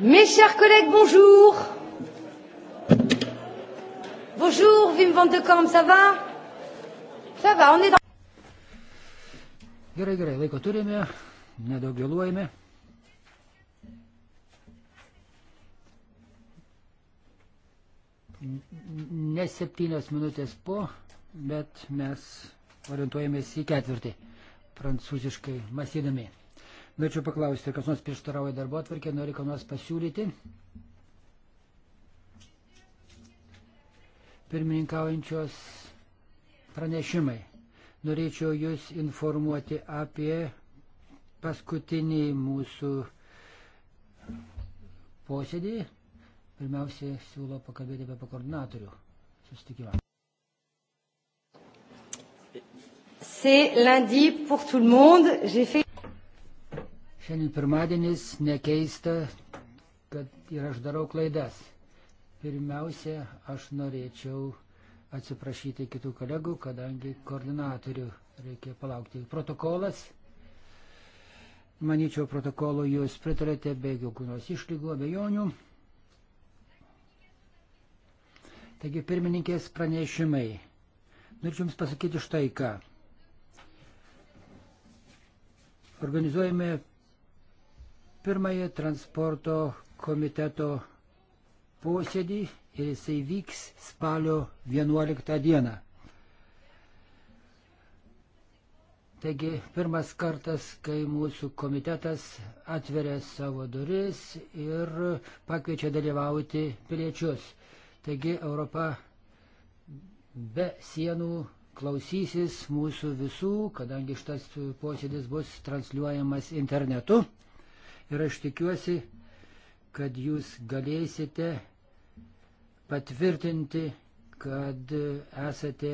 Mes chers collègues, bonjour. Bonjour, Wim van de Kamp, ça va Ça va, on est dans... Gerai, gerai, laiko turime, nedaug vėluojame. Ne septynios minutės po, bet mes orientuojamės į ketvirtį, prancūziškai masydami. Norėčiau paklausti, ar kas nors prieštarauja darbo atvarkė, nori ką nors pasiūlyti? Pirmininkaujančios pranešimai. Norėčiau Jūs informuoti apie paskutinį mūsų posėdį. Pirmiausia, siūlo pakalbėti apie koordinatorių susitikimą. C'est lundi pour tout le monde. J'ai fait Šiandien pirmadienis nekeista, kad ir aš darau klaidas. Pirmiausia, aš norėčiau atsiprašyti kitų kolegų, kadangi koordinatorių reikia palaukti. Protokolas. Manyčiau, protokolo jūs pritarėte be jokių nors išlygų, abejonių. Taigi, pirmininkės pranešimai. Norėčiau Jums pasakyti štai ką. Organizuojame pirmąjį transporto komiteto posėdį ir jisai vyks spalio 11 dieną. Taigi pirmas kartas, kai mūsų komitetas atveria savo duris ir pakviečia dalyvauti piliečius. Taigi Europa be sienų klausysis mūsų visų, kadangi šitas posėdis bus transliuojamas internetu ir aš tikiuosi, kad jūs galėsite patvirtinti, kad esate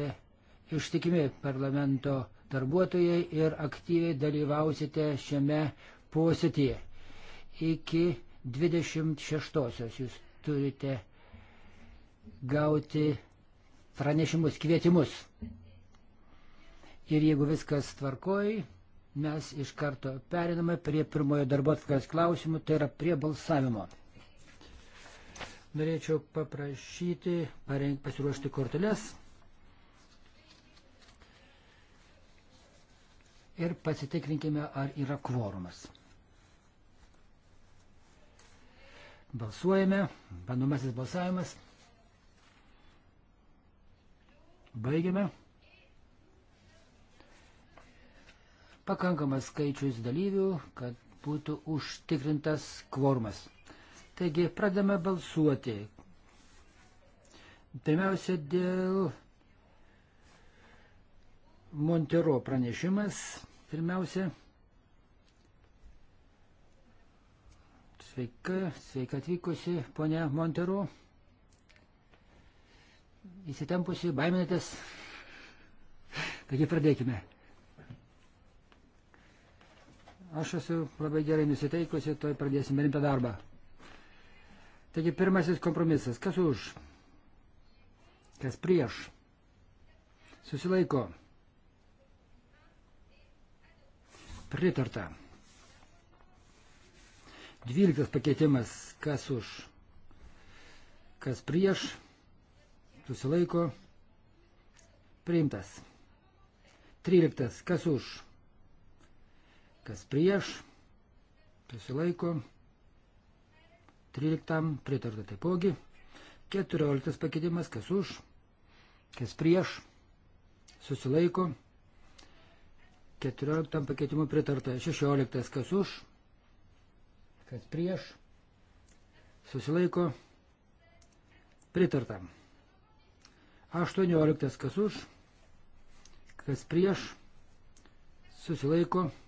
ištikimi parlamento darbuotojai ir aktyviai dalyvausite šiame posėdėje. Iki 26-osios jūs turite gauti pranešimus, kvietimus. Ir jeigu viskas tvarkoji, Mes iš karto periname prie pirmojo darbotvarkės klausimų, tai yra prie balsavimo. Norėčiau paprašyti pareng, pasiruošti korteles ir pasitikrinkime, ar yra kvorumas. Balsuojame, bandomasis balsavimas. Baigiame. pakankamas skaičius dalyvių, kad būtų užtikrintas kvormas. Taigi pradame balsuoti. Pirmiausia, dėl Montero pranešimas. Pirmiausia, sveika, sveika atvykusi ponia Montero. Įsitempusi, baiminatės. Taigi pradėkime. Aš esu labai gerai nusiteikusi, toj pradėsime rimtą darbą. Taigi pirmasis kompromisas. Kas už? Kas prieš? Susilaiko. Pritarta. Dvyliktas pakeitimas. Kas už? Kas prieš? Susilaiko. Priimtas. Tryliktas. Kas už? kas prieš, susilaiko, 13 pritarta taipogi, 14 pakeitimas, kas už, kas prieš, susilaiko, 14 pakeitimui pritarta, 16 kas už, kas prieš, susilaiko, pritarta, 18 kas už, kas prieš, susilaiko, pritarta.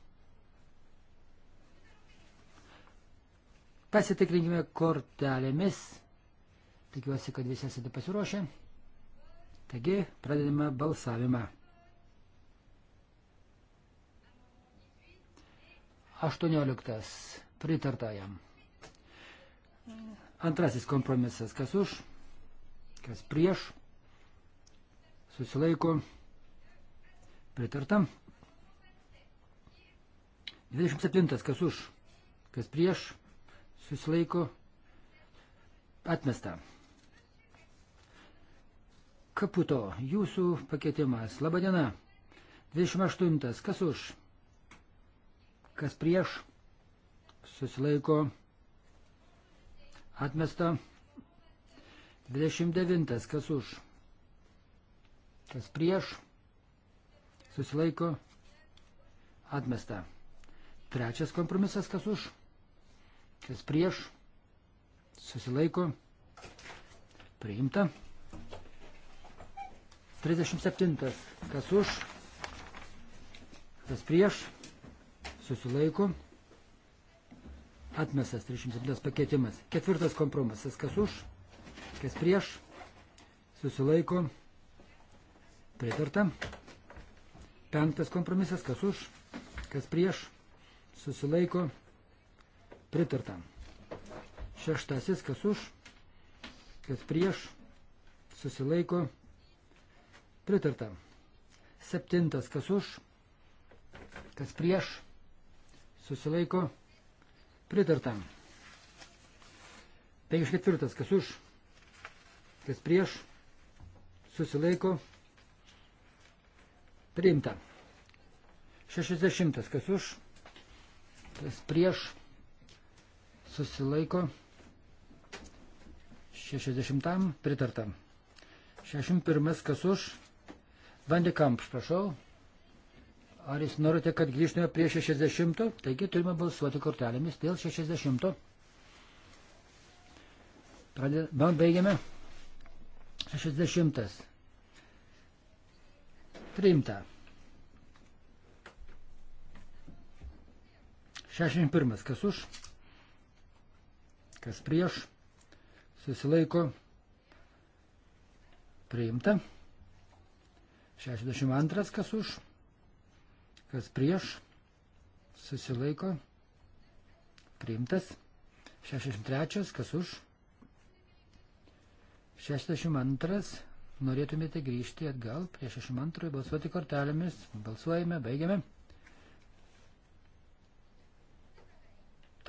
Pasitikrinkime kortelėmis. Tikiuosi, kad visi esate pasiruošę. Taigi, pradedame balsavimą. 18. Pritarta jam. Antrasis kompromisas. Kas už, kas prieš. Susilaiko. Pritarta. 27. Kas už, kas prieš susilaiko atmesta. Kaputo, jūsų pakeitimas. Labadiena. 28. Kas už? Kas prieš? Susilaiko. Atmesta. 29. Kas už? Kas prieš? Susilaiko. Atmesta. Trečias kompromisas. Kas už? kas prieš, susilaiko, priimta. 37. Kas už, kas prieš, susilaiko, atmestas 37 pakeitimas. Ketvirtas kompromisas. Kas už, kas prieš, susilaiko, pritarta. Penktas kompromisas. Kas už, kas prieš, susilaiko, pritarta pritarta. Šeštasis, kas už, kas prieš, susilaiko, pritarta. Septintas, kas už, kas prieš, susilaiko, pritarta. 54. Kas už, kas prieš, susilaiko, priimta. 60. Kas už, kas prieš, susilaiko 60 pritarta. 61 kas už. Vandikamp, prašau. Ar jūs norite, kad grįžtume prie 60? Taigi turime balsuoti kortelėmis dėl 60. Pradėdame, baigiame. 60. Priimta. 61. Kas už? kas prieš, susilaiko, priimta. 62 kas už, kas prieš, susilaiko, priimtas. 63 kas už, 62 norėtumėte grįžti atgal prie 62 balsuoti kortelėmis, balsuojame, baigiame.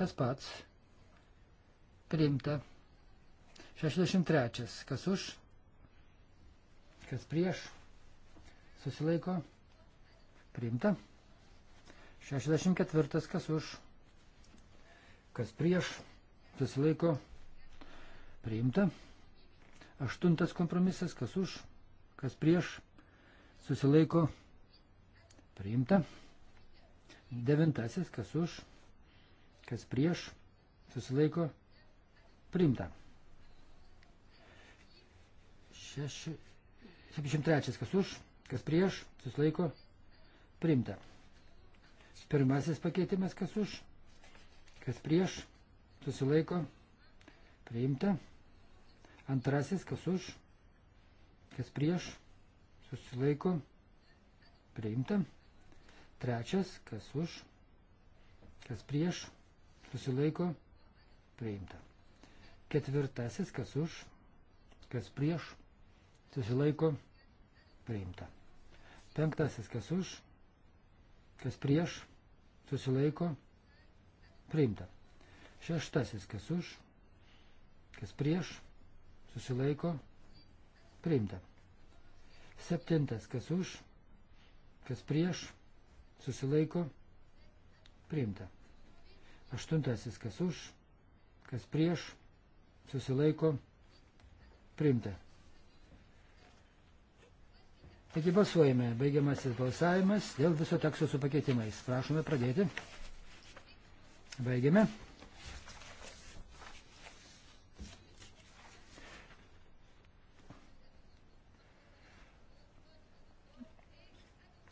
Tas pats priimta. 63. Kas už, kas prieš, susilaiko, priimta. 64. Kas už, kas prieš, susilaiko, priimta. 8. Kompromisas. Kas už, kas prieš, susilaiko, priimta. 9. Kas už, kas prieš, susilaiko, priimta susilaiko Primta. 703. Kas už, kas prieš, susilaiko. Primta. Pirmasis pakeitimas, kas už, kas prieš, susilaiko. Priimta. Antrasis, kas už, kas prieš, susilaiko. Priimta. Trečias, kas už, kas prieš, susilaiko. Priimta. Ketvirtasis, kas už, kas prieš, susilaiko, priimta. Penktasis, kas už, kas prieš, susilaiko, priimta. Šeštasis, kas už, kas prieš, susilaiko, priimta. Septintas, kas už, kas prieš, susilaiko, priimta. Aštuntasis, kas už, kas prieš, susilaiko priimta. Taigi balsuojame. Baigiamasis balsavimas dėl viso teksto su pakeitimais. Prašome pradėti. Baigiame.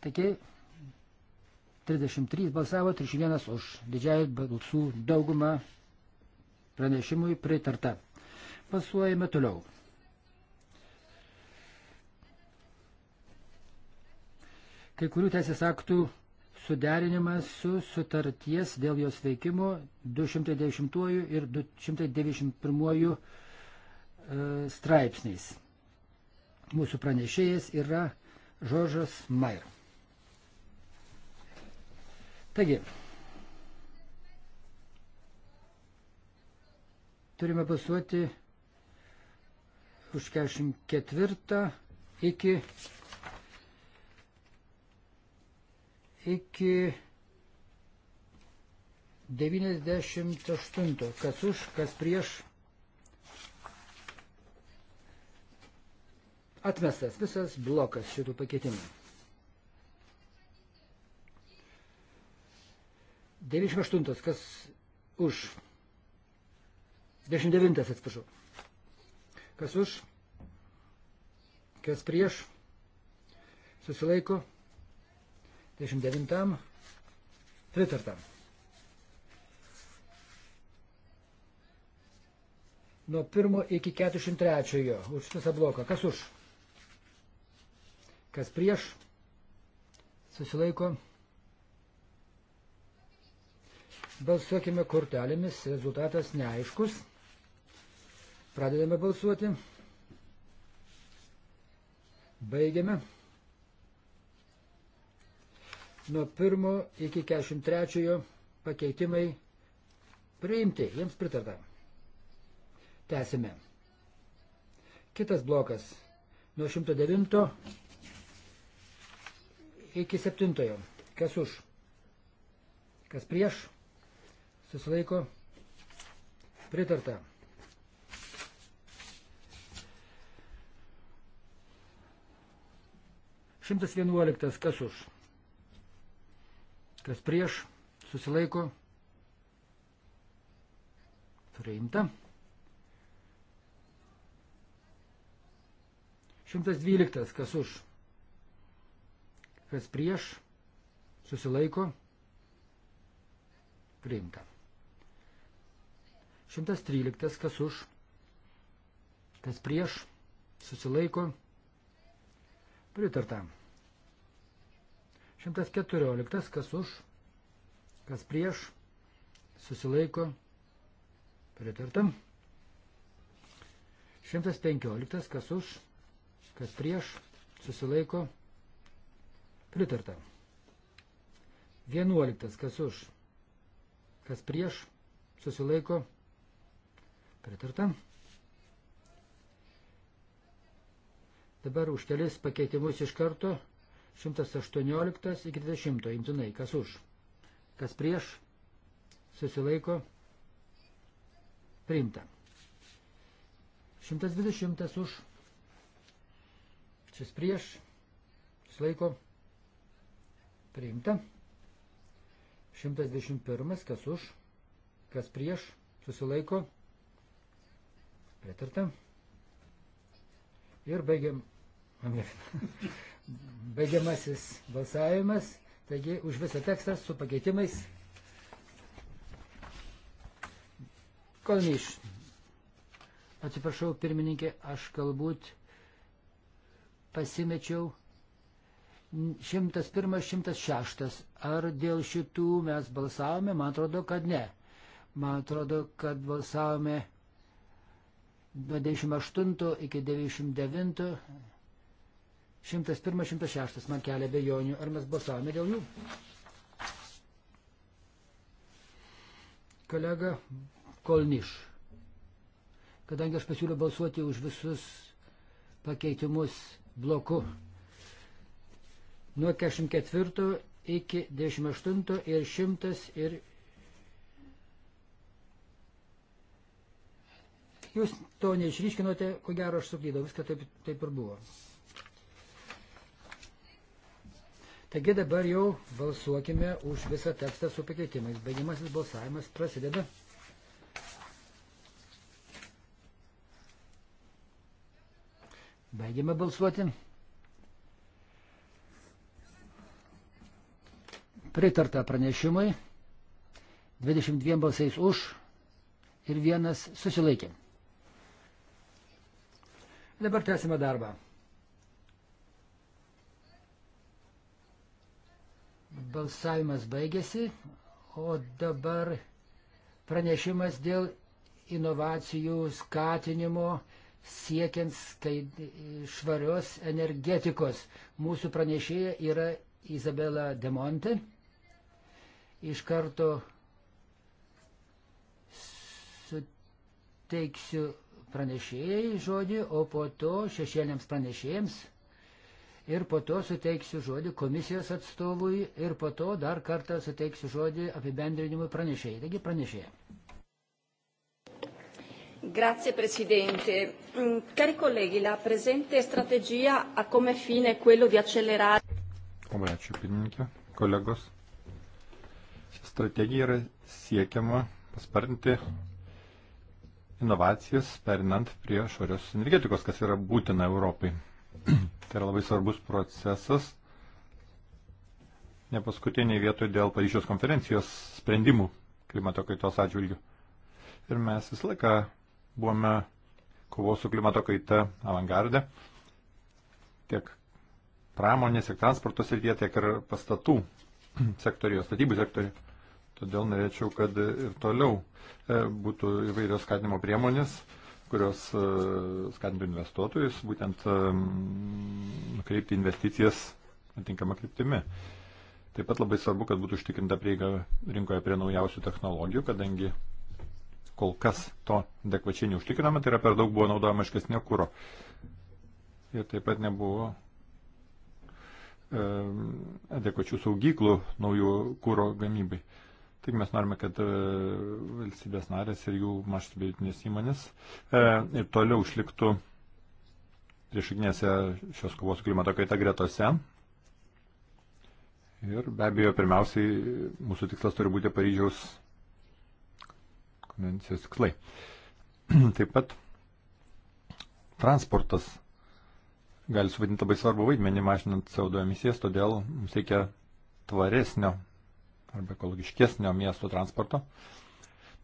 Taigi 33 balsavo, 31 už. Didžiai balsų daugumą pranešimui pritarta. Pasuojame toliau. Kai kurių teisės aktų suderinimas su sutarties dėl jos veikimo 210 ir 291 e, straipsniais. Mūsų pranešėjas yra Žoržas Mair. Taigi, turime pasuoti už 44 iki, iki 98, kas už, kas prieš. Atmestas visas blokas šitų pakeitimų. 98, kas už. 99, atsiprašau. Kas už? Kas prieš? Susilaiko. 29. Pritarta. Nuo 1 iki 43. Už visą bloką. Kas už? Kas prieš? Susilaiko. Balsuokime kortelėmis. Rezultatas neaiškus. Pradedame balsuoti. Baigiame. Nuo 1 iki 43 pakeitimai priimti, jiems pritarta. Tęsime. Kitas blokas. Nuo 109 iki 7. Kas už? Kas prieš? Susilaiko. Pritarta. 111. Kas už? Kas prieš? Susilaiko? Priimta. 112. Kas už? Kas prieš? Susilaiko? Priimta. 113. Kas už? Kas prieš? Susilaiko? Pritarta. 114. Kas už, kas prieš, susilaiko, pritartam. 115. Kas už, kas prieš, susilaiko, pritartam. 11. Kas už, kas prieš, susilaiko, pritartam. Dabar už kelis pakeitimus iš karto 118 iki 20 imtinai. Kas už? Kas prieš? Susilaiko. Priimta. 120 už. Šis prieš. Susilaiko. Priimta. 121. Kas už? Kas prieš? Susilaiko. Pritarta. Ir baigiam. Amen. baigiamasis balsavimas. Taigi už visą tekstą su pakeitimais. Kolniš. Atsiprašau, pirmininkė, aš galbūt pasimečiau 101, 106. Ar dėl šitų mes balsavome? Man atrodo, kad ne. Man atrodo, kad balsavome nuo 98 iki 99 101, 106 man kelia bejonių, ar mes balsavome dėl jų. Kolega Kolniš, kadangi aš pasiūliau balsuoti už visus pakeitimus bloku nuo 44 iki 28 ir 100 ir Jūs to neišryškinote, ko gero aš suklydau, viską taip, taip ir buvo. Taigi dabar jau balsuokime už visą tekstą su pakeitimais. Baigiamasis balsavimas prasideda. Baigiame balsuoti. Pritarta pranešimui. 22 balsais už ir vienas susilaikė. Dabar tęsime darbą. Balsavimas baigėsi, o dabar pranešimas dėl inovacijų skatinimo siekiant skaid... švarios energetikos. Mūsų pranešėja yra Izabela Demonte. Iš karto suteiksiu pranešėjai žodį, o po to šešėliams pranešėjams ir po to suteiksiu žodį komisijos atstovui ir po to dar kartą suteiksiu žodį apibendrinimui pranešėjai. Taigi pranešėjai. Grazie Presidente. Mm, cari colleghi, la presente strategia ha come fine quello di accelerare. Labai ačiū pirmininkė, kolegos. Ši strategija yra siekiama paspartinti inovacijas, perinant prie švarios energetikos, kas yra būtina Europai. Tai yra labai svarbus procesas. Ne paskutiniai vietoje dėl Paryžiaus konferencijos sprendimų klimato kaitos atžvilgių. Ir mes visą laiką buvome kovos su klimato kaita avangarde. Tiek pramonės, tiek transporto srityje, tiek ir pastatų sektorijoje, statybų sektorijoje. Todėl norėčiau, kad ir toliau e, būtų įvairios skatinimo priemonės kurios e, skatintų investuotojus būtent e, nukreipti investicijas atitinkamą kryptimi. Taip pat labai svarbu, kad būtų užtikrinta prieiga rinkoje prie naujausių technologijų, kadangi kol kas to adekvačiai neužtikrinama, tai yra per daug buvo naudojama iškesnio kūro. Ir taip pat nebuvo e, adekvačių saugyklų naujų kūro gamybai. Tik mes norime, kad e, valstybės narės ir jų mažos vidutinės įmonės e, ir toliau išliktų priešakinėse šios kovos su klimato kaita gretose. Ir be abejo, pirmiausiai mūsų tikslas turi būti Paryžiaus konvencijos tikslai. Taip pat transportas gali suvaidinti labai svarbu vaidmenį mažinant CO2 emisijas, todėl mums reikia tvaresnio arba ekologiškesnio miesto transporto.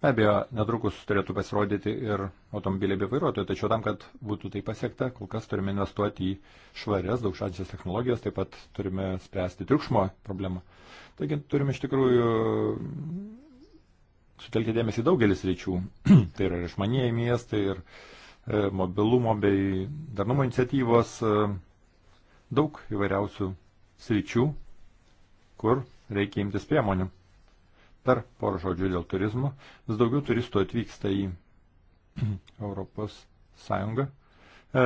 Be abejo, netrukus turėtų pasirodyti ir automobiliai be vairuotojų, tačiau tam, kad būtų tai pasiekta, kol kas turime investuoti į švarias, daugšančias technologijas, taip pat turime spręsti triukšmo problemą. Taigi turime iš tikrųjų sutelkti dėmesį daugelis ryčių. tai yra ir išmanieji miestai, ir e, mobilumo bei darnumo iniciatyvos, e, daug įvairiausių sričių, kur reikia imtis priemonių. Dar porą žodžių dėl turizmo. Vis daugiau turistų atvyksta į Europos Sąjungą. E,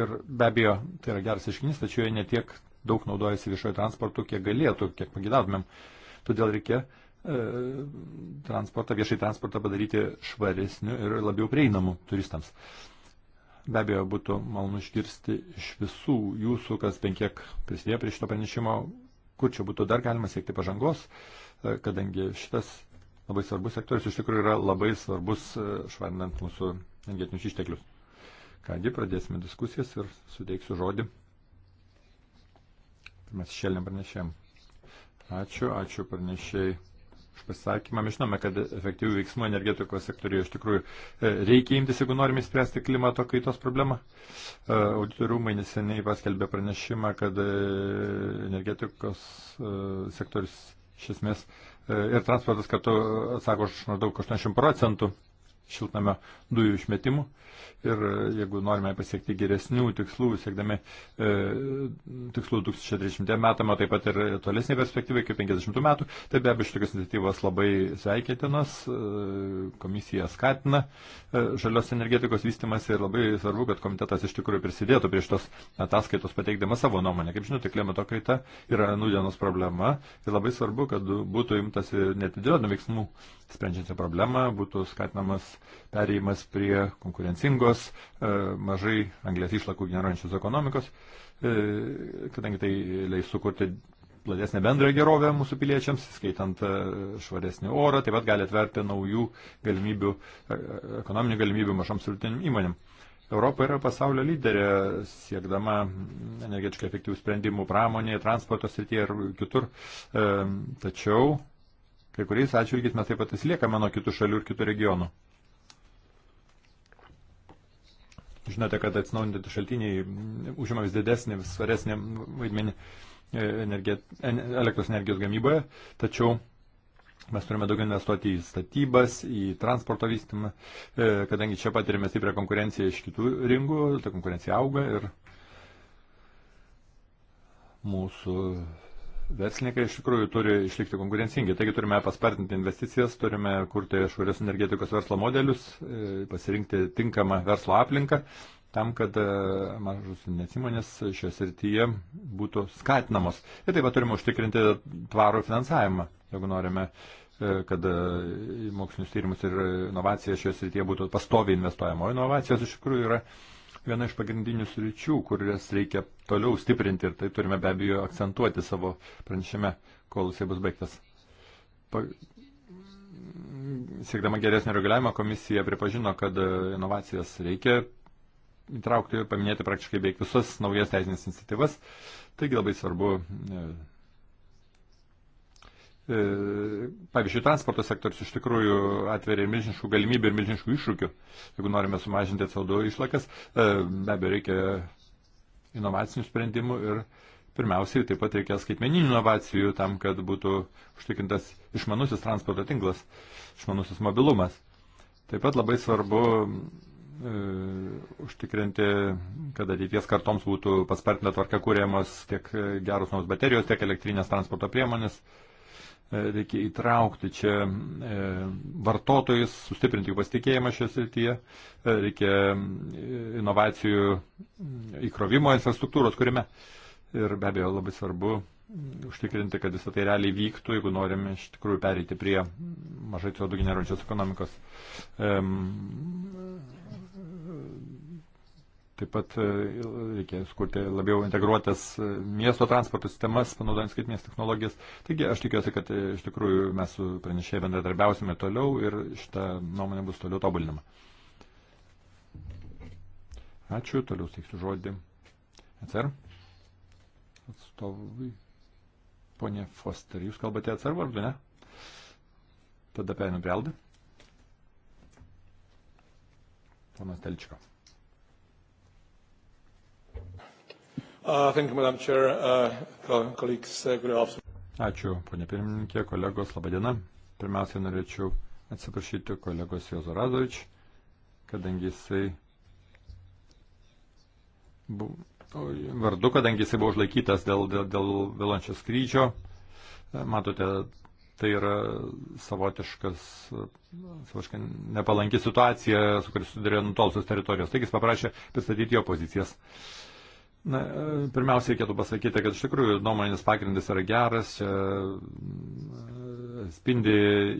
ir be abejo, tai yra geras iškinys, tačiau jie netiek daug naudojasi viešojo transportu, kiek galėtų, kiek pagidautumėm. Todėl reikia e, transportą, viešai transportą padaryti švaresniu ir labiau prieinamu turistams. E, Be abejo, būtų malonu išgirsti iš visų jūsų, kas bent kiek prisidėjo prie šito pranešimo, kur čia būtų dar galima siekti pažangos, e, kadangi šitas labai svarbus sektorius iš tikrųjų yra labai svarbus e, švarinant mūsų energetinius išteklius. Kągi, pradėsime diskusijas ir suteiksiu žodį. Mes šėlėm pranešėjom. Ačiū, ačiū pranešėjai už pasisakymą. Mes žinome, kad efektyvių veiksmų energetikos sektoriuje iš tikrųjų e, reikia imtis, jeigu norime įspręsti klimato kaitos problemą. E, auditorumai neseniai paskelbė pranešimą, kad e, energetikos sektorius iš esmės ir transportas kartu atsako už maždaug 80 procentų šiltnamio dujų išmetimų. Ir e, jeigu norime pasiekti geresnių tikslų, siekdami e, tikslų 2030 metam, o taip pat ir tolesnė perspektyva iki 50 metų, tai be abejo šitokios iniciatyvos labai sveikintinos, e, komisija skatina e, žalios energetikos vystimas ir labai svarbu, kad komitetas iš tikrųjų prisidėtų prie šitos ataskaitos pateikdama savo nuomonę. Kaip žinote, klimato kaita yra nudienos problema ir labai svarbu, kad būtų imtasi netidėliotinų veiksmų sprendžiant problemą, būtų skatinamas perėjimas prie konkurencingos, e, mažai anglės išlakų generuojančios ekonomikos, e, kadangi tai leis sukurti platesnę bendrą gerovę mūsų piliečiams, skaitant e, švaresnį orą, taip pat gali atverti naujų galimybių, ekonominių galimybių mažoms ir įmonėm. Europa yra pasaulio lyderė, siekdama energetiškai efektyvių sprendimų pramonėje, transporto srityje ir kitur. E, tačiau kai kuriais atžvilgiais mes taip pat atsiliekame nuo kitų šalių ir kitų regionų. Žinote, kad atsinaujinti šaltiniai užima vis didesnį, vis svaresnį vaidmenį e, energie, elektros energijos gamyboje, tačiau mes turime daugiau investuoti į statybas, į transporto vystymą, e, kadangi čia patirime stiprią konkurenciją iš kitų rinkų, ta konkurencija auga ir mūsų verslininkai iš tikrųjų turi išlikti konkurencingi. Taigi turime paspartinti investicijas, turime kurti švarios energetikos verslo modelius, e, pasirinkti tinkamą verslo aplinką, tam, kad e, mažos nesimonės šioje srityje būtų skatinamos. Ir taip pat turime užtikrinti tvarų finansavimą, jeigu norime e, kad mokslinius tyrimus ir inovacijas šioje srityje būtų pastoviai investuojama. O inovacijos iš tikrųjų yra uh, viena iš pagrindinių sričių, kurias reikia toliau stiprinti ir tai turime be abejo akcentuoti savo pranešime, kol jisai bus baigtas. Pa... Siekdama geresnio reguliavimo komisija pripažino, kad e, inovacijas reikia įtraukti, paminėti praktiškai beveik visas naujas teisinės iniciatyvas. Taigi labai svarbu e, E, pavyzdžiui, transporto sektorius iš tikrųjų atveria milžiniškų galimybių ir milžiniškų iššūkių. Jeigu norime sumažinti CO2 išlakas, e, be abejo, reikia inovacinių sprendimų ir pirmiausiai taip pat reikia skaitmeninių inovacijų tam, kad būtų užtikrintas išmanusis transporto tinklas, išmanusis mobilumas. Taip pat labai svarbu e, užtikrinti, kad ateities kartoms būtų paspartinta tvarka kūrėmos tiek geros naus baterijos, tiek elektrinės transporto priemonės. E, E, reikia įtraukti čia e, vartotojus, sustiprinti jų pasitikėjimą šioje srityje, e, reikia inovacijų įkrovimo infrastruktūros kūrime ir be abejo labai svarbu užtikrinti, kad visą tai realiai vyktų, jeigu norime iš tikrųjų pereiti prie mažai CO2 generuojančios ekonomikos. Taip pat e, reikia skurti labiau integruotas e, miesto transporto sistemas, panaudojant skaitinės technologijas. Taigi aš tikiuosi, kad e, iš tikrųjų mes su pranešėjai bendradarbiausime toliau ir šitą nuomonę bus toliau tobulinama. Ačiū, toliau steiksiu žodį. ECR atstovui. Pone Foster, jūs kalbate ECR vardu, ne? Tada perinu prie Aldą. Ponas Telčiko. Uh, you, uh, uh, Ačiū, ponė pirmininkė, kolegos, labadiena. Pirmiausia, norėčiau atsiprašyti kolegos Jozo Radovič, kadangi jisai bu... vardu, kadangi jisai buvo užlaikytas dėl, dėl, dėl vėlančio skrydžio. E, matote, tai yra savotiškas, savotiškai nepalanki situacija, su kuria sudarė nutolusios teritorijos. Taigi jis paprašė pristatyti jo pozicijas. Uh, Na, pirmiausia, reikėtų pasakyti, kad iš tikrųjų nuomonės pagrindas yra geras, e, spindi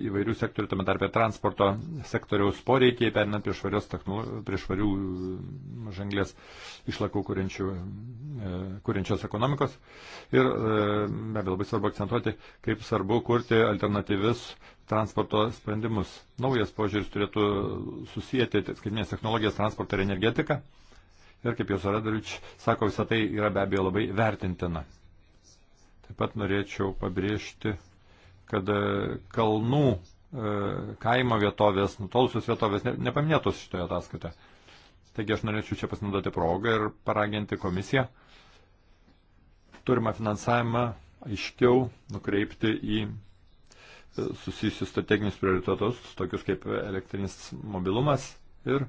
įvairių sektorių, tame tarpe transporto sektoriaus poreikiai, perinant prie, prie švarių e, žanglės išlakų kuriančių, e, kuriančios ekonomikos. Ir be abejo labai svarbu akcentuoti, kaip svarbu kurti alternatyvius transporto sprendimus. Naujas požiūris turėtų susijęti tai skaitminės technologijas, transportą ir energetiką. Ir kaip jūs Radovič sako, visą tai yra be abejo labai vertintina. Taip pat norėčiau pabrėžti, kad e, kalnų e, kaimo vietovės, nutolusios vietovės nepaminėtos šitoje ataskaitoje. Taigi aš norėčiau čia pasinaudoti progą ir paraginti komisiją turimą finansavimą aiškiau nukreipti į e, susijusius strateginius prioritetus, tokius kaip elektrinis mobilumas ir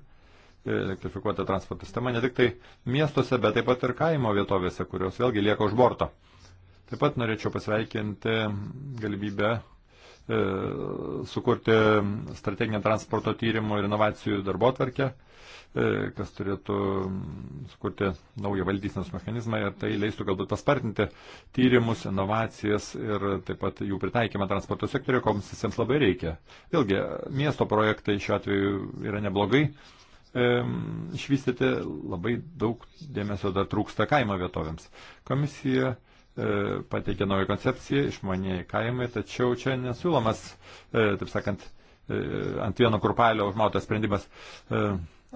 elektrifikuota transporto sistema ne tik tai miestuose, bet taip pat ir kaimo vietovėse, kurios vėlgi lieka už borto. Taip pat norėčiau pasveikinti galimybę e, sukurti strateginę transporto tyrimų ir inovacijų darbo atvarkę, e, kas turėtų sukurti naują valdysenos mechanizmą ir tai leistų galbūt paspartinti tyrimus, inovacijas ir taip pat jų pritaikymą transporto sektoriuje, ko mums visiems labai reikia. Vėlgi, miesto projektai šiuo atveju yra neblogai, išvystyti, labai daug dėmesio dar trūksta kaimo vietovėms. Komisija e, pateikė naują koncepciją, išmanieji kaimai, tačiau čia nesiūlomas, e, taip sakant, e, ant vieno kurpalio užmautas sprendimas.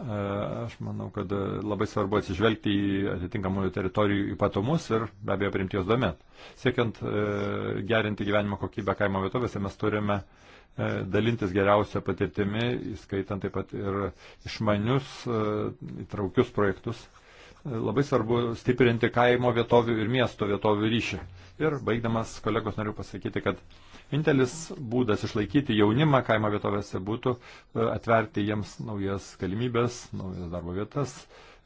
Aš manau, kad labai svarbu atsižvelgti į atitinkamų teritorijų ypatumus ir be abejo priimti jos domen. Siekiant gerinti gyvenimo kokybę kaimo vietovėse, mes turime uh, E, dalintis geriausią patirtimį, įskaitant taip pat ir išmanius e, įtraukius projektus. E, labai svarbu stiprinti kaimo vietovių ir miesto vietovių ryšį. Ir baigdamas kolegos noriu pasakyti, kad vienintelis būdas išlaikyti jaunimą kaimo vietovėse būtų atverti jiems naujas galimybės, naujas darbo vietas,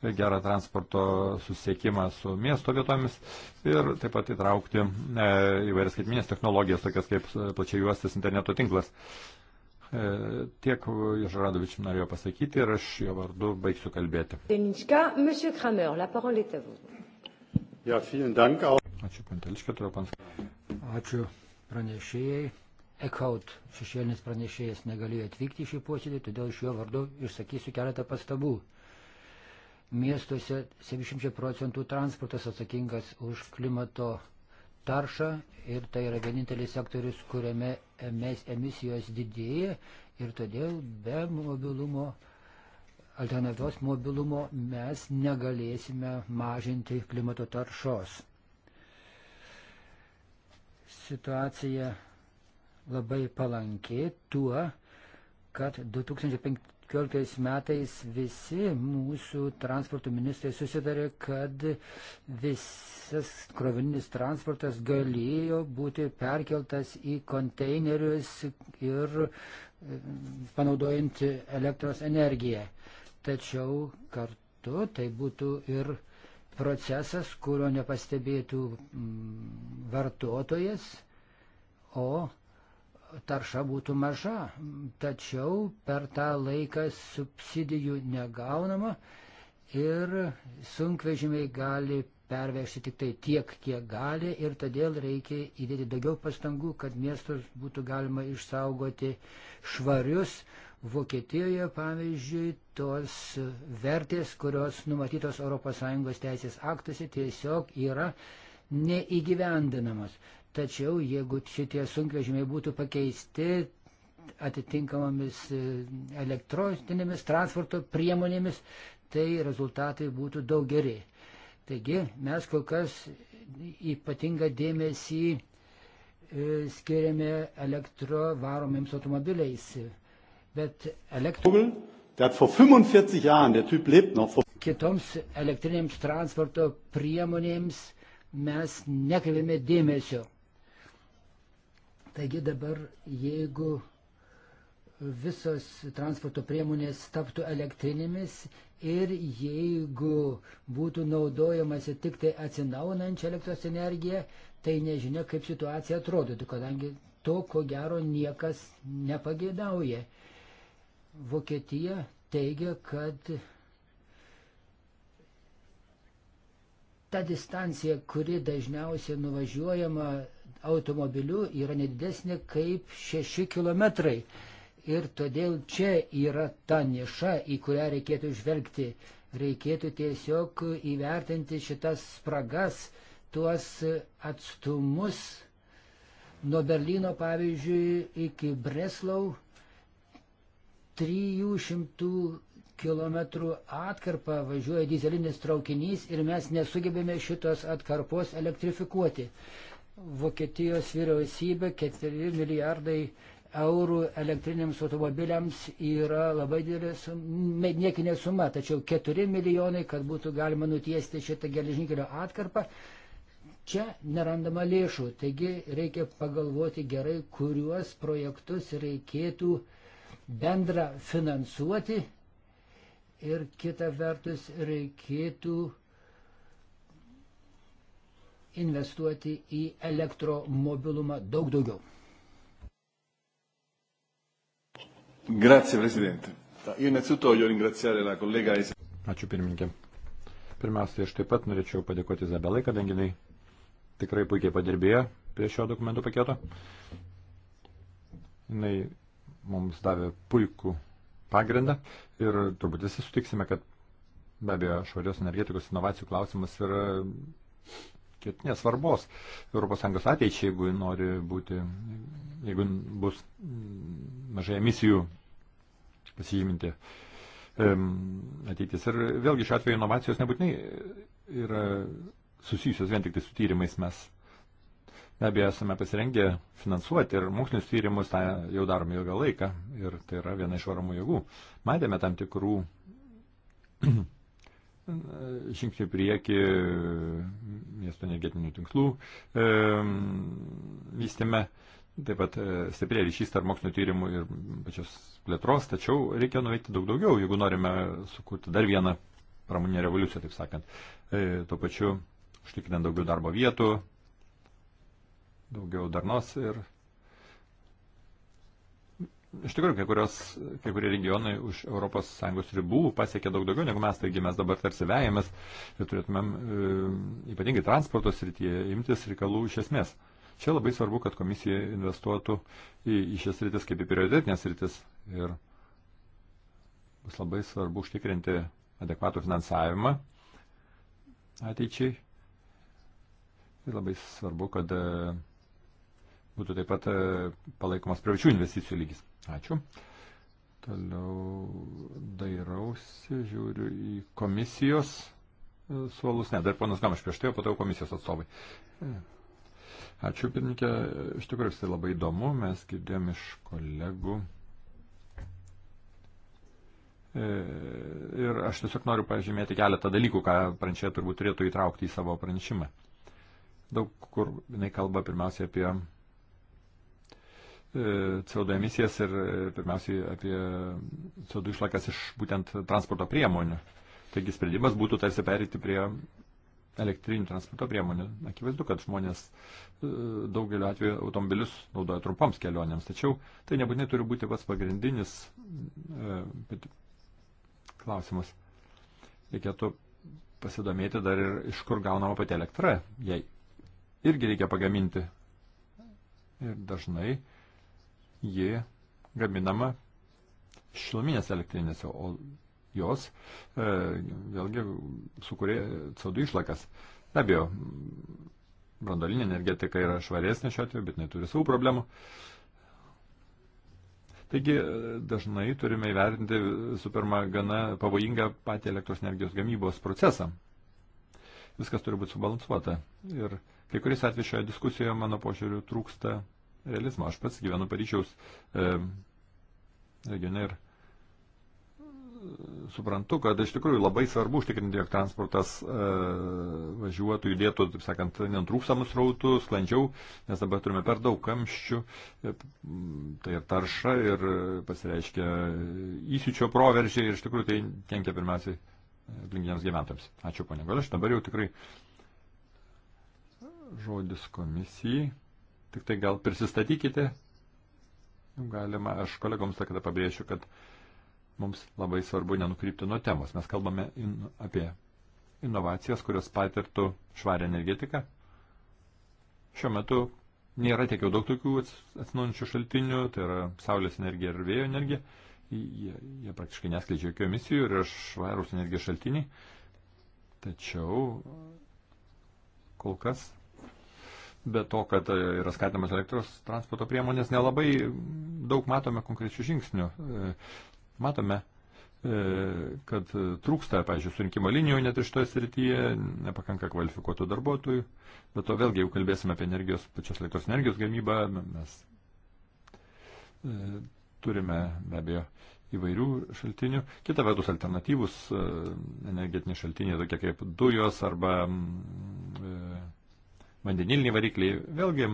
gerą transporto susiekimą su miesto vietomis ir taip pat įtraukti e, įvairias skaitminės technologijas, tokias kaip e, plačiai juostas interneto tinklas. E, tiek Žradovič norėjo pasakyti ir aš jo vardu baigsiu kalbėti. Ačiū, Panteliškė, turiu pansakyti. Ačiū pranešėjai. Ekaut šešėlinis pranešėjas negalėjo atvykti į šį posėdį, todėl iš jo vardu išsakysiu keletą pastabų miestuose 70 procentų transportas atsakingas už klimato taršą ir tai yra vienintelis sektorius, kuriame emisijos didėja ir todėl be mobilumo, alternatyvos mobilumo mes negalėsime mažinti klimato taršos. Situacija labai palanki tuo, kad 2005 15 metais visi mūsų transporto ministrai susidarė, kad visas krovininis transportas galėjo būti perkeltas į konteinerius ir e, panaudojant elektros energiją. Tačiau kartu tai būtų ir procesas, kurio nepastebėtų mm, vartotojas, o tarša būtų maža, tačiau per tą laiką subsidijų negaunama ir sunkvežimiai gali pervežti tik tai tiek, kiek gali ir todėl reikia įdėti daugiau pastangų, kad miestus būtų galima išsaugoti švarius. Vokietijoje, pavyzdžiui, tos vertės, kurios numatytos ES teisės aktuose, tiesiog yra neįgyvendinamos. Tačiau jeigu šitie sunkvežimiai būtų pakeisti atitinkamomis e, elektroninėmis transporto priemonėmis, tai rezultatai būtų daug geri. Taigi mes kol kas ypatingą dėmesį e, skiriame elektrovaromiems automobiliais. Bet elektro... Der hat vor 45 Jahren, der Typ lebt noch. Vor Kitoms elektrinėms transporto priemonėms mes nekreipiame dėmesio. Taigi dabar, jeigu visos transporto priemonės taptų elektrinėmis ir jeigu būtų naudojamasi tik tai atsinaunančia elektros energija, tai nežinia, kaip situacija atrodytų, kadangi to, ko gero, niekas nepageidauja. Vokietija teigia, kad ta distancija, kuri dažniausiai nuvažiuojama automobiliu yra nedidesnė kaip 6 km. Ir todėl čia yra ta niša, į kurią reikėtų žvelgti. Reikėtų tiesiog įvertinti šitas spragas, tuos atstumus nuo Berlyno, pavyzdžiui, iki Breslau 300 km atkarpą važiuoja dizelinis traukinys ir mes nesugebėme šitos atkarpos elektrifikuoti. Vokietijos vyriausybė 4 milijardai eurų elektriniams automobiliams yra labai didelė suma, niekinė suma, tačiau 4 milijonai, kad būtų galima nutiesti šitą geležinkelio atkarpą, čia nerandama lėšų. Taigi reikia pagalvoti gerai, kuriuos projektus reikėtų bendra finansuoti ir kita vertus reikėtų investuoti į elektromobilumą daug daugiau. Grazie, Presidente. Io innanzitutto voglio ringraziare la collega Isabella. Ačiū pirmininkė. Pirmiausia, aš taip pat norėčiau padėkoti Izabelai, kadangi jinai tikrai puikiai padirbėjo prie šio dokumentų paketo. Jinai mums davė puikų pagrindą ir turbūt visi sutiksime, kad be abejo švarios energetikos inovacijų klausimas yra kitinės svarbos ES ateičiai, jeigu nori būti, jeigu bus mažai emisijų pasižyminti ateitis. Ir vėlgi šiuo atveju inovacijos nebūtinai yra susijusios vien tik tai su tyrimais mes. Be abejo, esame pasirengę finansuoti ir mokslinius tyrimus tą jau darome ilgą laiką ir tai yra viena iš varomų jėgų. Matėme tam tikrų žingsnių prieki e, miesto energetinių tinklų e, vystėme. Taip pat e, stiprėja ryšys tarp mokslinio tyrimų ir pačios plėtros, tačiau reikia nuveikti daug daugiau, jeigu norime sukurti dar vieną pramoninę revoliuciją, taip sakant. E, tuo pačiu užtikrinant daugiau darbo vietų, daugiau darnos ir Iš tikrųjų, kai, kurios, kai kurie regionai už ES ribų pasiekė daug daugiau negu mes, taigi mes dabar tarsi vejamės ir turėtumėm e, ypatingai transporto srityje imtis reikalų iš esmės. Čia labai svarbu, kad komisija investuotų į, į šias rytis kaip į prioritetinės rytis ir bus labai svarbu užtikrinti adekvatų finansavimą ateičiai. Ir labai svarbu, kad e, būtų taip pat e, palaikomas privačių investicijų lygis. Ačiū. Toliau dairausi, žiūriu į komisijos e, suolus. Ne, dar ponas Gamaš prieš tai, o po to komisijos atstovai. E. Ačiū, pirmininkė. Iš tikrųjų, tai labai įdomu. Mes girdėjom iš kolegų. E, ir aš tiesiog noriu pažymėti keletą dalykų, ką pranešėja turbūt turėtų įtraukti į savo pranešimą. Daug kur jinai kalba pirmiausia apie E, CO2 emisijas ir e, pirmiausiai apie CO2 išlakas iš būtent transporto priemonių. Taigi sprendimas būtų tarsi perėti prie elektrinių transporto priemonių. Akivaizdu, kad žmonės e, daugeliu atveju automobilius naudoja trumpams kelionėms, tačiau tai nebūtinai turi būti pats pagrindinis klausimas. Reikėtų pasidomėti dar ir iš kur gaunama pati elektra, jei irgi reikia pagaminti. Ir dažnai ji gaminama šiluminės elektrinėse, o jos e, vėlgi sukuria CO2 išlakas. Be abejo, brandolinė energetika yra švaresnė šiuo atveju, bet neturi savo problemų. Taigi e, dažnai turime įvertinti visų pirma gana pavojingą patį elektros energijos gamybos procesą. Viskas turi būti subalansuota. Ir kai kuris atveju šioje diskusijoje, mano požiūriu, trūksta realizmą. Aš pats gyvenu Paryžiaus e, regione ir e, suprantu, kad iš tikrųjų labai svarbu užtikrinti, jog transportas e, važiuotų, judėtų, taip sakant, nenutrūksamus rautų, sklandžiau, nes dabar turime per daug kamščių, e, tai ir tarša, ir pasireiškia įsičio proveržiai, ir iš tikrųjų tai kenkia pirmiausiai e, aplinkiniams gyventojams. Ačiū, ponia Galė, aš dabar jau tikrai žodis komisijai. Tik tai gal prisistatykite. Nu, galima, aš kolegoms tą kada pabrėšiu, kad mums labai svarbu nenukrypti nuo temos. Mes kalbame in, apie inovacijas, kurios patirtų švarę energetiką. Šiuo metu nėra tiek jau daug tokių atsinaujančių šaltinių, tai yra saulės energija ir vėjo energija. Jie, jie praktiškai neskleidžia jokių emisijų ir švarūs energijos šaltiniai. Tačiau kol kas be to, kad e, yra skatinamas elektros transporto priemonės, nelabai daug matome konkrečių žingsnių. E, matome, e, kad trūksta, pažiūrėjau, surinkimo linijų net iš toje srityje, nepakanka kvalifikuotų darbuotojų. Bet to vėlgi, jeigu kalbėsime apie energijos, pačios elektros energijos gamybą, mes turime be abejo įvairių šaltinių. Kita vertus, alternatyvus energetiniai šaltiniai, tokie kaip dujos arba vandeniliniai varikliai, vėlgi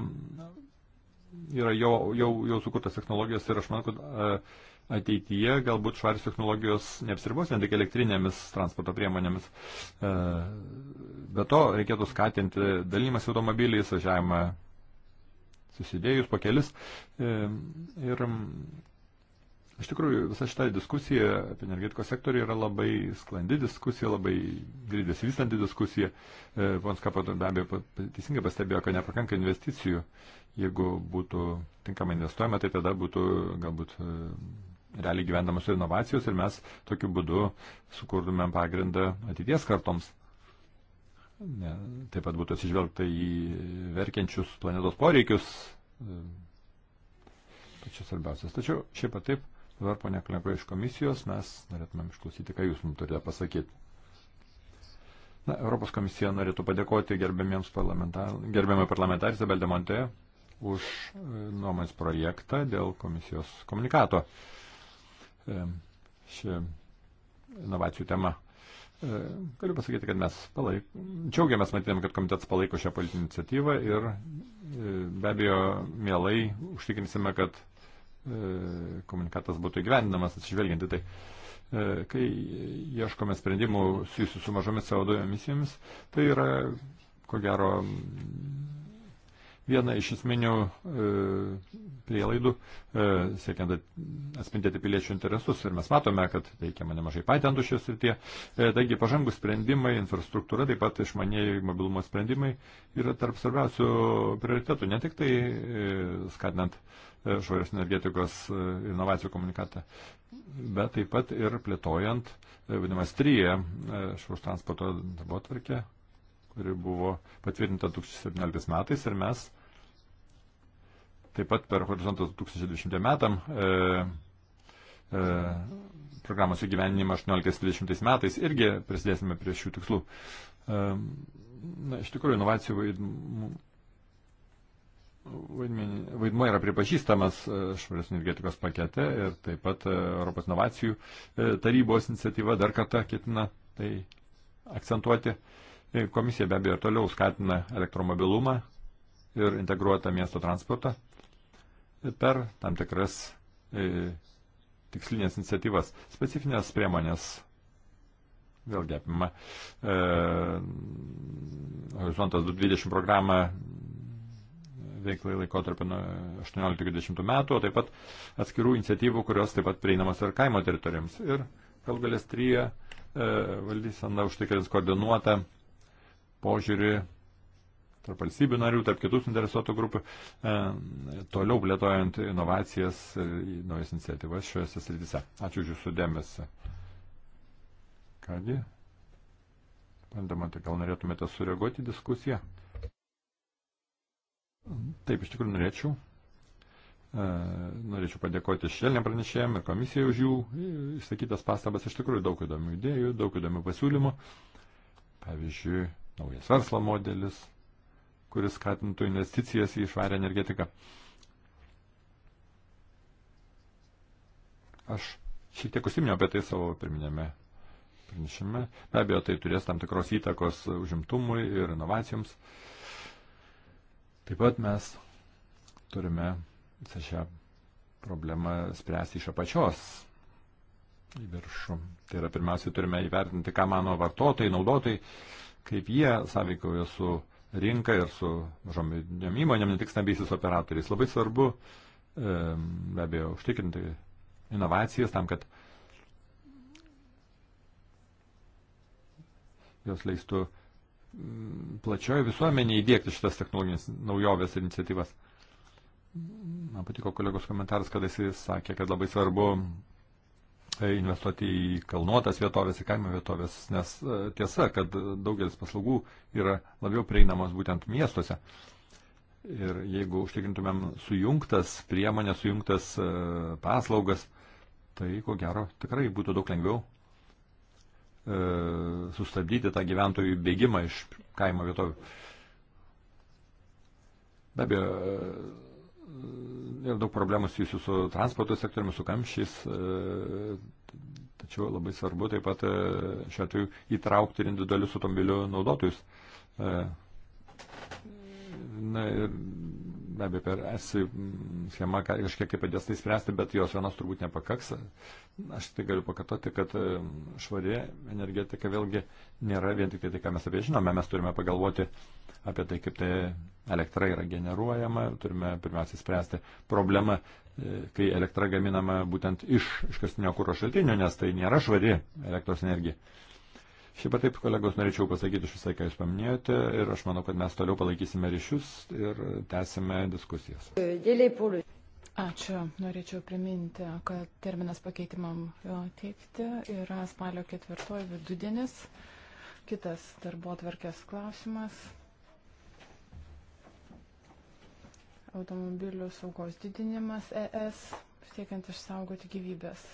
yra jau, jau, jau sukurtas technologijos ir aš manau, kad ateityje galbūt švaris technologijos neapsiribos vien tik elektrinėmis transporto priemonėmis. Be to reikėtų skatinti dalymas automobiliais, važiavimą susidėjus po kelis e, ir Iš tikrųjų, visa šita diskusija apie energetikos sektorių yra labai sklandi diskusija, labai greitai vystanti diskusija. E, Pons Kapato be abejo teisingai pastebėjo, kad nepakanka investicijų. Jeigu būtų tinkamai investuojama, tai tada būtų galbūt e, realiai gyvendamas su inovacijos ir mes tokiu būdu sukurtumėm pagrindą ateities kartoms. Ne, taip pat būtų atsižvelgta į verkiančius planetos poreikius, e, pačius svarbiausias. Tačiau šiaip ar taip, Dabar, ponia Klempa, iš komisijos mes norėtumėm išklausyti, ką jūs mums turite pasakyti. Na, Europos komisija norėtų padėkoti gerbiamiems parlamentar... gerbiamai parlamentarys Abel Demonte už e, nuomonės projektą dėl komisijos komunikato. E, ši inovacijų tema. E, galiu pasakyti, kad mes palaik... džiaugiamės matydami, kad komitetas palaiko šią politinę iniciatyvą ir e, be abejo mielai užtikrinsime, kad E, komunikatas būtų įgyvendinamas atsižvelgiant į tai. E, kai ieškome sprendimų susijusių su mažomis CO2 emisijomis, tai yra, ko gero, viena iš esminių e, prielaidų, siekiant atspindėti piliečių interesus. Ir mes matome, kad teikiama nemažai patentų šios srityje. Taigi pažangų sprendimai, infrastruktūra, taip pat išmanėjai mobilumo sprendimai yra tarp svarbiausių prioritetų, ne tik tai skatinant švarios e, energetikos e, inovacijų komunikatą, bet taip pat ir plėtojant, e, vadinamas, tryje švarus transporto darbo atvarkė, kuri buvo patvirtinta 2017 metais ir mes taip pat per horizontą 2020 metam e, e, programos įgyveninimą 18-20 metais irgi prisidėsime prie šių tikslų. E, na, iš tikrųjų, inovacijų vaidmuo vaidmuo yra pripažįstamas e, švarios energetikos pakete ir taip pat e, Europos inovacijų e, tarybos iniciatyva dar kartą ketina tai akcentuoti. Komisija be abejo toliau skatina elektromobilumą ir integruotą miesto transportą per tam tikras e, tikslinės iniciatyvas, specifinės priemonės vėlgi apima e, Horizontas 20 programą veiklai laikotarpį nuo 18-20 metų, o taip pat atskirų iniciatyvų, kurios taip pat prieinamas ir kaimo teritorijoms. Ir Kalgalės tryje e, valdysena užtikrins koordinuotą požiūrį tarp valstybių narių, tarp kitų suinteresuotų grupių, e, toliau plėtojant inovacijas ir naujas iniciatyvas šiuose srityse. Ačiū už jūsų dėmesį. Kągi, bandama, tai gal norėtumėte sureaguoti diskusiją? Taip, iš tikrųjų norėčiau. E, norėčiau padėkoti šelniam pranešėjim ir komisijai už jų išsakytas pastabas. Iš tikrųjų daug įdomių idėjų, daug įdomių pasiūlymų. Pavyzdžiui, naujas verslo modelis, kuris skatintų investicijas į švarę energetiką. Aš šiek tiek užsiminiau apie tai savo pirminėme pranešime. Be abejo, tai turės tam tikros įtakos užimtumui ir inovacijoms. Uh, Taip pat mes turime visą šią problemą spręsti iš apačios į viršų. Tai yra, pirmiausia, turime įvertinti, ką mano vartotojai, naudotojai, kaip jie sąveikauja su rinka ir su mažom įmonėm, ne tik stambysis operatoriais. Labai svarbu, be abejo, užtikrinti inovacijas tam, kad jos leistų uh, plačioje visuomenėje įdėkti šitas technologinės naujovės ir iniciatyvas. Man patiko kolegos komentaras, kad jis sakė, kad labai svarbu e, investuoti į kalnuotas vietovės, į kaimo vietovės, nes e, tiesa, kad daugelis paslaugų yra labiau prieinamos būtent miestuose. Ir jeigu užtikrintumėm sujungtas priemonės, sujungtas e, paslaugas, tai ko gero tikrai būtų daug lengviau E, sustabdyti tą gyventojų bėgimą iš kaimo vietovių. Be abejo, e, yra daug problemų susijusių su transporto sektoriumi, su kamščiais, e, tačiau labai svarbu taip pat šiuo atveju įtraukti ir individualius automobilių naudotojus. Na ir be abejo per esi schema kažkiek padės tai spręsti, bet jos vienos turbūt nepakaks. Aš tai galiu pakartoti, kad e, švari energetika vėlgi nėra vien tik tai, tai ką mes apie žinome, mes turime pagalvoti apie tai, kaip tai elektra yra generuojama, turime pirmiausia spręsti problemą, e, kai elektra gaminama būtent iš iškastinio kūro šaltinio, nes tai nėra švari elektros energija. Šiaip taip, kolegos, norėčiau pasakyti iš visai, ką Jūs paminėjote ir aš manau, kad mes toliau palaikysime ryšius ir tęsime diskusijas. Ačiū. Norėčiau priminti, kad terminas pakeitimam teikti yra spalio ketvirtoji vidudienis. Kitas darbo atvarkės klausimas. Automobilių saugos didinimas ES siekiant išsaugoti gyvybės.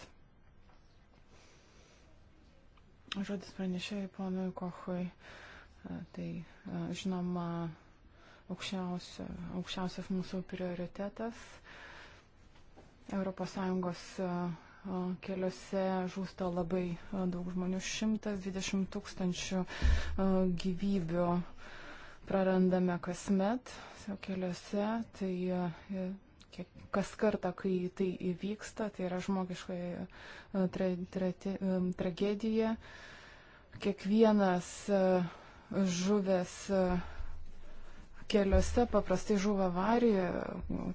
Žodis pranešėjai ponui Kochui. Tai žinoma aukščiausia, aukščiausias mūsų prioritetas. ES keliuose žūsta labai daug žmonių, 120 tūkstančių gyvybių prarandame kasmet keliuose. Tai kas kartą, kai tai įvyksta, tai yra žmogiškai e, tra, tra, tra, e, tragedija. Kiekvienas e, žuvęs keliuose paprastai žuva avarija,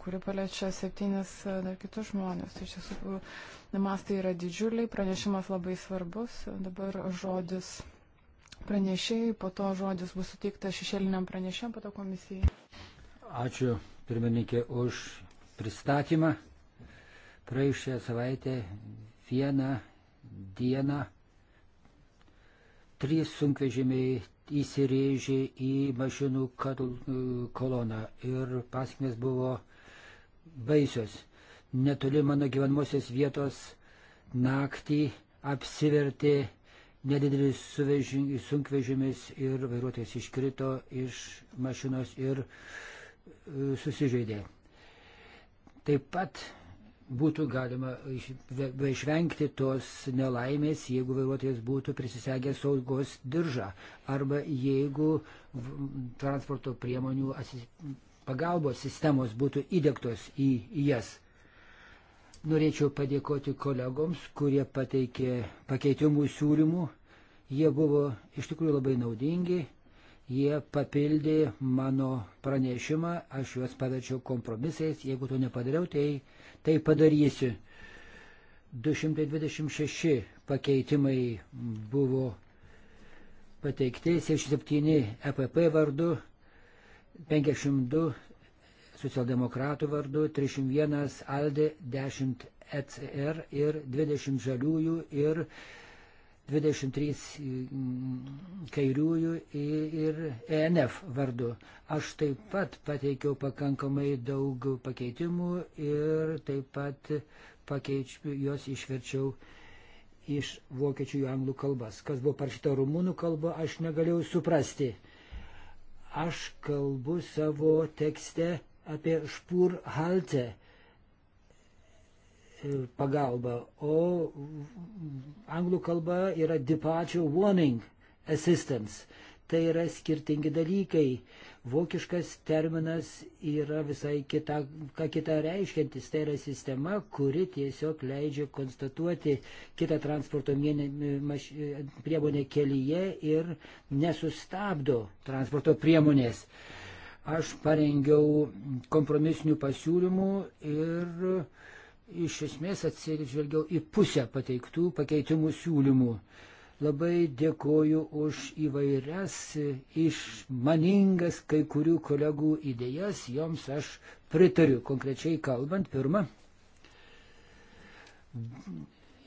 kuri paliečia septynis dar kitus žmonės. Tai iš tiesų mastai yra didžiuliai, pranešimas labai svarbus. Dabar žodis pranešėjai, po to žodis bus suteiktas šešėliniam pranešėm, po to komisijai. Ačiū pirmininkė už pristatymą. Praėjusią savaitę vieną dieną trys sunkvežimiai įsirėžė į mašinų e, koloną ir pasiekmes buvo baisios. Netoli mano gyvenamosios vietos naktį apsivertė nedidelis sunkvežimis ir vairuotojas iškrito iš mašinos ir e, susižeidė. Taip pat būtų galima išvengti tos nelaimės, jeigu vairuotojas būtų prisisegęs saugos diržą arba jeigu transporto priemonių pagalbos sistemos būtų įdėktos į jas. Norėčiau padėkoti kolegoms, kurie pateikė pakeitimų siūlymų. Jie buvo iš tikrųjų labai naudingi Jie papildė mano pranešimą, aš juos paverčiau kompromisais, jeigu to nepadariau, tai, tai padarysiu. 226 pakeitimai buvo pateikti, 67 EPP vardu, 52 socialdemokratų vardu, 301 ALDE, 10 ECR ir 20 žaliųjų ir 23 kairiųjų ir ENF vardu. Aš taip pat pateikiau pakankamai daug pakeitimų ir taip pat pakeičiu, juos išverčiau iš vokiečių į anglų kalbas. Kas buvo parašyta rumunų kalba, aš negalėjau suprasti. Aš kalbu savo tekste apie špurhaltę pagalba, o anglų kalba yra departure warning assistance. Tai yra skirtingi dalykai. Vokiškas terminas yra visai kita, ką kita reiškiantis. Tai yra sistema, kuri tiesiog leidžia konstatuoti kitą transporto priemonę kelyje ir nesustabdo transporto priemonės aš parengiau kompromisinių pasiūlymų ir iš esmės atsižvelgiau į pusę pateiktų pakeitimų siūlymų. Labai dėkoju už įvairias išmaningas kai kurių kolegų idėjas, joms aš pritariu. Konkrečiai kalbant, pirmą,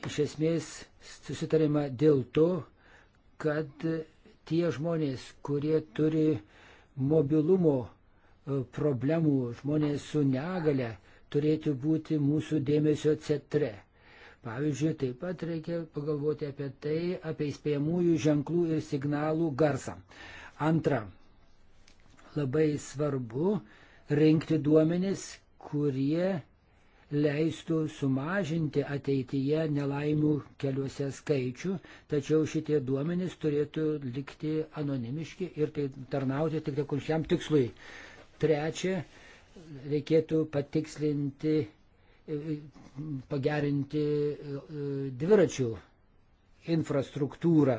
iš esmės susitarima dėl to, kad tie žmonės, kurie turi mobilumo e, problemų, žmonės su negale, turėtų būti mūsų dėmesio centre. Pavyzdžiui, taip pat reikia pagalvoti apie tai, apie įspėjamųjų ženklų ir signalų garsą. Antra, labai svarbu rinkti duomenis, kurie leistų sumažinti ateityje nelaimių keliuose skaičių, tačiau šitie duomenys turėtų likti anonimiški ir tai tarnauti tik tai konkrečiam tikslui. Trečia, reikėtų patikslinti, e, pagerinti e, dviračių infrastruktūrą.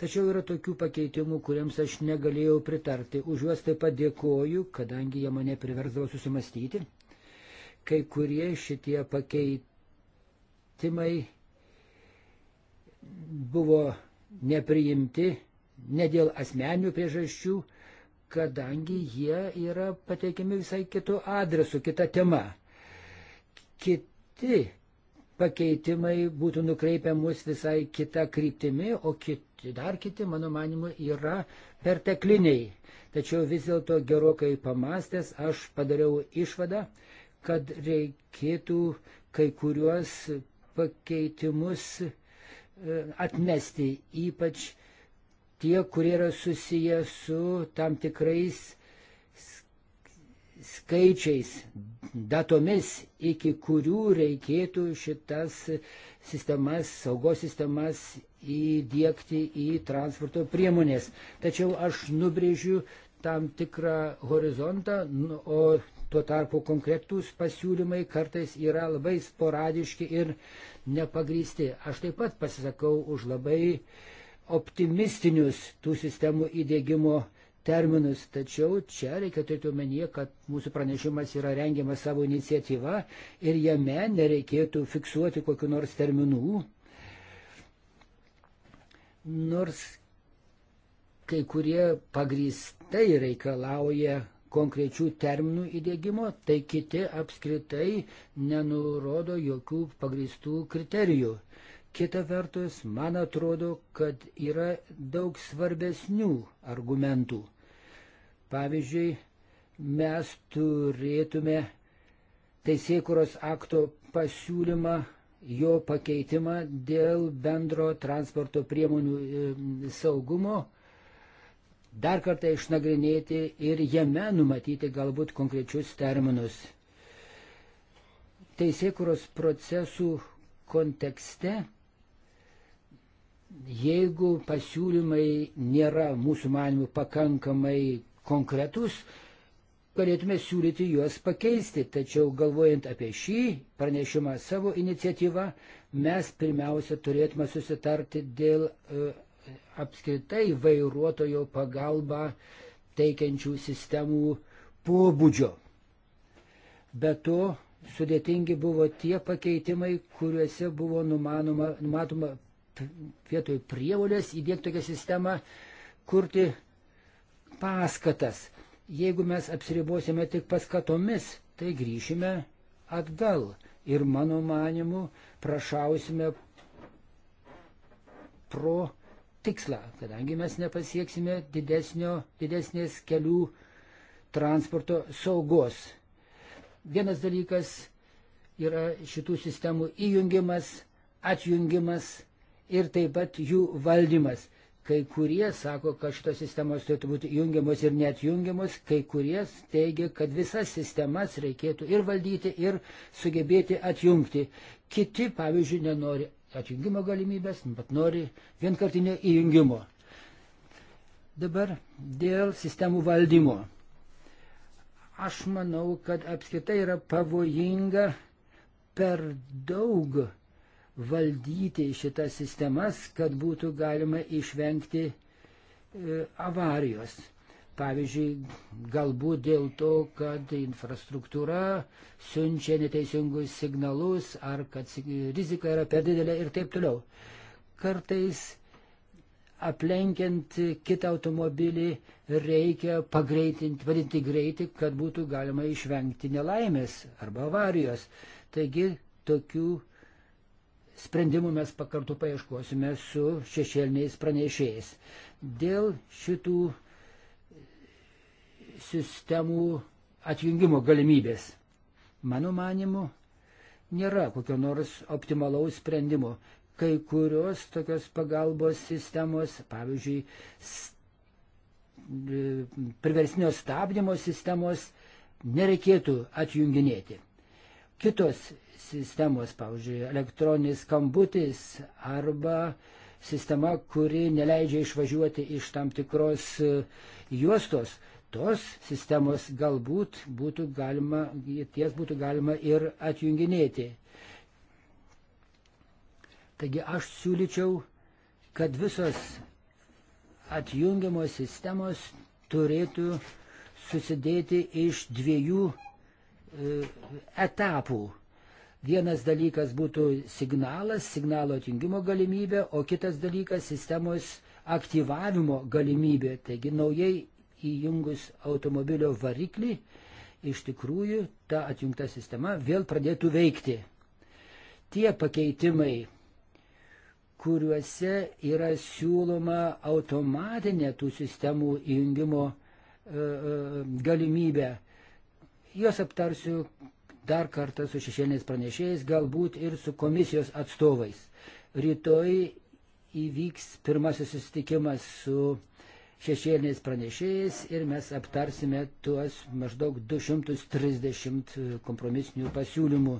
Tačiau yra tokių pakeitimų, kuriems aš negalėjau pritarti. Už juos taip pat dėkoju, kadangi jie mane priversdavo susimastyti. Kai kurie šitie pakeitimai buvo nepriimti ne dėl asmeninių priežasčių, kadangi jie yra pateikiami visai kitų adresų, kita tema. Kiti pakeitimai būtų nukreipę mus visai kitą kryptimį, o kiti, dar kiti, mano manimu, yra pertekliniai. Tačiau vis dėlto gerokai pamastęs aš padariau išvadą, kad reikėtų kai kuriuos pakeitimus e, atmesti, ypač tie, kurie yra susiję su tam tikrais skaičiais, datomis, iki kurių reikėtų šitas sistemas, saugos sistemas įdėkti į transporto priemonės. Tačiau aš nubrėžiu tam tikrą horizontą, nu, o tuo tarpu konkretus pasiūlymai kartais yra labai sporadiški ir nepagrysti. Aš taip pat pasisakau už labai uh, optimistinius tų sistemų įdėgymo terminus, tačiau čia reikia turėti omenyje, kad mūsų pranešimas yra rengiamas savo iniciatyva ir jame nereikėtų fiksuoti kokiu nors terminų. Nors kai kurie pagrįstai reikalauja konkrečių terminų įdėgymo, tai kiti apskritai nenurodo jokių pagrįstų kriterijų. Kita vertus, man atrodo, kad yra daug svarbesnių argumentų. Pavyzdžiui, mes turėtume teisėkuros akto pasiūlymą, jo pakeitimą dėl bendro transporto priemonių e, saugumo dar kartą išnagrinėti ir jame numatyti galbūt konkrečius terminus. Teisėkuros procesų kontekste jeigu pasiūlymai nėra mūsų manimų pakankamai konkretus, galėtume siūlyti juos pakeisti. Tačiau galvojant apie šį pranešimą savo iniciatyvą, mes pirmiausia turėtume susitarti dėl e, apskritai vairuotojo pagalbą teikiančių sistemų pobūdžio. Be to, sudėtingi buvo tie pakeitimai, kuriuose buvo numanoma, numatoma vietoj prievolės įdėkti tokią sistemą, kurti paskatas. Jeigu mes apsiribosime tik paskatomis, tai grįšime atgal ir mano manimu prašausime pro tikslą, kadangi mes nepasieksime didesnio, didesnės kelių transporto saugos. Vienas dalykas yra šitų sistemų įjungimas, atjungimas, ir taip pat jų valdymas. Kai kurie sako, kad šitos sistemos turėtų būti jungiamos ir neatjungiamos, kai kurie teigia, kad visas sistemas reikėtų ir valdyti, ir sugebėti atjungti. Kiti, pavyzdžiui, nenori atjungimo galimybės, bet nori vienkartinio įjungimo. Dabar dėl sistemų valdymo. Aš manau, kad apskritai yra pavojinga per daug valdyti šitas sistemas, kad būtų galima išvengti e, avarijos. Pavyzdžiui, galbūt dėl to, kad infrastruktūra siunčia neteisingus signalus ar kad rizika yra per didelė ir taip toliau. Kartais aplenkiant kitą automobilį reikia pagreitinti, vadinti greitį, kad būtų galima išvengti nelaimės arba avarijos. Taigi tokių sprendimų mes pakartu paieškosime su šešėliniais pranešėjais. Dėl šitų sistemų atjungimo galimybės, mano manimu, nėra kokio nors optimalaus sprendimo. Kai kurios tokios pagalbos sistemos, pavyzdžiui, e, priversnio stabdymo sistemos, nereikėtų atjunginėti. Kitos sistemos, pavyzdžiui, elektroninis skambutis arba sistema, kuri neleidžia išvažiuoti iš tam tikros e, juostos. Tos sistemos galbūt būtų galima, ties būtų galima ir atjunginėti. Taigi aš siūlyčiau, kad visos atjungiamos sistemos turėtų susidėti iš dviejų e, etapų. Vienas dalykas būtų signalas, signalo atjungimo galimybė, o kitas dalykas sistemos aktyvavimo galimybė. Taigi naujai įjungus automobilio variklį, iš tikrųjų ta atjungta sistema vėl pradėtų veikti. Tie pakeitimai, kuriuose yra siūloma automatinė tų sistemų įjungimo e, e galimybė, juos aptarsiu dar kartą su šešėliniais pranešėjais, galbūt ir su komisijos atstovais. Rytoj įvyks pirmasis susitikimas su šešėliniais pranešėjais ir mes aptarsime tuos maždaug 230 kompromisinių pasiūlymų.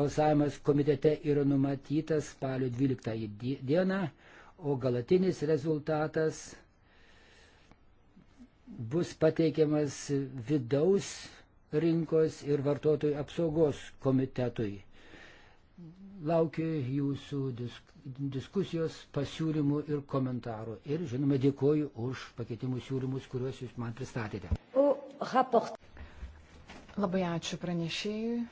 Balsavimas komitete yra numatytas spalio 12 dieną, o galatinis rezultatas bus pateikiamas vidaus rinkos ir vartotojų apsaugos komitetui. Laukiu jūsų disk diskusijos, pasiūlymų ir komentarų. Ir, žinoma, dėkoju už pakeitimų siūlymus, kuriuos jūs man pristatėte. Labai ačiū pranešėjui.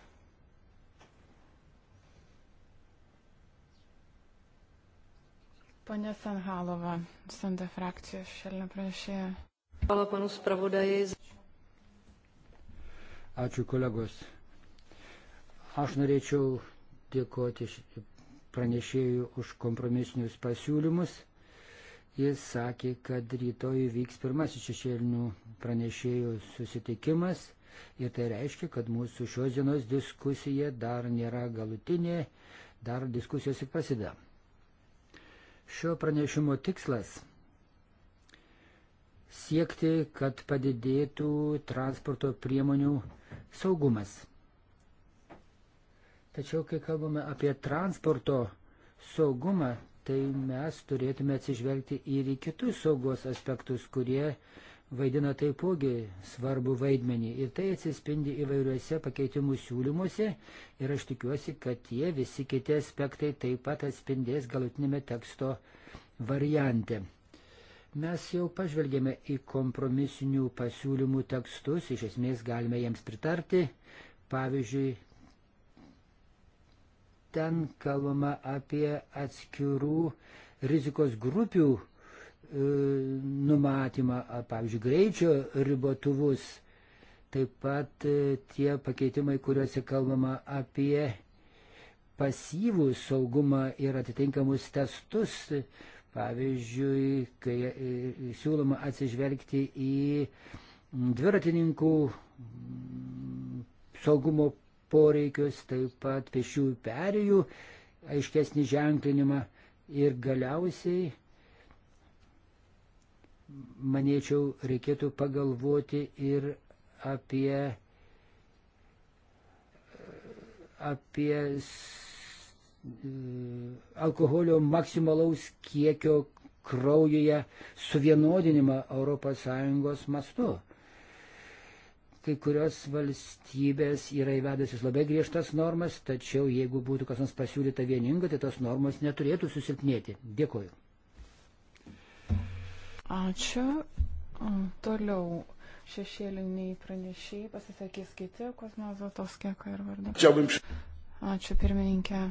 Pane Sanhalova, Sanda frakcija, šelna pranešėja. Hvala panu spravodaji. Ačiū kolegos. Aš norėčiau dėkoti pranešėjų už kompromisinius pasiūlymus. Jis sakė, kad rytoj vyks pirmasis šešėlinių pranešėjų susitikimas ir tai reiškia, kad mūsų šios dienos diskusija dar nėra galutinė, dar diskusijos ir prasideda. Šio pranešimo tikslas siekti, kad padidėtų transporto priemonių saugumas. Tačiau, kai kalbame apie transporto saugumą, tai mes turėtume atsižvelgti ir į kitus saugos aspektus, kurie vaidina taipogi svarbu vaidmenį. Ir tai atsispindi įvairiuose pakeitimų siūlymuose ir aš tikiuosi, kad tie visi kiti aspektai taip pat atspindės galutinėme teksto variante. Mes jau pažvelgėme į kompromisinių pasiūlymų tekstus, iš esmės galime jiems pritarti. Pavyzdžiui, ten kalbama apie atskirų rizikos grupių e, numatymą, pavyzdžiui, greičio ribotuvus. Taip pat e, tie pakeitimai, kuriuose kalbama apie pasyvų saugumą ir atitinkamus testus, Pavyzdžiui, kai e, e, siūloma atsižvelgti į dviratininkų saugumo poreikius, taip pat pešių perėjų, aiškesnį ženklinimą ir galiausiai, manėčiau, reikėtų pagalvoti ir apie, e, apie Mm, alkoholio maksimalaus kiekio kraujuje suvienodinimą ES mastu. Kai kurios valstybės yra įvedusios labai griežtas normas, tačiau jeigu būtų kas nors pasiūlyta vieninga, tai tos normos neturėtų susilpnėti. Dėkuoju. Ačiū. Toliau šešėliniai pranešėjai pasisakys kiti, Kosmazovtos kiek ir vardu. Ačiū pirmininkė.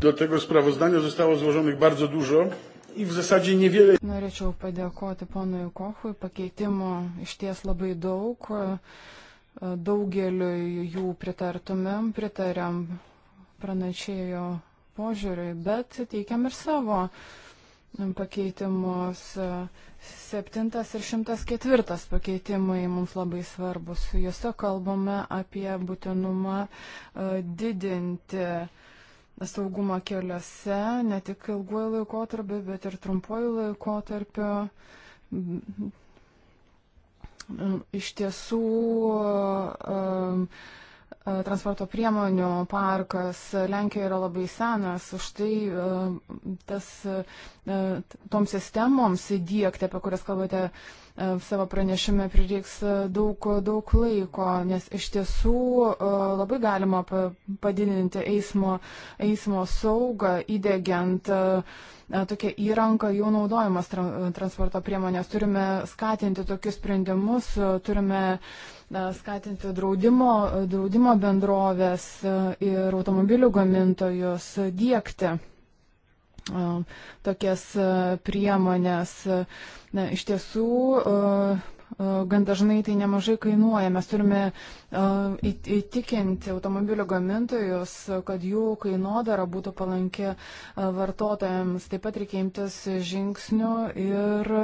Do tego sprawozdania zostało złożonych bardzo dużo i w zasadzie niewiele. Norėčiau padėkoti ponui Kochui, pakeitimų iš ties labai daug. Daugeliu jų pritartumėm, pritariam pranešėjo požiūriui, bet teikiam ir savo pakeitimus. Septintas ir šimtas ketvirtas pakeitimai mums labai svarbus. Juose kalbame apie būtinumą e, didinti uh, saugumą keliuose, ne tik ilguoju laikotarpiu, bet ir trumpuoju laikotarpiu. Mm, iš tiesų, mm, mm, transporto priemonių parkas Lenkijoje yra labai senas, už tai tas, tom sistemoms įdėkti, apie kurias kalbate, E, savo pranešime prireiks e, daug, daug laiko, nes iš tiesų e, labai galima padidinti eismo, eismo saugą, įdėgiant tokią įrangą jau naudojamas transporto priemonės. Turime skatinti tokius sprendimus, turime skatinti draudimo, draudimo bendrovės ir automobilių gamintojus diegti tokias priemonės. Na, iš tiesų, gan dažnai tai nemažai kainuoja. Mes turime įtikinti automobilių gamintojus, kad jų kainodara būtų palanki vartotojams. Taip pat reikia imtis žingsnių ir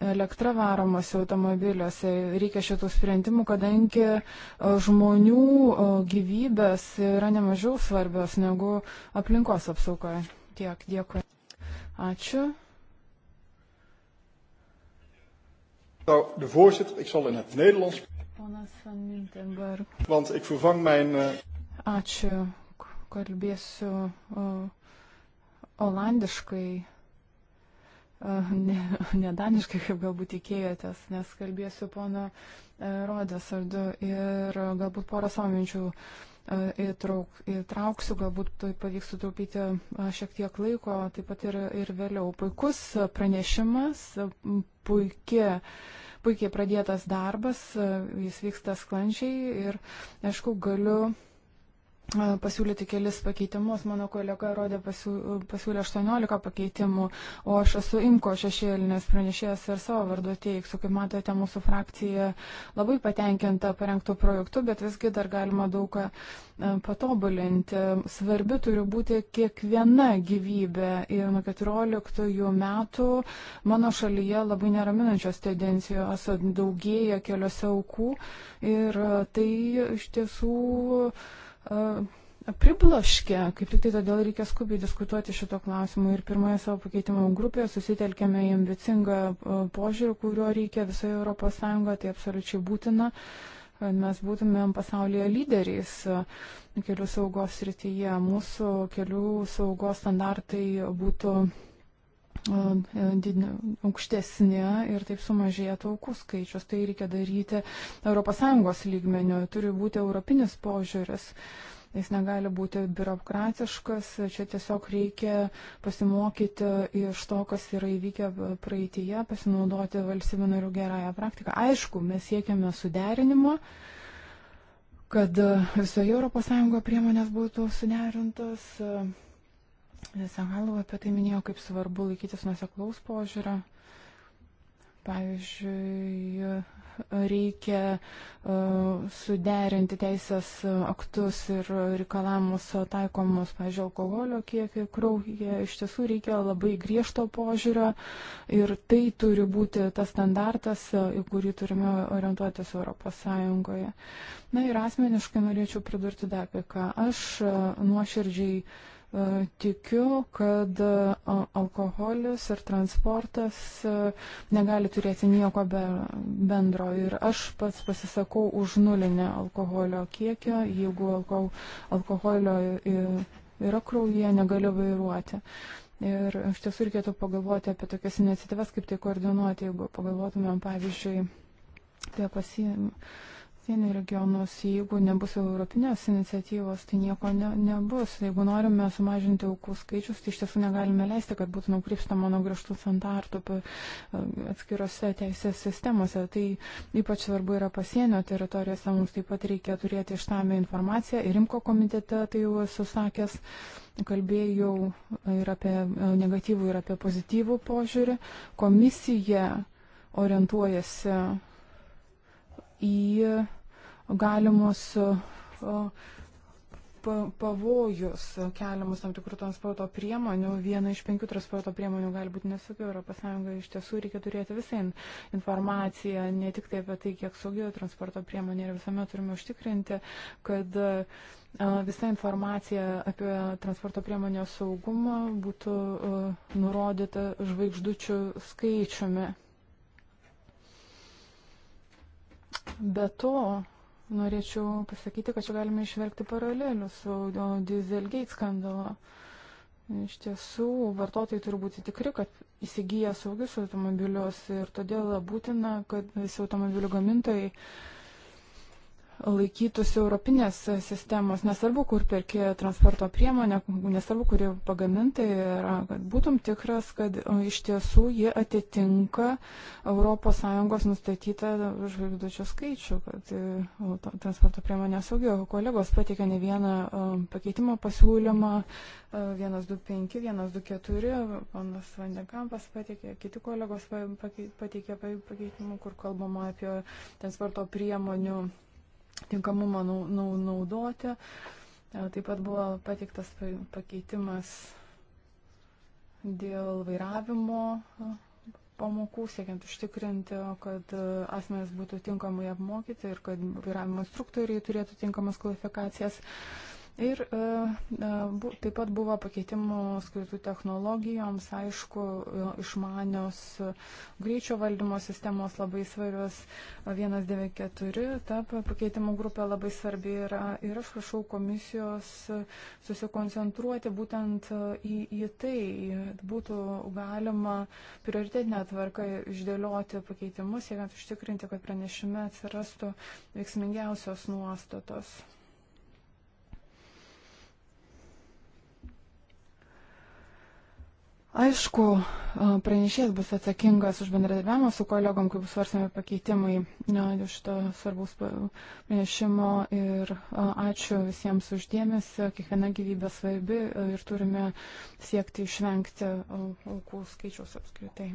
elektra varomose automobiliuose. Reikia šitų sprendimų, kadangi žmonių gyvybės yra nemažiau svarbios negu aplinkos apsaugoje. Tiek, dėkui. Ačiū. Nou, de voorzitter, ik zal in het Nederlands. Ponas van Miltenburg. Want ik vervang mijn. Uh... Ačiū. Kalbėsiu uh, olandiškai nedaniškai, ne kaip galbūt tikėjotės, nes kalbėsiu pono e, Rodės ardu ir galbūt porą savinčių e, įtrauk, įtrauksiu, galbūt tai pavyks sutaupyti e, šiek tiek laiko, taip pat ir, ir vėliau. Puikus pranešimas, puikia puikiai pradėtas darbas, jis vyksta sklandžiai ir, aišku, galiu pasiūlyti kelis pakeitimus. Mano kolega rodė pasiūlė 18 pakeitimų, o aš esu Imko šešėlinės pranešėjas ir savo vardu teiksiu. Kaip matote, mūsų frakcija labai patenkinta parengtų projektų, bet visgi dar galima daugą patobulinti. Svarbi turi būti kiekviena gyvybė. Ir nuo 14 metų mano šalyje labai neraminančios tendencijos daugėja keliose aukų. Ir tai iš tiesų pribloškė, kaip tik tai todėl reikia skubiai diskutuoti šito klausimu ir pirmoje savo pakeitimo grupėje susitelkėme į ambicingą požiūrį, kurio reikia visoje ES, tai absoliučiai būtina, kad mes būtumėm pasaulyje lyderiais kelių saugos srityje, mūsų kelių saugos standartai būtų E, aukštesnė ir taip sumažėtų aukų skaičius. Tai reikia daryti ES lygmeniu, turi būti europinis požiūris. Jis negali būti biurokratiškas, čia tiesiog reikia pasimokyti iš to, kas yra įvykę praeitįje, pasinaudoti valstybių narių gerąją praktiką. Aišku, mes siekiame suderinimo, kad visoje ES priemonės būtų suderintos. Uh, Sangalova apie tai minėjo, kaip svarbu laikytis nuseklaus požiūrio. Pavyzdžiui, reikia uh, suderinti teisės aktus ir reikalavimus taikomus, pavyzdžiui, alkoholio kiekį kraujyje. Iš tiesų reikia labai griežto požiūrio ir tai turi būti tas standartas, į kurį turime orientuotis ES. Na ir asmeniškai norėčiau pridurti dar apie ką. Aš uh, nuoširdžiai uh, E, tikiu, kad e, alkoholis ir transportas e, negali turėti nieko be, bendro. Ir aš pats pasisakau už nulinę alkoholio kiekio, jeigu alko, alkoholio yra kraujyje, negaliu vairuoti. Ir iš tiesų reikėtų pagalvoti apie tokias iniciatyvas, kaip tai koordinuoti, jeigu pagalvotumėm, pavyzdžiui, apie pasiėmimą pasienio regionus, jeigu nebus europinės iniciatyvos, tai nieko ne, nebus. Jeigu norime sumažinti aukų skaičius, tai iš tiesų negalime leisti, kad būtų nukrypstama nuo grįžtų standartų e, atskirose teisės sistemose. Tai ypač svarbu yra pasienio teritorijose, mums taip pat reikia turėti ištame informaciją ir rimko komitete tai jau esu sakęs kalbėjau ir apie e, negatyvų, ir apie pozityvų požiūrį. Komisija orientuojasi į galimus pavojus keliamus tam tikrų transporto priemonių. Viena iš penkių transporto priemonių gali būti nesaugi Europos Sąjungoje. Iš tiesų reikia turėti visą informaciją, ne tik tai apie tai, kiek saugi transporto priemonė ir visuomet turime užtikrinti, kad visa informacija apie transporto priemonės saugumą būtų nurodyta žvaigždučių skaičiumi. Be to, norėčiau pasakyti, kad čia galime išvelgti paralelių su Dieselgate skandalu. Iš tiesų, vartotojai turi būti tikri, kad įsigyja saugius automobilius ir todėl būtina, kad visi automobilių gamintojai uh, laikytųsi europinės sistemos, nesvarbu, kur perki transporto priemonę, nesvarbu, kuri pagaminta yra, kad būtum tikras, kad iš tiesų ji atitinka ES nustatytą žvaigždučių skaičių, kad e, transporto priemonė saugi. Kolegos pateikė ne vieną pakeitimo pasiūlymą, 125, 124, panas Vandekampas pateikė, kiti kolegos pateikė pakeitimų, kur kalbama apie transporto priemonių tinkamumą naudoti. E, taip pat buvo pateiktas pakeitimas dėl vairavimo e, pamokų, siekiant užtikrinti, kad e, asmenys būtų tinkamai apmokyti ir kad vairavimo instruktoriai turėtų tinkamas kvalifikacijas. Uh, Ir e, e, bu, taip pat buvo pakeitimų skirtų technologijoms, aišku, e, išmanios greičio valdymo sistemos labai svarios, 194, ta pakeitimų grupė labai svarbi yra ir aš prašau komisijos susikoncentruoti būtent į, į tai, būtų galima prioritetinę tvarką išdėlioti pakeitimus, siekiant užtikrinti, kad pranešime atsirastų veiksmingiausios nuostatos. Aišku, pranešėjas bus atsakingas už bendradarbiavimą su kolegom, kai bus svarstami pakeitimai iš šito svarbaus pranešimo. Ir ačiū visiems uždėmesi, kiekviena gyvybė svarbi ir turime siekti išvengti aukų skaičiaus apskritai.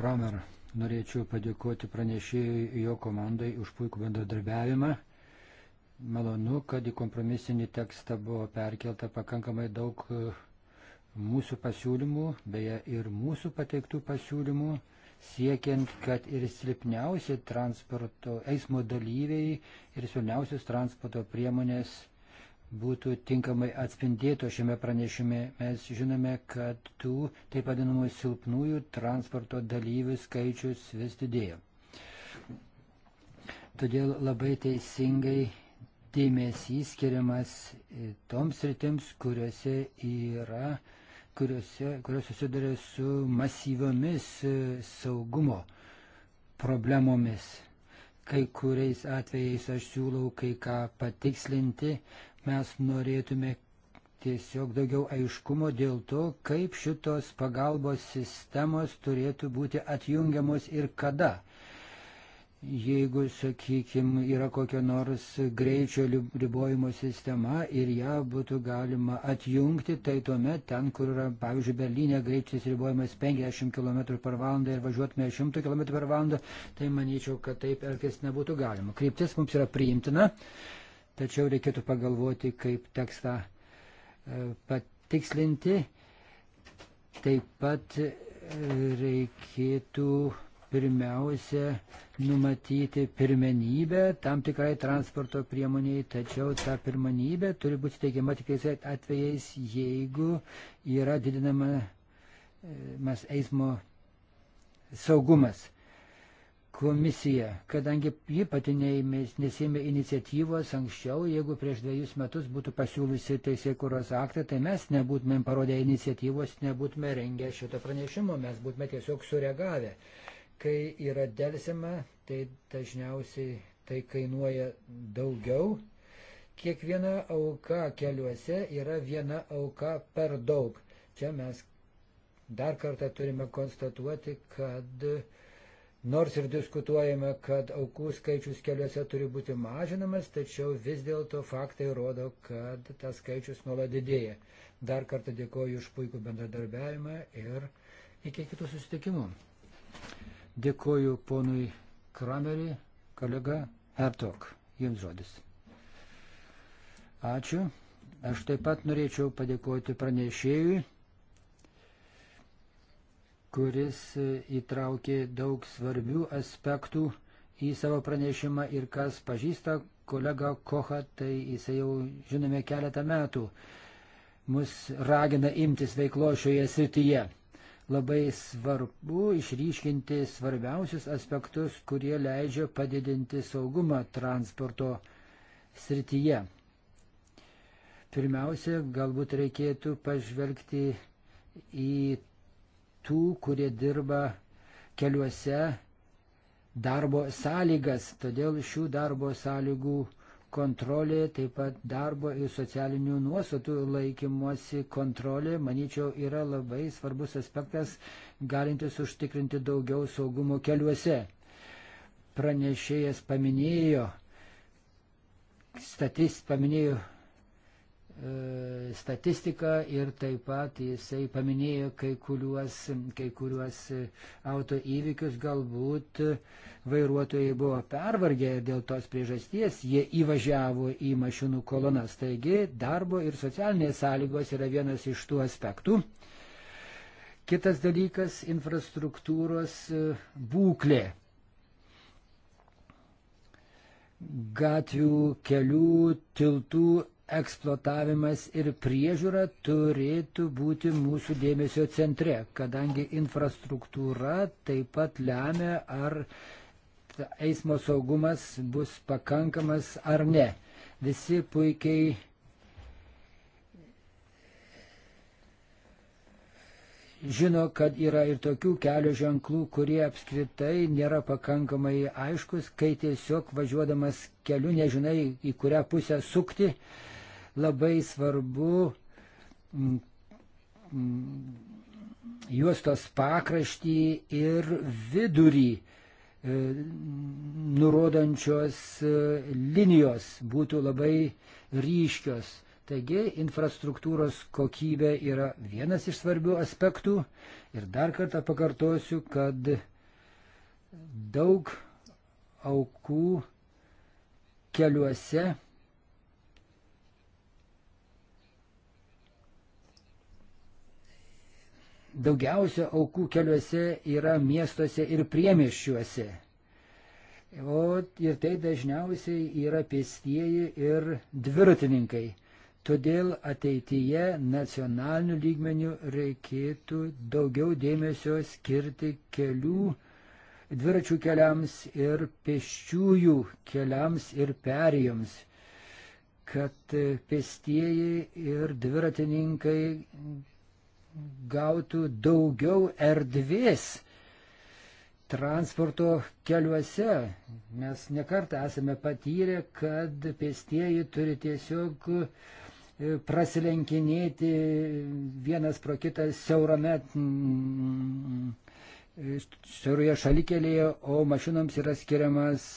Kramer, norėčiau padėkoti pranešėjai jo komandai už puikų bendradarbiavimą. Malonu, kad į kompromisinį tekstą buvo perkelta pakankamai daug mūsų pasiūlymų, beje ir mūsų pateiktų pasiūlymų, siekiant, kad ir silpniausi transporto eismo dalyviai ir silpniausios transporto priemonės būtų tinkamai atspindėto šiame pranešime. Mes žinome, kad tų taip vadinamų silpnųjų transporto dalyvių skaičius vis didėjo. Todėl labai teisingai dėmesys skiriamas toms rytims, kuriuose yra uh, kuriuose, kurios susiduria su masyviomis e, saugumo problemomis. Kai kuriais atvejais aš siūlau kai ką patikslinti, mes norėtume tiesiog daugiau aiškumo dėl to, kaip šitos pagalbos sistemos turėtų būti atjungiamos ir kada jeigu, sakykime, yra kokia nors greičio ribojimo sistema ir ją būtų galima atjungti, tai tuomet ten, kur yra, pavyzdžiui, Berlyne greitis ribojimas 50 km per valandą ir važiuotume 100 km per valandą, tai manyčiau, kad taip elgtis nebūtų galima. Kryptis mums yra priimtina, tačiau reikėtų pagalvoti, kaip tekstą e, patikslinti. Taip pat e, reikėtų pirmiausia numatyti pirmenybę tam tikrai transporto priemoniai, tačiau ta pirmenybė turi būti teigiama tikrais atvejais, jeigu yra didinamas eismo saugumas. Komisija, kadangi ji pati nesėmė iniciatyvos anksčiau, jeigu prieš dviejus metus būtų pasiūlysi teisėkuros aktą, tai mes nebūtumėm parodę iniciatyvos, nebūtume rengę šito pranešimo, mes būtume tiesiog sureagavę Kai yra dėlsima, tai dažniausiai tai kainuoja daugiau. Kiekviena auka keliuose yra viena auka per daug. Čia mes dar kartą turime konstatuoti, kad nors ir diskutuojame, kad aukų skaičius keliuose turi būti mažinamas, tačiau vis dėlto faktai rodo, kad tas skaičius nuolat didėja. Dar kartą dėkoju už puikų bendradarbiavimą ir iki kitų susitikimų. Dėkoju ponui Kramerį, kolega Hertog. Jums žodis. Ačiū. Aš taip pat norėčiau padėkoti pranešėjui, kuris įtraukė daug svarbių aspektų į savo pranešimą ir kas pažįsta kolega Kocha, tai jisai jau žinome keletą metų mus ragina imtis veiklo šioje srityje. Labai svarbu išryškinti svarbiausius aspektus, kurie leidžia padidinti saugumą transporto srityje. Pirmiausia, galbūt reikėtų pažvelgti į tų, kurie dirba keliuose darbo sąlygas, todėl šių darbo sąlygų kontrolė, taip pat darbo ir socialinių nuostatų laikymosi kontrolė, manyčiau, yra labai svarbus aspektas, galintis užtikrinti daugiau saugumo keliuose. Pranešėjas paminėjo, statist, paminėjo E, statistiką ir taip pat jisai paminėjo kai kuriuos, kai kuriuos auto įvykius, galbūt vairuotojai buvo pervargę ir dėl tos priežasties jie įvažiavo į mašinų kolonas. Taigi darbo ir socialinės sąlygos yra vienas iš tų aspektų. Kitas dalykas - infrastruktūros e, būklė gatvių, kelių, tiltų eksploatavimas ir priežiūra turėtų būti mūsų dėmesio centre, kadangi infrastruktūra taip pat lemia, ar eismo saugumas bus pakankamas ar ne. Visi puikiai žino, kad yra ir tokių kelio ženklų, kurie apskritai nėra pakankamai aiškus, kai tiesiog važiuodamas keliu nežinai, į kurią pusę sukti. E, labai svarbu mm, mm, juostos pakraštį ir vidurį e, nurodančios e, linijos būtų labai ryškios. Taigi infrastruktūros kokybė yra vienas iš svarbių aspektų ir dar kartą pakartosiu, kad daug aukų keliuose daugiausia aukų keliuose yra miestuose ir priemiščiuose. O ir tai dažniausiai yra pėstieji ir dviratininkai. Todėl ateityje nacionaliniu lygmeniu reikėtų daugiau dėmesio skirti kelių, dviračių keliams ir pėsčiųjų keliams ir perijoms, kad pėstieji ir dviratininkai gautų daugiau erdvės transporto keliuose. Mes nekartą esame patyrę, kad pėstieji turi tiesiog e, prasilenkinėti vienas pro kitą siaurame mm, mm, mm, siauroje šalikelėje, o mašinoms yra skiriamas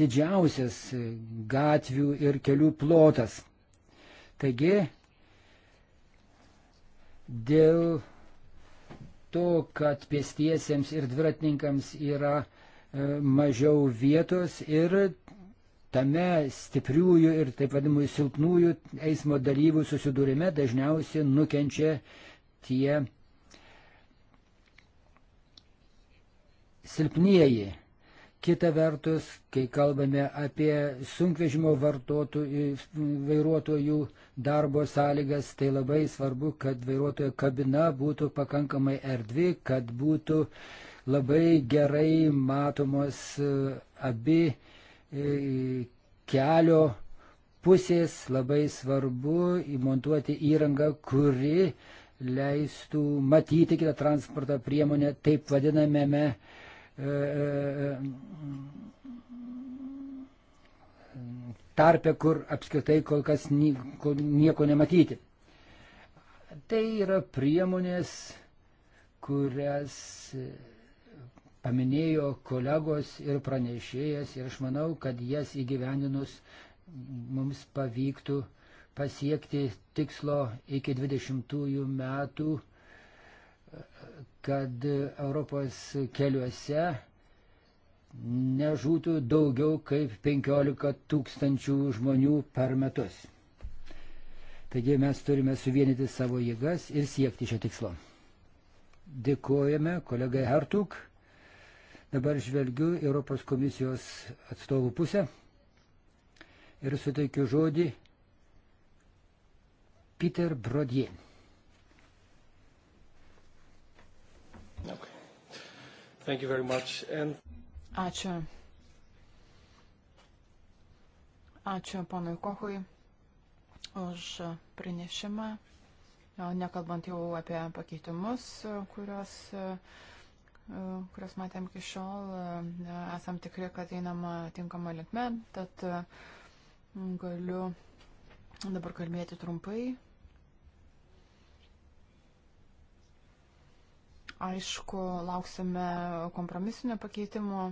didžiausias gatvių ir kelių plotas. Taigi dėl to, kad pėstiesiems ir dviratininkams yra e, mažiau vietos ir tame stipriųjų ir taip vadimųjų silpnųjų eismo dalyvių susidūrime dažniausiai nukenčia tie silpnieji. Kita vertus, kai kalbame apie sunkvežimo e, vairuotojų darbo sąlygas, tai labai svarbu, kad vairuotojo kabina būtų pakankamai erdvi, kad būtų labai gerai matomos e, abi e, kelio pusės labai svarbu įmontuoti įrangą, kuri leistų matyti kitą transporto priemonę taip vadinamėme e, e, e tarpe, kur apskritai kol kas nieko nematyti. Tai yra priemonės, kurias e, paminėjo kolegos ir pranešėjas ir aš manau, kad jas įgyvendinus mums pavyktų pasiekti tikslo iki 20 metų, kad Europos keliuose nežūtų daugiau kaip 15 tūkstančių žmonių per metus. Taigi mes turime suvienyti savo jėgas ir siekti šio tikslo. Dėkojame kolegai Hartuk. Dabar žvelgiu Europos komisijos atstovų pusę ir suteikiu žodį Peter Brodie. Okay. Thank you very much. And... Ačiū. Ačiū ponui Kohui už pranešimą, nekalbant jau apie pakeitimus, kuriuos, kuriuos matėm iki šiol, esam tikri, kad einama tinkama linkme, tad galiu dabar kalbėti trumpai. Aišku, lauksime kompromisinio pakeitimo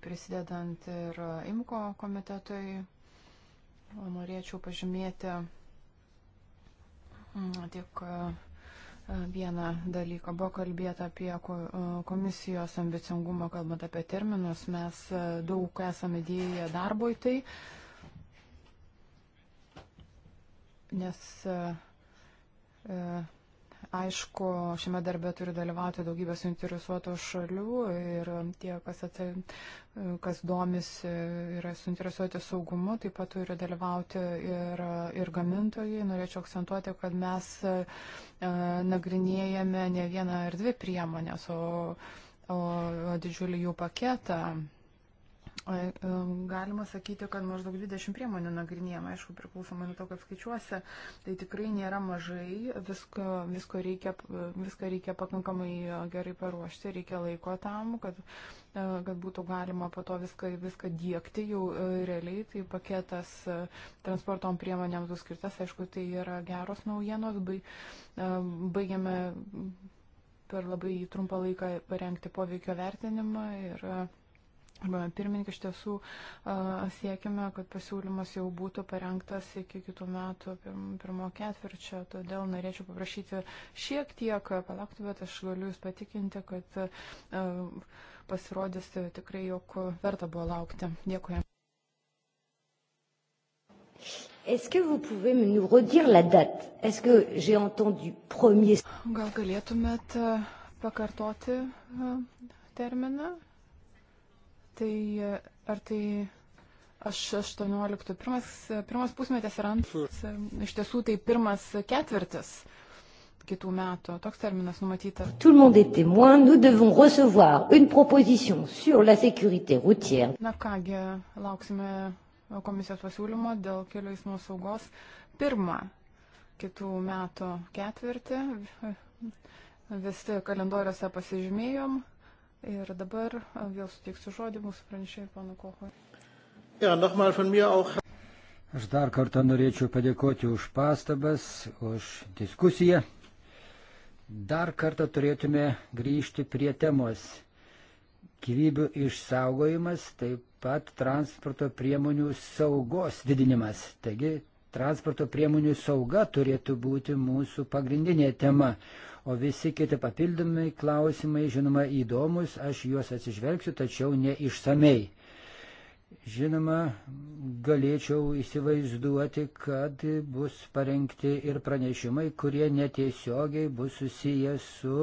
prisidedant ir IMKO komitetui, norėčiau pažymėti tik e, vieną dalyką. Buvo kalbėta apie e, komisijos ambicingumą, kalbant apie terminus. Mes e, daug esame dėję darbo į tai, nes Aišku, šiame darbe turi dalyvauti daugybė suinteresuotų šalių ir tie, kas, atsa, kas domisi, yra suinteresuoti saugumu, taip pat turi dalyvauti ir, ir gamintojai. Norėčiau akcentuoti, kad mes e, nagrinėjame ne vieną ar dvi priemonės, o, o, o didžiulį jų paketą. E, e, galima sakyti, kad maždaug 20 priemonių nagrinėjama, aišku, priklausomai nuo to, kaip skaičiuosi, tai tikrai nėra mažai, visko, visko reikia, viską reikia pakankamai e, gerai paruošti, reikia laiko tam, kad, kad būtų galima po to viską, viską dėkti jau realiai, tai paketas transportom priemonėms bus skirtas, aišku, tai yra geros naujienos, baigiame per labai trumpą laiką parengti poveikio vertinimą ir Pirmininkai, iš tiesų siekime, kad pasiūlymas jau būtų parengtas iki kitų metų pirmo ketvirčio, todėl norėčiau paprašyti šiek tiek palaukti, bet aš galiu Jūs patikinti, kad pasirodys tikrai, jog verta buvo laukti. Dėkui. Est-ce que vous pouvez nous redire la date Est-ce que j'ai entendu premier Gal galėtumėt pakartoti terminą? Tai ar tai aš 18, pirmas, pirmas pusmetis ir antras, iš tiesų tai pirmas ketvirtis kitų metų, toks terminas numatytas. Tout le monde est témoin, nous devons recevoir une proposition sur la sécurité routière. Na kągi, lauksime komisijos pasiūlymo dėl kelių eismo saugos. Pirmą kitų metų ketvirtį visi kalendoriuose pasižymėjom Ir dabar vėl suteiksiu žodį mūsų pranešėjai, panu Kohui. Ja, nochmal von mir auch. Aš dar kartą norėčiau padėkoti už pastabas, už diskusiją. Dar kartą turėtume grįžti prie temos. Gyvybių išsaugojimas, taip pat transporto priemonių saugos didinimas. Taigi transporto priemonių sauga turėtų būti mūsų pagrindinė tema. O visi kiti papildomi klausimai, žinoma, įdomus, aš juos atsižvelgsiu, tačiau neišsamei. Žinoma, galėčiau įsivaizduoti, kad bus parengti ir pranešimai, kurie netiesiogiai bus susiję su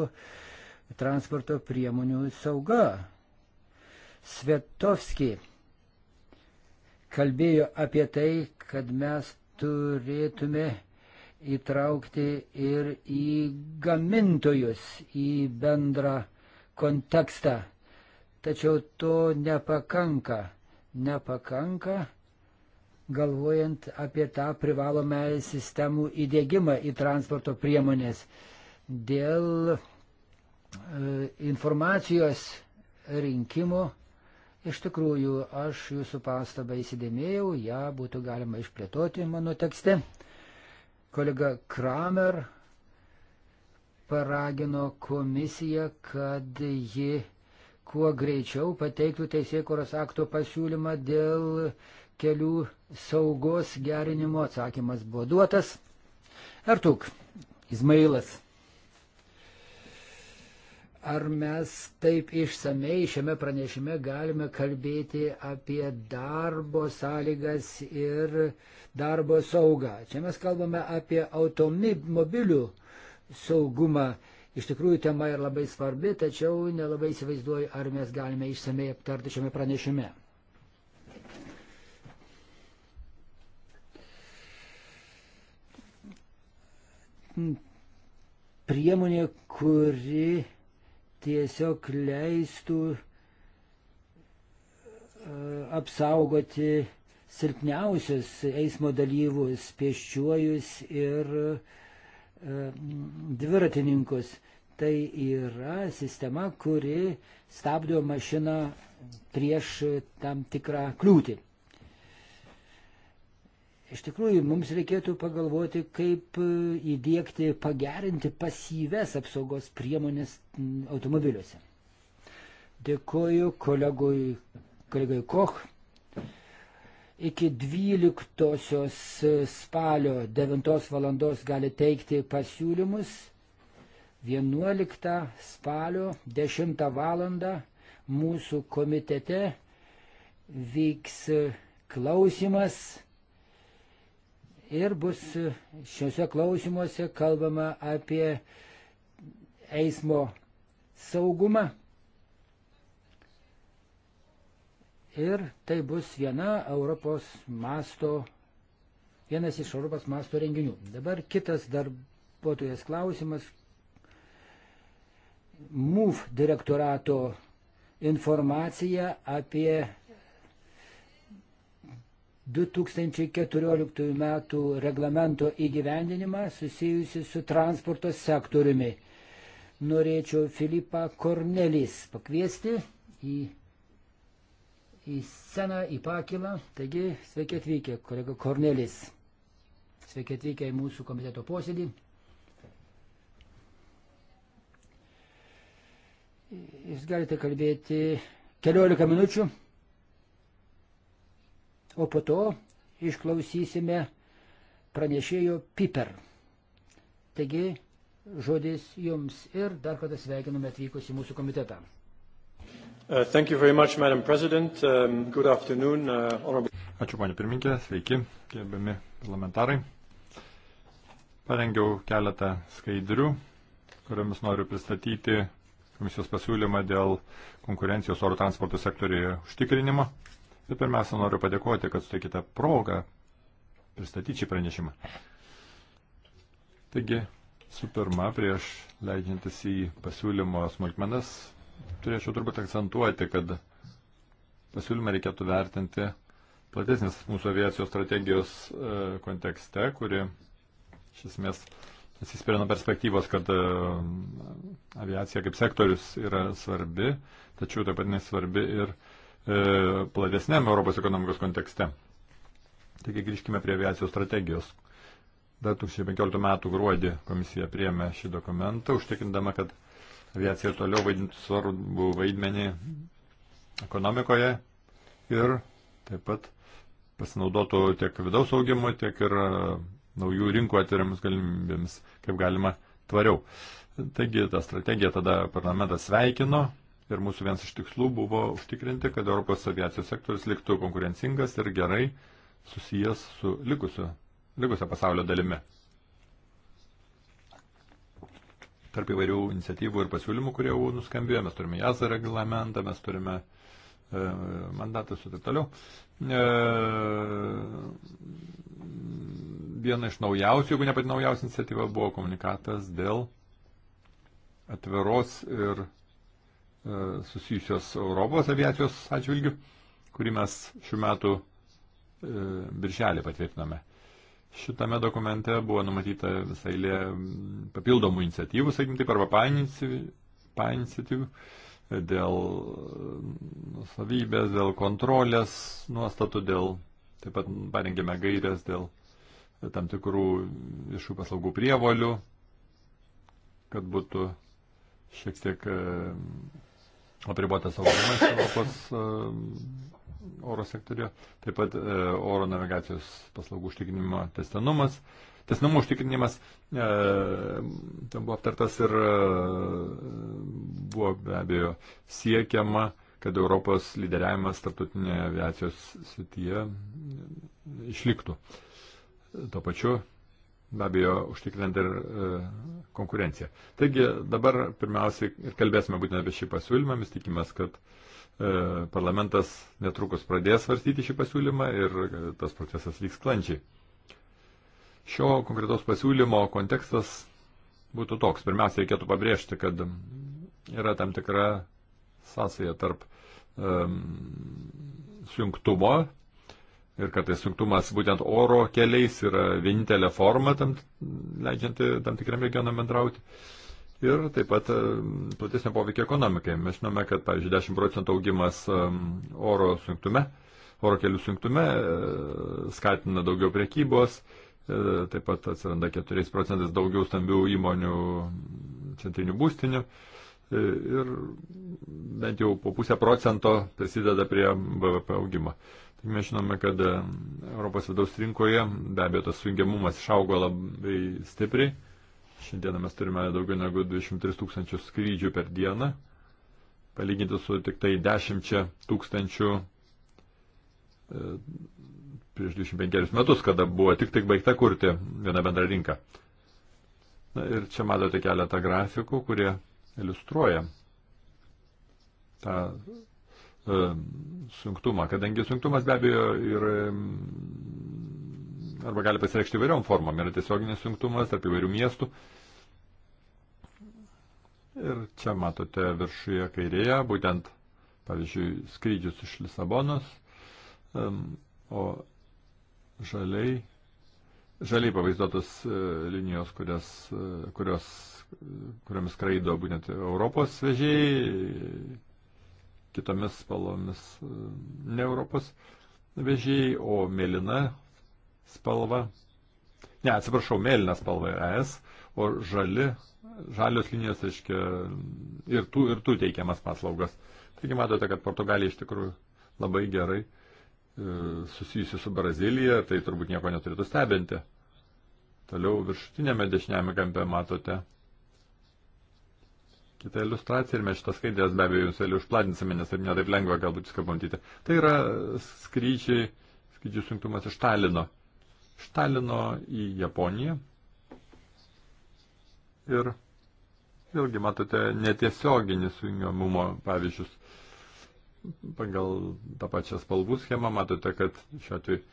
transporto priemonių sauga. Svetovski kalbėjo apie tai, kad mes turėtume įtraukti ir į gamintojus, į bendrą kontekstą. Tačiau to nepakanka. Nepakanka, galvojant apie tą privalomą sistemų įdėgymą į transporto priemonės. Dėl e, informacijos rinkimo Iš tikrųjų, aš jūsų pastabą įsidėmėjau, ją būtų galima išplėtoti mano tekste. Kolega Kramer paragino komisiją, kad ji kuo greičiau pateiktų teisėkoros akto pasiūlymą dėl kelių saugos gerinimo. Atsakymas buvo duotas. Artuk, Izmailas ar mes taip išsamei šiame pranešime galime kalbėti apie darbo sąlygas ir darbo saugą. Čia mes kalbame apie automobilių saugumą. Iš tikrųjų, tema yra labai svarbi, tačiau nelabai įsivaizduoju, ar mes galime išsamei aptarti šiame pranešime. Priemonė, kuri tiesiog leistų e, apsaugoti silpniausius eismo dalyvus, pėsčiuojus ir e, dviratininkus. Tai yra sistema, kuri stabdo mašiną prieš tam tikrą kliūtį. Iš tikrųjų, mums reikėtų pagalvoti, kaip e, įdėkti, pagerinti pasyves apsaugos priemonės automobiliuose. Dėkoju kolegui, kolegai Koch. Iki 12 spalio 9 valandos gali teikti pasiūlymus. 11 spalio 10 valandą mūsų komitete vyks klausimas ir bus šiuose klausimuose kalbama apie eismo saugumą. Ir tai bus viena Europos masto, vienas iš Europos masto renginių. Dabar kitas darbuotojas klausimas. MUF direktorato informacija apie 2014 m. reglamento įgyvendinimą susijusi su transporto sektoriumi. Norėčiau Filipą Kornelis pakviesti į, į sceną, į pakilą. Taigi, sveiki atvykę, kolega Kornelis. Sveiki atvykę į mūsų komiteto posėdį. Jūs galite kalbėti 14 minučių o po to išklausysime pranešėjo Piper. Taigi, žodis jums ir dar kartą sveikiname atvykus į mūsų komitetą. Uh, thank you very much, Madam President. Um, good afternoon, uh, honorable. Ačiū, panė pirmininkė, sveiki, gerbiami parlamentarai. Parengiau keletą skaidrių, kuriamis noriu pristatyti komisijos pasiūlymą dėl konkurencijos oro transporto sektorijoje užtikrinimo. Uh, Ir pirmiausia, noriu padėkoti, kad suteikite progą pristatyti šį pranešimą. Taigi, su pirma, prieš leidžiantis į pasiūlymo smulkmenas, turėčiau turbūt akcentuoti, kad pasiūlymą reikėtų vertinti platesnis mūsų aviacijos strategijos e, kontekste, kuri iš esmės atsispiria nuo perspektyvos, kad e, aviacija kaip sektorius yra svarbi, tačiau taip pat nesvarbi ir E, platesniam Europos ekonomikos kontekste. Taigi grįžkime prie aviacijos strategijos. Dar 2015 metų gruodį komisija priėmė šį dokumentą, užtikrindama, kad aviacija ir toliau vaidintų svarbų vaidmenį ekonomikoje ir taip pat pasinaudotų tiek vidaus augimu, tiek ir e, naujų rinkų atveriamus galimybėms, kaip galima tvariau. Taigi tą strategiją tada parlamentas sveikino, Ir mūsų vienas iš tikslų buvo užtikrinti, kad Europos aviacijos sektorius liktų konkurencingas ir gerai susijęs su likusiu, likusia pasaulio dalimi. Tarp įvairių iniciatyvų ir pasiūlymų, kurie jau nuskambėjo, mes turime JAZA reglamentą, mes turime e, mandatus ir taip toliau. E, viena iš naujausių, jeigu ne pati naujausia iniciatyva, buvo komunikatas dėl atviros ir E, susijusios Europos aviacijos atžvilgių, kurį mes šiuo metu e, birželį patvirtiname. Šitame dokumente buvo numatyta visai lė papildomų iniciatyvų, sakykim taip, arba painiciatyvų dėl savybės, dėl kontrolės nuostatų, dėl taip pat parengėme gairias dėl tam tikrų viešų paslaugų prievolių, kad būtų šiek tiek e, apribota saugumas Europos e, oro sektoriuje, taip pat e, oro navigacijos paslaugų užtikrinimo testinumas. Tas namų užtikrinimas e, ten buvo aptartas ir e, buvo be abejo siekiama, kad Europos lyderiavimas tarptautinėje aviacijos srityje išliktų. Tuo pačiu be abejo užtikrinant ir e, konkurenciją. Taigi dabar pirmiausiai ir kalbėsime būtent apie šį pasiūlymą, mes tikimės, kad e, parlamentas netrukus pradės svarstyti šį pasiūlymą ir e, tas procesas vyks sklandžiai. Šio konkretaus pasiūlymo kontekstas būtų toks. Pirmiausia, reikėtų pabrėžti, kad yra tam tikra sąsaja tarp um, e, sunktumo Ir kartais suktumas būtent oro keliais yra vienintelė forma, tam, leidžianti tam tikram regionam bendrauti. Ir taip pat e, platesnio poveikio ekonomikai. Mes žinome, kad, pavyzdžiui, 10 procentų augimas e, oro sunktume, oro kelių sunktume e, skatina daugiau priekybos, taip pat atsiranda 4 procentais daugiau stambių įmonių centrinių būstinių ir bent jau po pusę procento prisideda prie BVP augimo. Mes žinome, kad e, Europos vidaus rinkoje be abejo tas sujungiamumas išaugo labai stipriai. Šiandieną mes turime daugiau negu 23 tūkstančius skrydžių per dieną, palyginti su tik tai 10 tūkstančių e, prieš 25 metus, kada buvo tik tik baigta kurti viena bendra rinka. Na ir čia matote keletą grafikų, kurie iliustruoja tą Um, sunkumą, kadangi sunkumas be abejo ir um, arba gali pasireikšti įvairiom formom, yra tiesioginis sunkumas tarp įvairių miestų. Ir čia matote viršuje kairėje, būtent, pavyzdžiui, skrydžius iš Lisabonos, um, o žaliai, žaliai pavaizduotos uh, linijos, kurias, uh, kurios, kuriomis skraido būtent Europos vežėjai kitomis spalvomis ne Europos vežėjai, o mėlyna spalva. Ne, atsiprašau, mėlyna spalva yra ES, o žali, žalios linijos, aiškia, ir tų, ir tų teikiamas paslaugas. Taigi matote, kad Portugalija iš tikrųjų labai gerai e, susijusi su Brazilija, tai turbūt nieko neturėtų stebinti. Toliau viršutinėme dešiniame kampe matote kita iliustracija ir mes šitas skaidrės be abejo jums vėliau išplatinsime, nes taip netaip lengva galbūt viską pamatyti. Tai yra skrydžiai, skrydžių sunkumas iš Talino. Iš Talino į Japoniją. Ir vėlgi matote netiesioginį sujungiamumo pavyzdžius. Pagal tą pačią spalvų schemą matote, kad šiuo atveju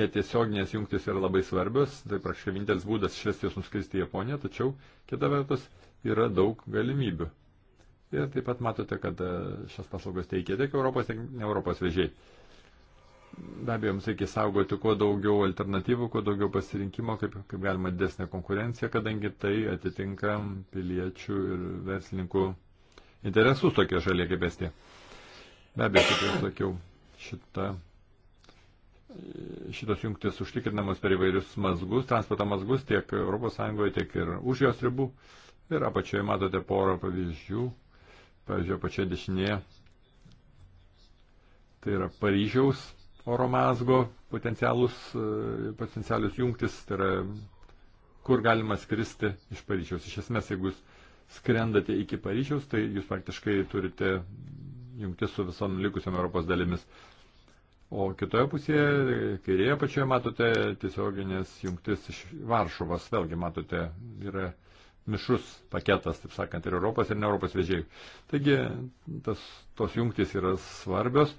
netiesioginės jungtis yra labai svarbios, tai praktiškai vienintelis būdas iš Estijos nuskristi į Japoniją, tačiau kita vertus yra daug galimybių. Ir taip pat matote, kad e, šias paslaugas teikia tiek Europos, tiek ne Europos vežėjai. Be abejo, mums reikia saugoti kuo daugiau alternatyvų, kuo daugiau pasirinkimo, kaip, kaip galima didesnė konkurencija, kadangi tai atitinka piliečių ir verslininkų interesus tokie šalia kaip Estija. Be abejo, kaip jau sakiau, šita, e, šitos jungtis užtikrinamos per įvairius mazgus, transporto mazgus tiek ES, tiek ir už jos ribų. Uh, Ir apačioje matote porą pavyzdžių. Pavyzdžiui, apačioje dešinėje tai yra Paryžiaus oro mazgo potencialus, e, potencialius jungtis, tai yra kur galima skristi iš Paryžiaus. Iš esmės, jeigu jūs skrendate iki Paryžiaus, tai jūs praktiškai turite jungtis su visom likusiam Europos dalimis. O kitoje pusėje, kairėje pačioje matote tiesioginės jungtis iš Varšuvos. Vėlgi matote, yra mišrus paketas, taip sakant, ir Europos, ir ne Europos vežėjų. Taigi tas, tos jungtys yra svarbios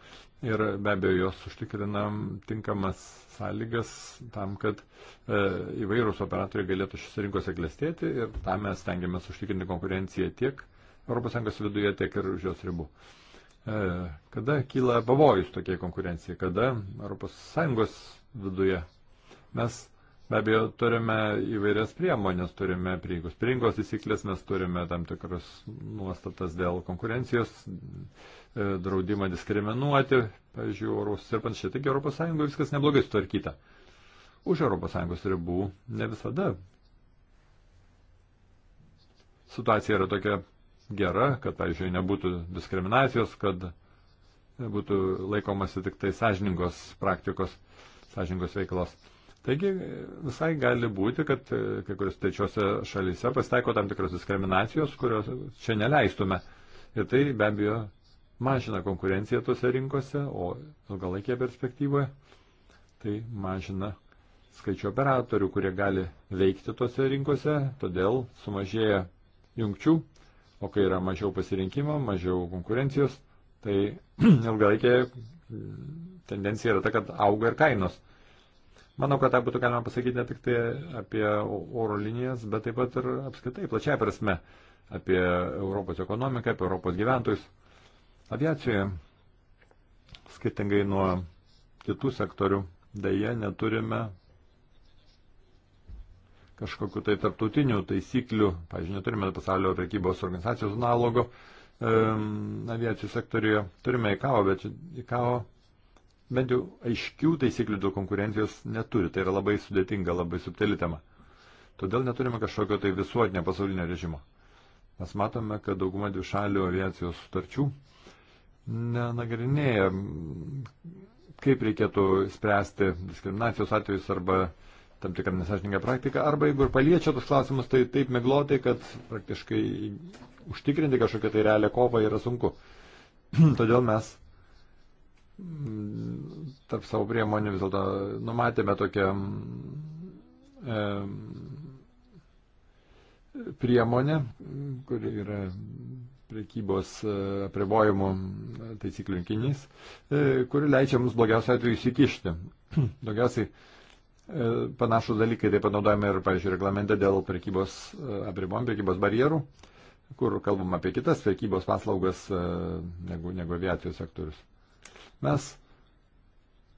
ir be abejo jos užtikrina tinkamas sąlygas tam, kad e, įvairūs operatoriai galėtų šiose rinkose klestėti ir tam mes tengiamės užtikrinti konkurenciją tiek ES viduje, tiek ir už jos ribų. E, kada kyla pavojus tokiai konkurencijai, kada ES viduje mes Be abejo, turime įvairias priemonės, turime prieigos prieinkos įsiklės, mes turime tam tikras nuostatas dėl konkurencijos, e, draudimą diskriminuoti, pavyzdžiui, orus ir panašiai. Taigi ES viskas neblogai sutvarkyta. Už ES ribų ne visada situacija yra tokia gera, kad, pavyzdžiui, nebūtų diskriminacijos, kad būtų laikomasi tik tai sąžiningos praktikos, sąžiningos veiklos. Taigi visai gali būti, kad e, kai kurios trečiose šalyse pasitaiko tam tikros diskriminacijos, kurios čia neleistume. Ir tai be abejo mažina konkurenciją tose rinkose, o ilgalaikėje perspektyvoje tai mažina skaičių operatorių, kurie gali veikti tose rinkose, todėl sumažėja jungčių, o kai yra mažiau pasirinkimo, mažiau konkurencijos, tai ilgalaikėje tendencija yra ta, kad auga ir kainos. Manau, kad tą būtų galima pasakyti ne tik tai apie oro linijas, bet taip pat ir apskritai plačiai prasme apie Europos ekonomiką, apie Europos gyventojus. Aviacijoje, skirtingai nuo kitų sektorių, dėje neturime kažkokiu tai tarptautiniu taisykliu, pažiūrėjau, neturime pasaulio prekybos organizacijos analogo um, aviacijų sektorijoje, turime ICAO, bet ICAO bent jau aiškių taisyklių dėl konkurencijos neturi. Tai yra labai sudėtinga, labai subtili tema. Todėl neturime kažkokio tai visuotinio pasaulinio režimo. Mes matome, kad dauguma dvišalių aviacijos sutarčių nenagrinėja, kaip reikėtų spręsti diskriminacijos atvejus arba tam tikrą nesažininką praktiką, arba jeigu ir paliečia tos klausimus, tai taip miglotai, kad praktiškai užtikrinti kažkokią tai realią kovą yra sunku. Todėl mes tarp savo priemonių vis dėlto numatėme tokią e, priemonę, kuri yra priekybos e, apribojimų taisyklių rinkinys, e, kuri leidžia mums blogiausiu atveju įsikišti. Daugiausiai e, panašus dalykai taip pat naudojame ir, pavyzdžiui, reglamente dėl priekybos e, apribojimų, priekybos barjerų, kur kalbam apie kitas priekybos paslaugas e, negu, negu aviacijos sektorius. Mes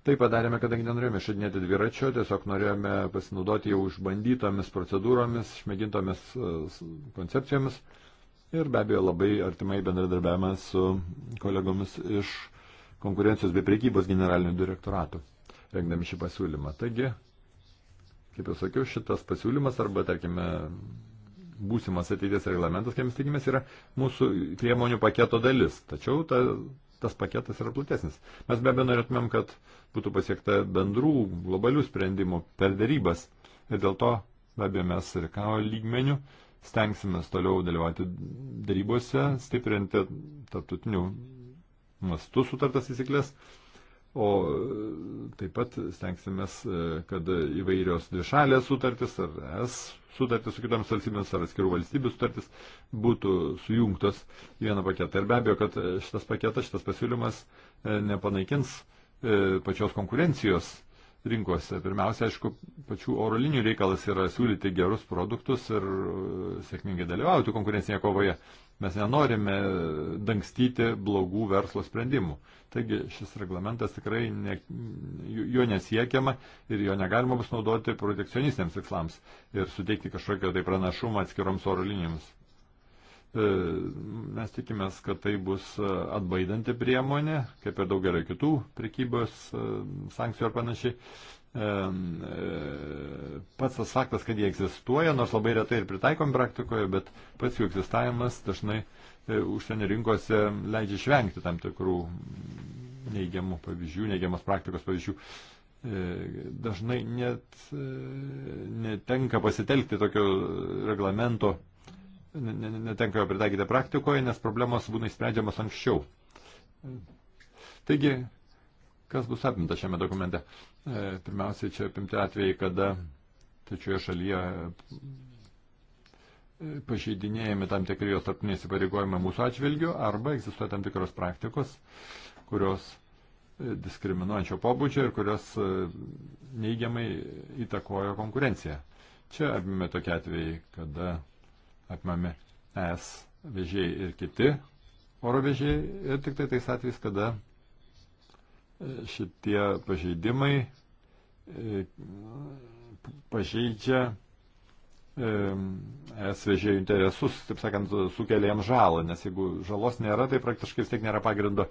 tai padarėme, kadangi nenorėjome šadinėti dviračio, tiesiog norėjome pasinaudoti jau išbandytomis procedūromis, išmėgintomis e, koncepcijomis ir be abejo labai artimai bendradarbiavame su kolegomis iš konkurencijos bei priekybos generalinių direktoratų, rengdami šį pasiūlymą. Taigi, kaip jau sakiau, šitas pasiūlymas arba, tarkime, būsimas ateities reglamentas, kaip mes tikimės, yra mūsų priemonių paketo dalis. Tačiau ta tas paketas yra platesnis. Mes be abejo norėtumėm, kad būtų pasiekta bendrų globalių sprendimų per darybas. Ir dėl to be abejo mes ir karo lygmenių stengsime toliau dalyvauti darybose, stiprinti tarptautinių mastų sutartas įsiklės. O e, taip pat stengsime, kad įvairios dvišalės sutartis ar es sutartis su kitoms valstybėms ar atskirų valstybių sutartis būtų sujungtos į vieną paketą. Ir be abejo, kad e, šitas paketas, šitas pasiūlymas e, nepanaikins e, pačios konkurencijos rinkose. Pirmiausia, aišku, pačių oro linijų reikalas yra siūlyti gerus produktus ir sėkmingai dalyvauti konkurencinėje kovoje. Mes nenorime dangstyti blogų verslo sprendimų. Taigi šis reglamentas tikrai ne, jo nesiekiama ir jo negalima bus naudoti protekcionistiniams tikslams ir suteikti kažkokio tai pranašumą atskiroms oro linijoms. E, mes tikimės, kad tai bus atbaidanti priemonė, kaip ir daugelio kitų prekybos e, sankcijų ar panašiai. E, pats tas faktas, kad jie egzistuoja, nors labai retai ir pritaikom praktikoje, bet pats jų egzistavimas dažnai e, užsienio rinkose leidžia išvengti tam tikrų neigiamų pavyzdžių, neigiamas praktikos pavyzdžių. E, dažnai net netenka pasitelkti tokio reglamento, netenka jo pritaikyti praktikoje, nes problemos būna įsprendžiamas anksčiau. Taigi, Kas bus apimta šiame dokumente? E, pirmiausiai čia apimti atvejai, kada tačioje šalyje e, pažeidinėjami tam tikri jos tarptiniai įsipareigojimai mūsų atžvilgiu arba egzistuoja tam tikros praktikos, kurios e, diskriminuojančio pobūdžio ir kurios e, neigiamai įtakojo konkurenciją. Čia apimė tokie atvejai, kada apimami es vežėjai ir kiti oro vežėjai ir tik tai tais atvejais, kada šitie pažeidimai e, pažeidžia e, es vežėjų interesus, taip sakant, sukelia jam žalą, nes jeigu žalos nėra, tai praktiškai vis tiek nėra pagrindo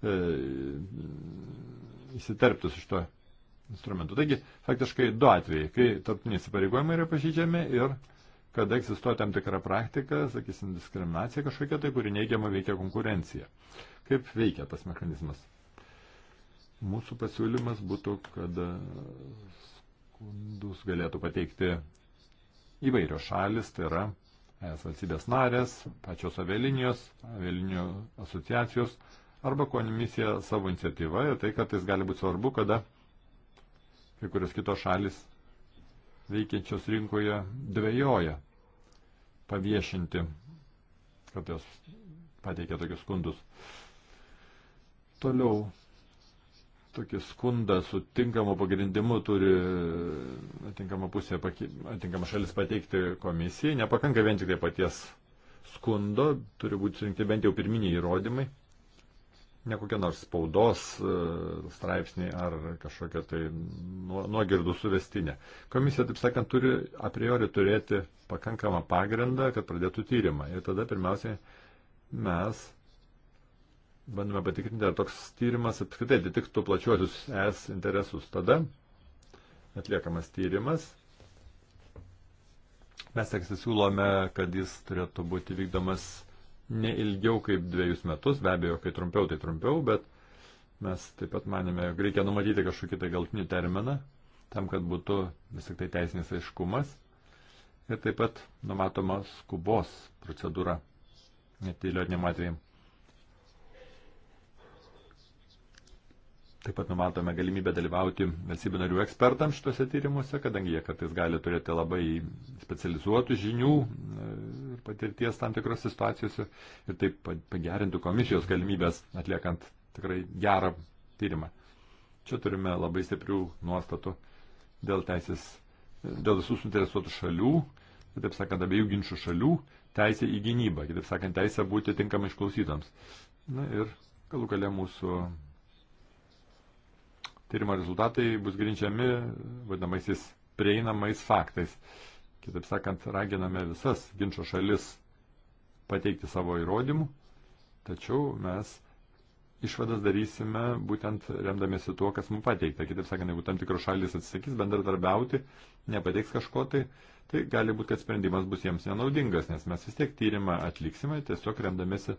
e, įsiterpti su šito instrumentu. Taigi, faktiškai du atvejai, kai tarptiniai įsipareigojimai yra pažydžiami ir kada egzistuoja tam tikra praktika, sakysim, diskriminacija kažkokia tai, kuri neigiamai veikia konkurenciją. Kaip veikia tas mechanizmas? Mūsų pasiūlymas būtų, kad skundus galėtų pateikti įvairios šalis, tai yra es valstybės narės, pačios avialinijos, avialinijų asociacijos arba komisija savo iniciatyva ir tai kartais gali būti svarbu, kada kai kurios kitos šalis veikiančios rinkoje dvėjoja paviešinti, kad jos pateikia tokius skundus. Toliau tokį skundą su tinkamu pagrindimu turi e, atitinkama pusė, atitinkama šalis pateikti komisijai. Nepakanka vien tik tai paties skundo, turi būti surinkti bent jau pirminiai įrodymai. Ne kokie nors spaudos e, straipsniai ar kažkokia tai nuogirdų suvestinė. Komisija, taip sakant, turi a priori turėti pakankamą pagrindą, kad pradėtų tyrimą. Ir tada pirmiausiai mes bandome patikrinti, ar toks tyrimas apskritai atitiktų plačiuosius es interesus. Tada atliekamas tyrimas. Mes tekstą siūlome, kad jis turėtų būti vykdomas ne ilgiau kaip dviejus metus, be abejo, kai trumpiau, tai trumpiau, bet mes taip pat manėme, jog reikia numatyti kažkokį tai galtinį terminą, tam, kad būtų vis tik tai teisinis aiškumas. Ir taip pat numatoma skubos procedūra netyliotiniam atvejim. Taip pat numatome galimybę dalyvauti valstybių narių ekspertams šituose tyrimuose, kadangi jie kartais gali turėti labai specializuotų žinių e, ir patirties tam tikros situacijose ir taip pagerintų komisijos galimybės atliekant tikrai gerą tyrimą. Čia turime labai stiprių nuostatų dėl teisės, dėl visų suinteresuotų šalių, kitaip sakant, abiejų ginčių šalių teisė į gynybą, kitaip sakant, teisė būti tinkamai išklausytams. Na ir galų gale mūsų tyrimo rezultatai bus grindžiami vadinamaisiais prieinamais faktais. Kitaip sakant, raginame visas ginčio šalis pateikti savo įrodymų, tačiau mes išvadas darysime būtent remdamėsi tuo, kas mums pateikta. Kitaip sakant, jeigu tam tikros šalis atsisakys bendradarbiauti, nepateiks kažko tai, tai gali būti, kad sprendimas bus jiems nenaudingas, nes mes vis tiek tyrimą atliksime tiesiog remdamėsi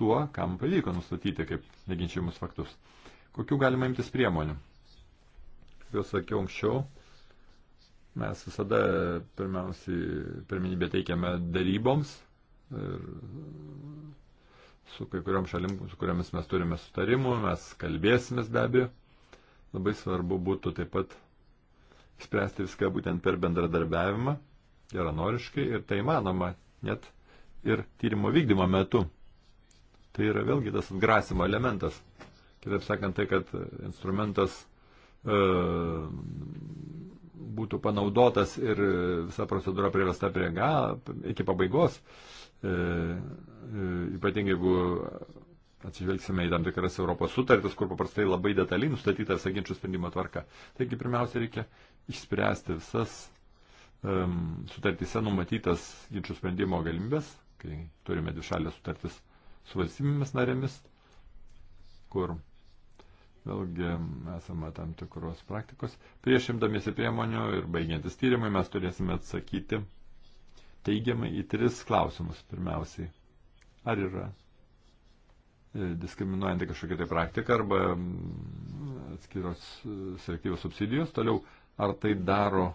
tuo, kam pavyko nustatyti kaip neginčiamus faktus. Kokių galima imtis priemonių? Kaip jau sakiau anksčiau, mes visada pirmiausiai pirminybę teikiame daryboms ir su kai kuriam šalim, su kuriamis mes turime sutarimų, mes kalbėsimės be abejo. Labai svarbu būtų taip pat spręsti viską būtent per bendradarbiavimą, geranoriškai ir tai manoma net ir tyrimo vykdymo metu. Tai yra vėlgi tas atgrasimo elementas. Kitaip sakant, tai, kad instrumentas e, būtų panaudotas ir visa procedūra privesta prie ga, iki pabaigos, e, e, ypatingai jeigu atsižvelgsime į tam tikras Europos sutartis, kur paprastai labai detaliai nustatyta visa ginčių sprendimo tvarka. Taigi pirmiausia, reikia išspręsti visas e, sutartyse numatytas ginčių sprendimo galimybės, kai turime dvišalės sutartis su valstybėmis narėmis, kur Vėlgi esame tam tikros praktikos. Prieš imdamiesi priemonių ir baigiantis tyrimui mes turėsime atsakyti teigiamai į tris klausimus. Pirmiausiai, ar yra e, diskriminuojanti kažkokia tai praktika arba mm, atskiros e, selektyvios subsidijos. Toliau, ar tai daro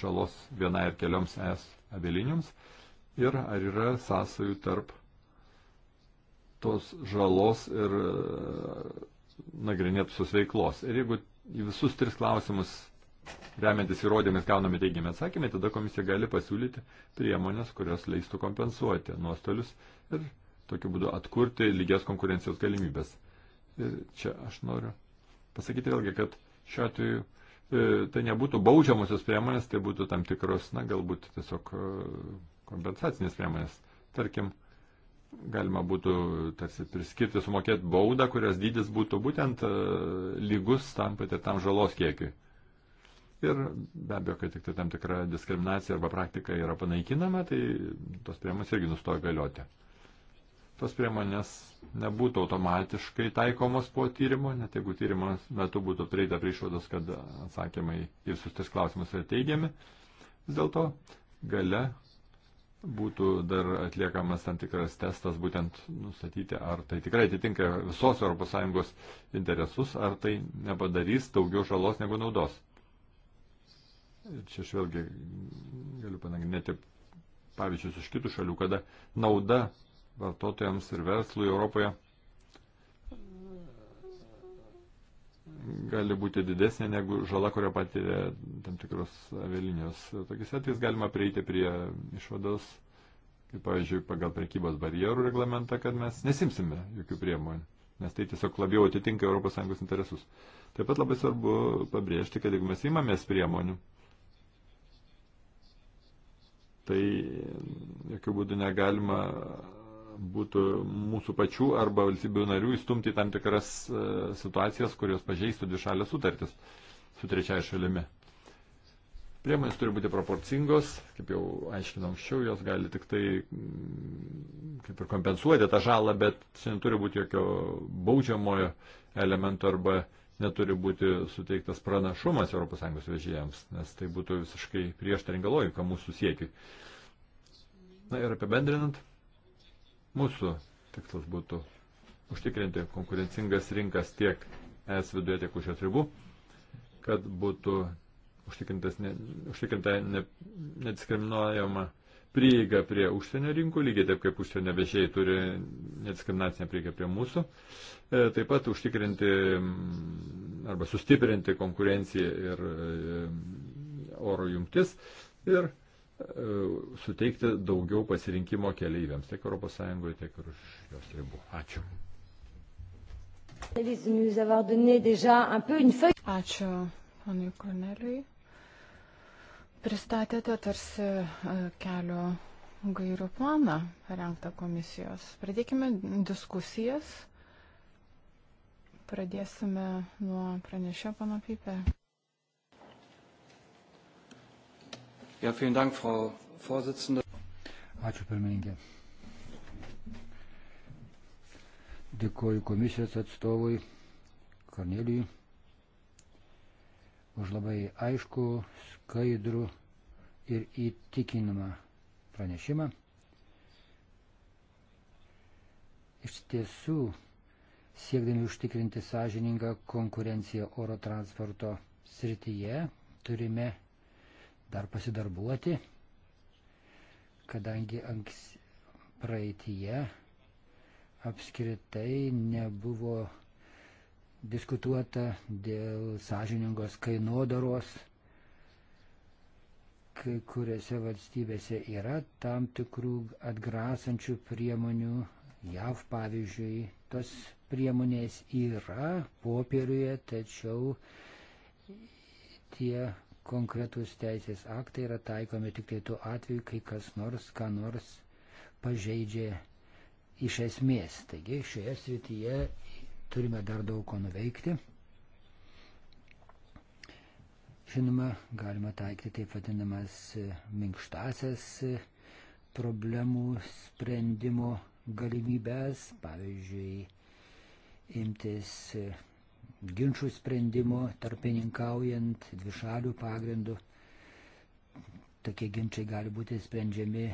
šalos vienai ar kelioms es aveliniams ir ar yra sąsajų tarp tos žalos ir e, nagrinėtusios veiklos. Ir jeigu visus tris klausimus remiantis įrodymais gauname teigiamą atsakymą, tada komisija gali pasiūlyti priemonės, kurios leistų kompensuoti nuostolius ir tokiu būdu atkurti lygias konkurencijos galimybės. Ir čia aš noriu pasakyti vėlgi, kad šiuo atveju e, tai nebūtų baudžiamosios priemonės, tai būtų tam tikros, na, galbūt tiesiog e, kompensacinės priemonės. Tarkim, galima būtų tarsi priskirti sumokėti baudą, kurios dydis būtų būtent e, lygus tam patirtam žalos kiekiui. Ir be abejo, kai tik tai tam tikra diskriminacija arba praktika yra panaikinama, tai tos priemonės irgi nustoja galioti. Tos priemonės nebūtų automatiškai taikomos po tyrimo, net jeigu tyrimo metu būtų prieita prie išvados, kad atsakymai ir sustis klausimus yra teigiami. Vis dėlto gale būtų dar atliekamas tam tikras testas, būtent nustatyti, ar tai tikrai atitinka visos ES interesus, ar tai nepadarys daugiau žalos negu naudos. Ir čia aš vėlgi galiu panagrinėti pavyzdžius iš kitų šalių, kada nauda vartotojams ir verslui Europoje gali būti didesnė negu žala, kurią patiria tam tikros avialinijos. Tokiais atvejais galima prieiti prie išvados, kaip pavyzdžiui, pagal prekybos barjerų reglamentą, kad mes nesimsime jokių priemonių, nes tai tiesiog labiau atitinka ES interesus. Taip pat labai svarbu pabrėžti, kad jeigu mes imamės priemonių, tai jokių būdų negalima būtų mūsų pačių arba valstybių narių įstumti į tam tikras e, situacijas, kurios pažeistų dvišalės sutartis su trečiaja šalimi. Priemonės turi būti proporcingos, kaip jau aiškinau anksčiau, jos gali tik tai mm, kaip ir kompensuoti tą žalą, bet čia neturi būti jokio baudžiamojo elemento arba neturi būti suteiktas pranašumas ES vežėjams, nes tai būtų visiškai prieštaringa logika mūsų siekiui. Na ir apibendrinant. Mūsų tikslas būtų užtikrinti konkurencingas rinkas tiek es viduje, tiek už jos ribų, kad būtų ne, užtikrinta ne, nediskriminuojama prieiga prie užsienio rinkų, lygiai taip kaip užsienio vežėjai turi nediskriminacinę prieigą prie mūsų, e, taip pat užtikrinti arba sustiprinti konkurenciją ir e, oro jungtis ir suteikti daugiau pasirinkimo keleiviams tiek ES, tiek ir už jos ribų. Ačiū. Ačiū, panui Korneliui. Pristatėte tarsi e, kelio gairių planą parengtą komisijos. Pradėkime diskusijas. Pradėsime nuo pranešio pano Pipe. Ja, vielen Dank, Frau Vorsitzende. Ačiū, pirmininkė. Dėkoju komisijos atstovui Kornelijui už labai aišku, skaidrų ir įtikinamą pranešimą. Iš tiesų, siekdami užtikrinti sąžiningą konkurenciją oro transporto srityje, turime dar pasidarbuoti, kadangi anks praeitie apskritai nebuvo diskutuota dėl sąžiningos kainodaros kai kuriuose valstybėse yra tam tikrų atgrasančių priemonių. JAV pavyzdžiui, tos priemonės yra popieriuje, tačiau tie konkretus teisės aktai yra taikomi tik tai tuo atveju, kai kas nors, ką nors pažeidžia iš esmės. Taigi šioje srityje turime dar daug ko nuveikti. Žinoma, galima taikyti taip vadinamas minkštasias problemų sprendimo galimybės, pavyzdžiui, imtis ginčių sprendimo tarpininkaujant dvišalių pagrindų. Tokie ginčiai gali būti sprendžiami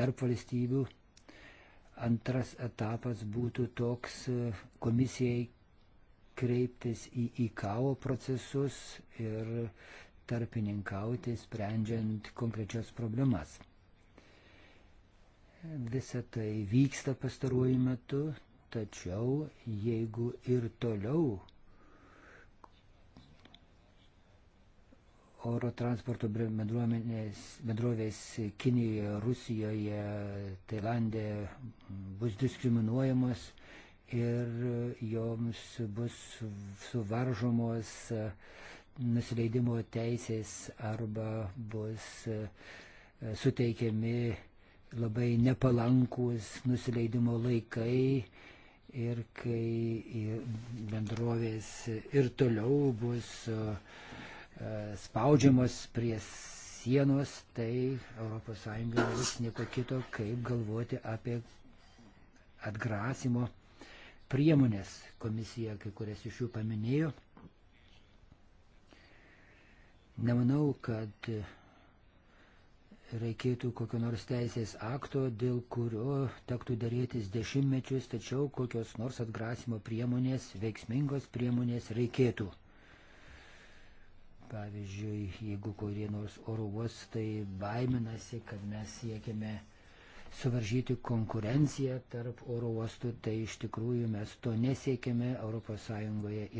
tarp valstybių. Antras etapas būtų toks komisijai kreiptis į įkavo procesus ir tarpininkauti sprendžiant konkrečias problemas. Visa tai vyksta pastaruoju metu, tačiau jeigu ir toliau oro transporto bendrovės Kinijoje, Rusijoje, Tailandė bus diskriminuojamos ir joms bus suvaržomos nusileidimo teisės arba bus suteikiami labai nepalankus nusileidimo laikai ir kai bendrovės ir toliau bus uh, E, spaudžiamos prie sienos, tai ES vis nieko kito, kaip galvoti apie atgrasimo priemonės. Komisija kai kurias iš jų paminėjo. Nemanau, kad reikėtų kokio nors teisės akto, dėl kurio tektų darytis dešimtmečius, tačiau kokios nors atgrasimo priemonės, veiksmingos priemonės reikėtų. Pavyzdžiui, jeigu kurie nors oro uostai baiminasi, kad mes siekiame suvaržyti konkurenciją tarp oro uostų, tai iš tikrųjų mes to nesiekime. ES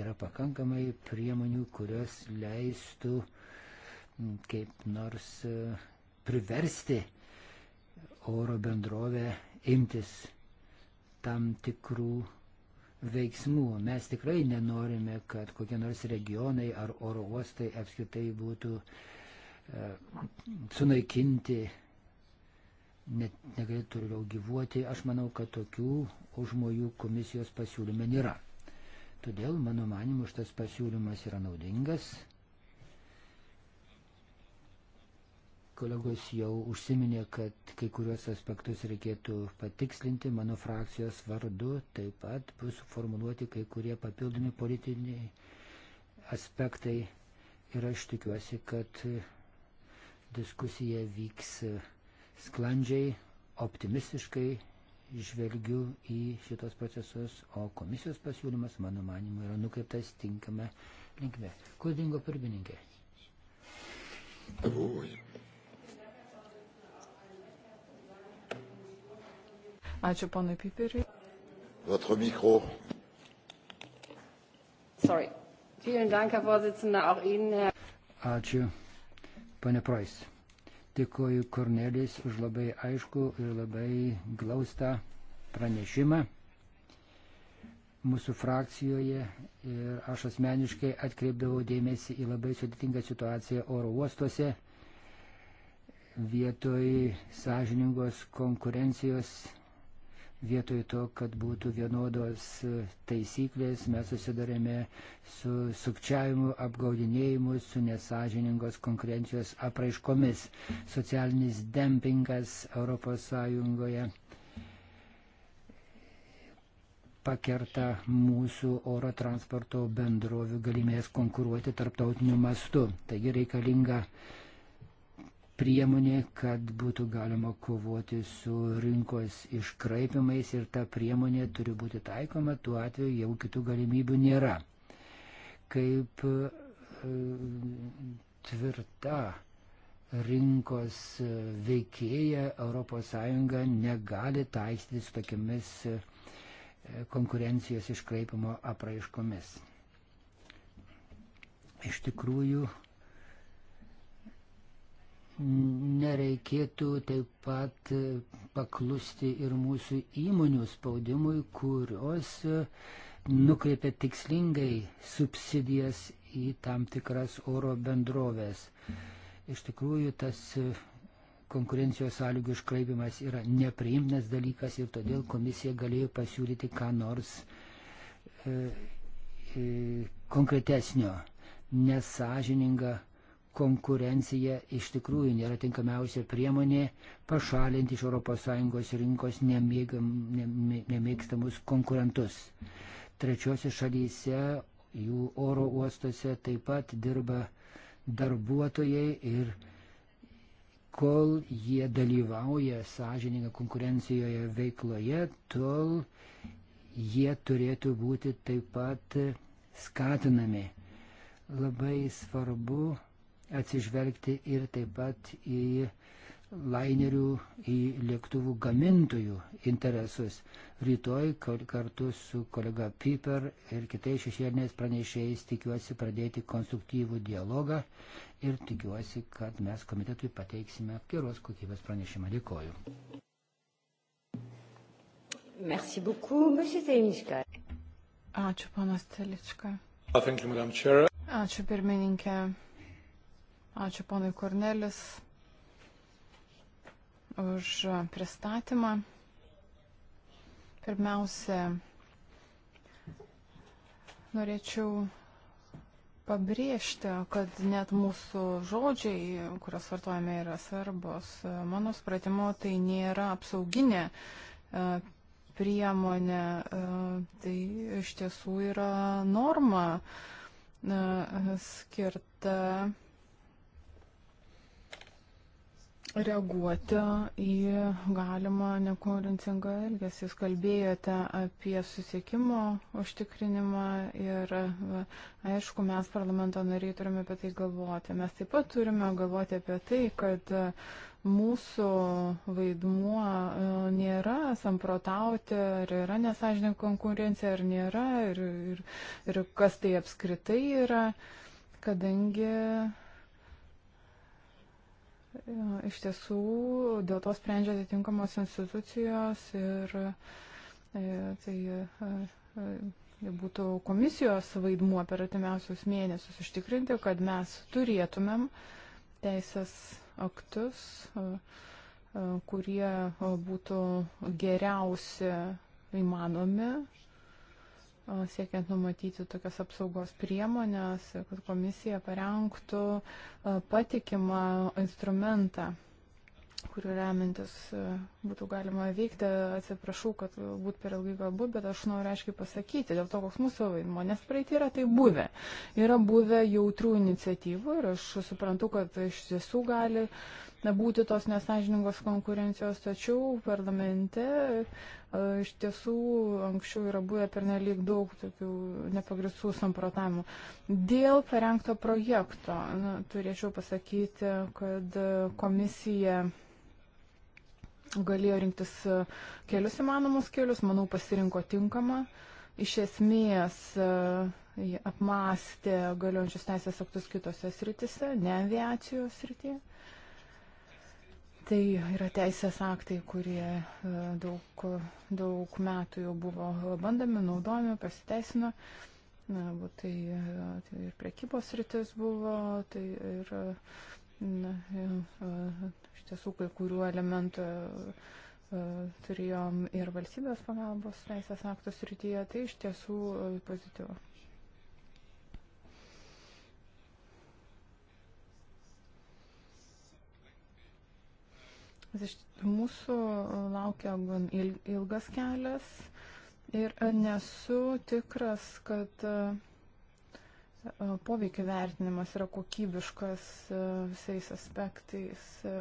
yra pakankamai priemonių, kurios leistų kaip nors e, priversti oro bendrovę imtis tam tikrų veiksmų. Mes tikrai nenorime, kad kokie nors regionai ar oro uostai apskritai būtų e, sunaikinti, net negalėtų toliau gyvuoti. Aš manau, kad tokių užmojų komisijos pasiūlyme nėra. Todėl, mano manimu, šitas pasiūlymas yra naudingas Kolegos jau užsiminė, kad kai kuriuos aspektus reikėtų patikslinti. Mano frakcijos vardu taip pat bus formuluoti kai kurie papildomi politiniai aspektai. Ir aš tikiuosi, kad diskusija vyks sklandžiai, optimistiškai žvelgiu į šitos procesus, o komisijos pasiūlymas, mano manimu, yra nukreiptas tinkame linkme. Kur dingo pirmininkė? Oi. Ačiū ponui Piperiui. Votre mikro. Sorry. Vielen Dank, Herr Vorsitzender, auch Ihnen, Herr. Ačiū, pane Prois. Dėkuoju Kornelis už labai aišku ir labai glaustą pranešimą. Mūsų frakcijoje ir aš asmeniškai atkreipdavau dėmesį į labai sudėtingą situaciją oro uostuose vietoj sąžiningos konkurencijos Vietoj to, kad būtų vienodos taisyklės, mes susidarėme su sukčiavimu, apgaudinėjimu, su nesažiningos konkurencijos apraiškomis. Socialinis dempingas ES pakerta mūsų oro transporto bendrovių galimės konkuruoti tarptautiniu mastu. Taigi reikalinga priemonė, kad būtų galima kovoti su rinkos iškraipimais ir ta priemonė turi būti taikoma, tuo atveju jau kitų galimybių nėra. Kaip e, tvirta rinkos veikėja ES negali taikstyti su tokiamis e, konkurencijos iškraipimo apraiškomis. Iš tikrųjų, nereikėtų taip pat paklusti ir mūsų įmonių spaudimui, kurios nukreipia tikslingai subsidijas į tam tikras oro bendrovės. Iš tikrųjų, tas konkurencijos sąlygų iškraipimas yra nepriimtinas dalykas ir todėl komisija galėjo pasiūlyti ką nors e, e, konkretesnio, nesažininga konkurencija iš tikrųjų nėra tinkamiausia priemonė pašalinti iš ES rinkos nemėgam, nemėgstamus konkurentus. Trečiose šalyse, jų oro uostuose taip pat dirba darbuotojai ir kol jie dalyvauja sąžininga konkurencijoje veikloje, tol jie turėtų būti taip pat skatinami. Labai svarbu atsižvelgti ir taip pat į lainerių, į lėktuvų gamintojų interesus. Rytoj kartu su kolega Piper ir kitais šešėliniais pranešėjais tikiuosi pradėti konstruktyvų dialogą ir tikiuosi, kad mes komitetui pateiksime geros kokybės pranešimą. Dėkoju. Merci beaucoup, monsieur Telička. Ačiū, panas Telička. Ačiū, pirmininkė. Ačiū ponui Kornelis už pristatymą. Pirmiausia, norėčiau pabrėžti, kad net mūsų žodžiai, kuriuos vartojame, yra svarbus. Mano supratimo, tai nėra apsauginė e, priemonė, e, tai iš tiesų yra norma e, skirta reaguoti į galimą nekonkurencingą elgesį. Jūs kalbėjote apie susiekimo užtikrinimą ir aišku, mes parlamento nariai turime apie tai galvoti. Mes taip pat turime galvoti apie tai, kad mūsų vaidmuo e, nėra samprotauti, ar yra nesažinė konkurencija, ar nėra, ir, ir, ir kas tai apskritai yra, kadangi Iš tiesų, dėl to sprendžia atitinkamos institucijos ir e, tai e, e, būtų komisijos vaidmuo per atimiausius mėnesius užtikrinti, kad mes turėtumėm teisės aktus, kurie būtų geriausi įmanomi siekiant numatyti tokias apsaugos priemonės, kad komisija parengtų patikimą instrumentą, kuriuo remintis būtų galima veikti. Atsiprašau, kad būt per ilgai galbūt, bet aš noriu aiškiai pasakyti dėl to, koks mūsų vaidmo, nes praeitį yra tai buvę. Yra buvę jautrių iniciatyvų ir aš suprantu, kad iš tiesų gali nebūti tos nesažiningos konkurencijos, tačiau parlamente e, iš tiesų anksčiau yra buvę pernelyg daug tokių nepagristų samprotavimų. Dėl parengto projekto na, turėčiau pasakyti, kad komisija galėjo rinktis kelius įmanomus kelius, manau pasirinko tinkamą. Iš esmės e, apmastė galiojančius teisės aktus kitose sritise, ne aviacijos srityje. Tai yra teisės aktai, kurie e, daug, daug metų jau buvo bandomi, naudojami, pasiteisino. Na, tai, e, tai ir prekybos rytis buvo, tai ir na, e, iš tiesų kai kurių elementų turėjom ir valstybės pagalbos teisės aktos rytyje, tai iš tiesų pozityvu. Mūsų laukia gan ilgas kelias ir nesu tikras, kad e, poveikio vertinimas yra kokybiškas e, visais aspektais. E,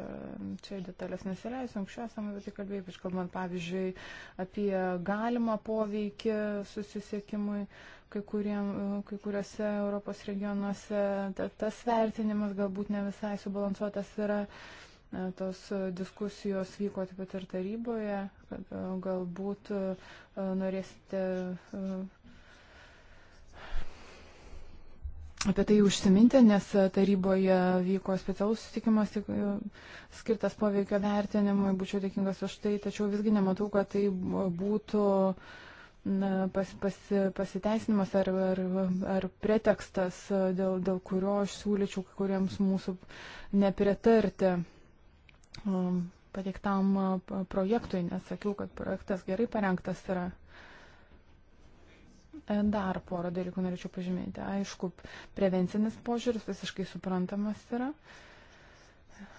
čia detalės nesileisiu, anksčiau esame apie tai kalbėję, ypač kalbant pavyzdžiui apie galimą poveikį susisiekimui kai, kuriem, kai kuriuose Europos regionuose. Tas vertinimas galbūt ne visai subalansuotas yra. Uh, E, tos diskusijos vyko taip pat ir taryboje, e, galbūt e, norėsite apie tai užsiminti, nes taryboje vyko specialus susitikimas skirtas poveikio vertinimui, būčiau dėkingas už tai, tačiau visgi nematau, kad tai būtų na, pas, pas, pasiteisinimas ar, ar, ar pretekstas, dėl, dėl kurio aš siūlyčiau kai kuriems mūsų nepritarti. Um, pateiktam uh, projektui, nes sakiau, kad projektas gerai parengtas yra. E, dar porą dalykų norėčiau pažymėti. Aišku, prevencinis požiūris visiškai suprantamas yra.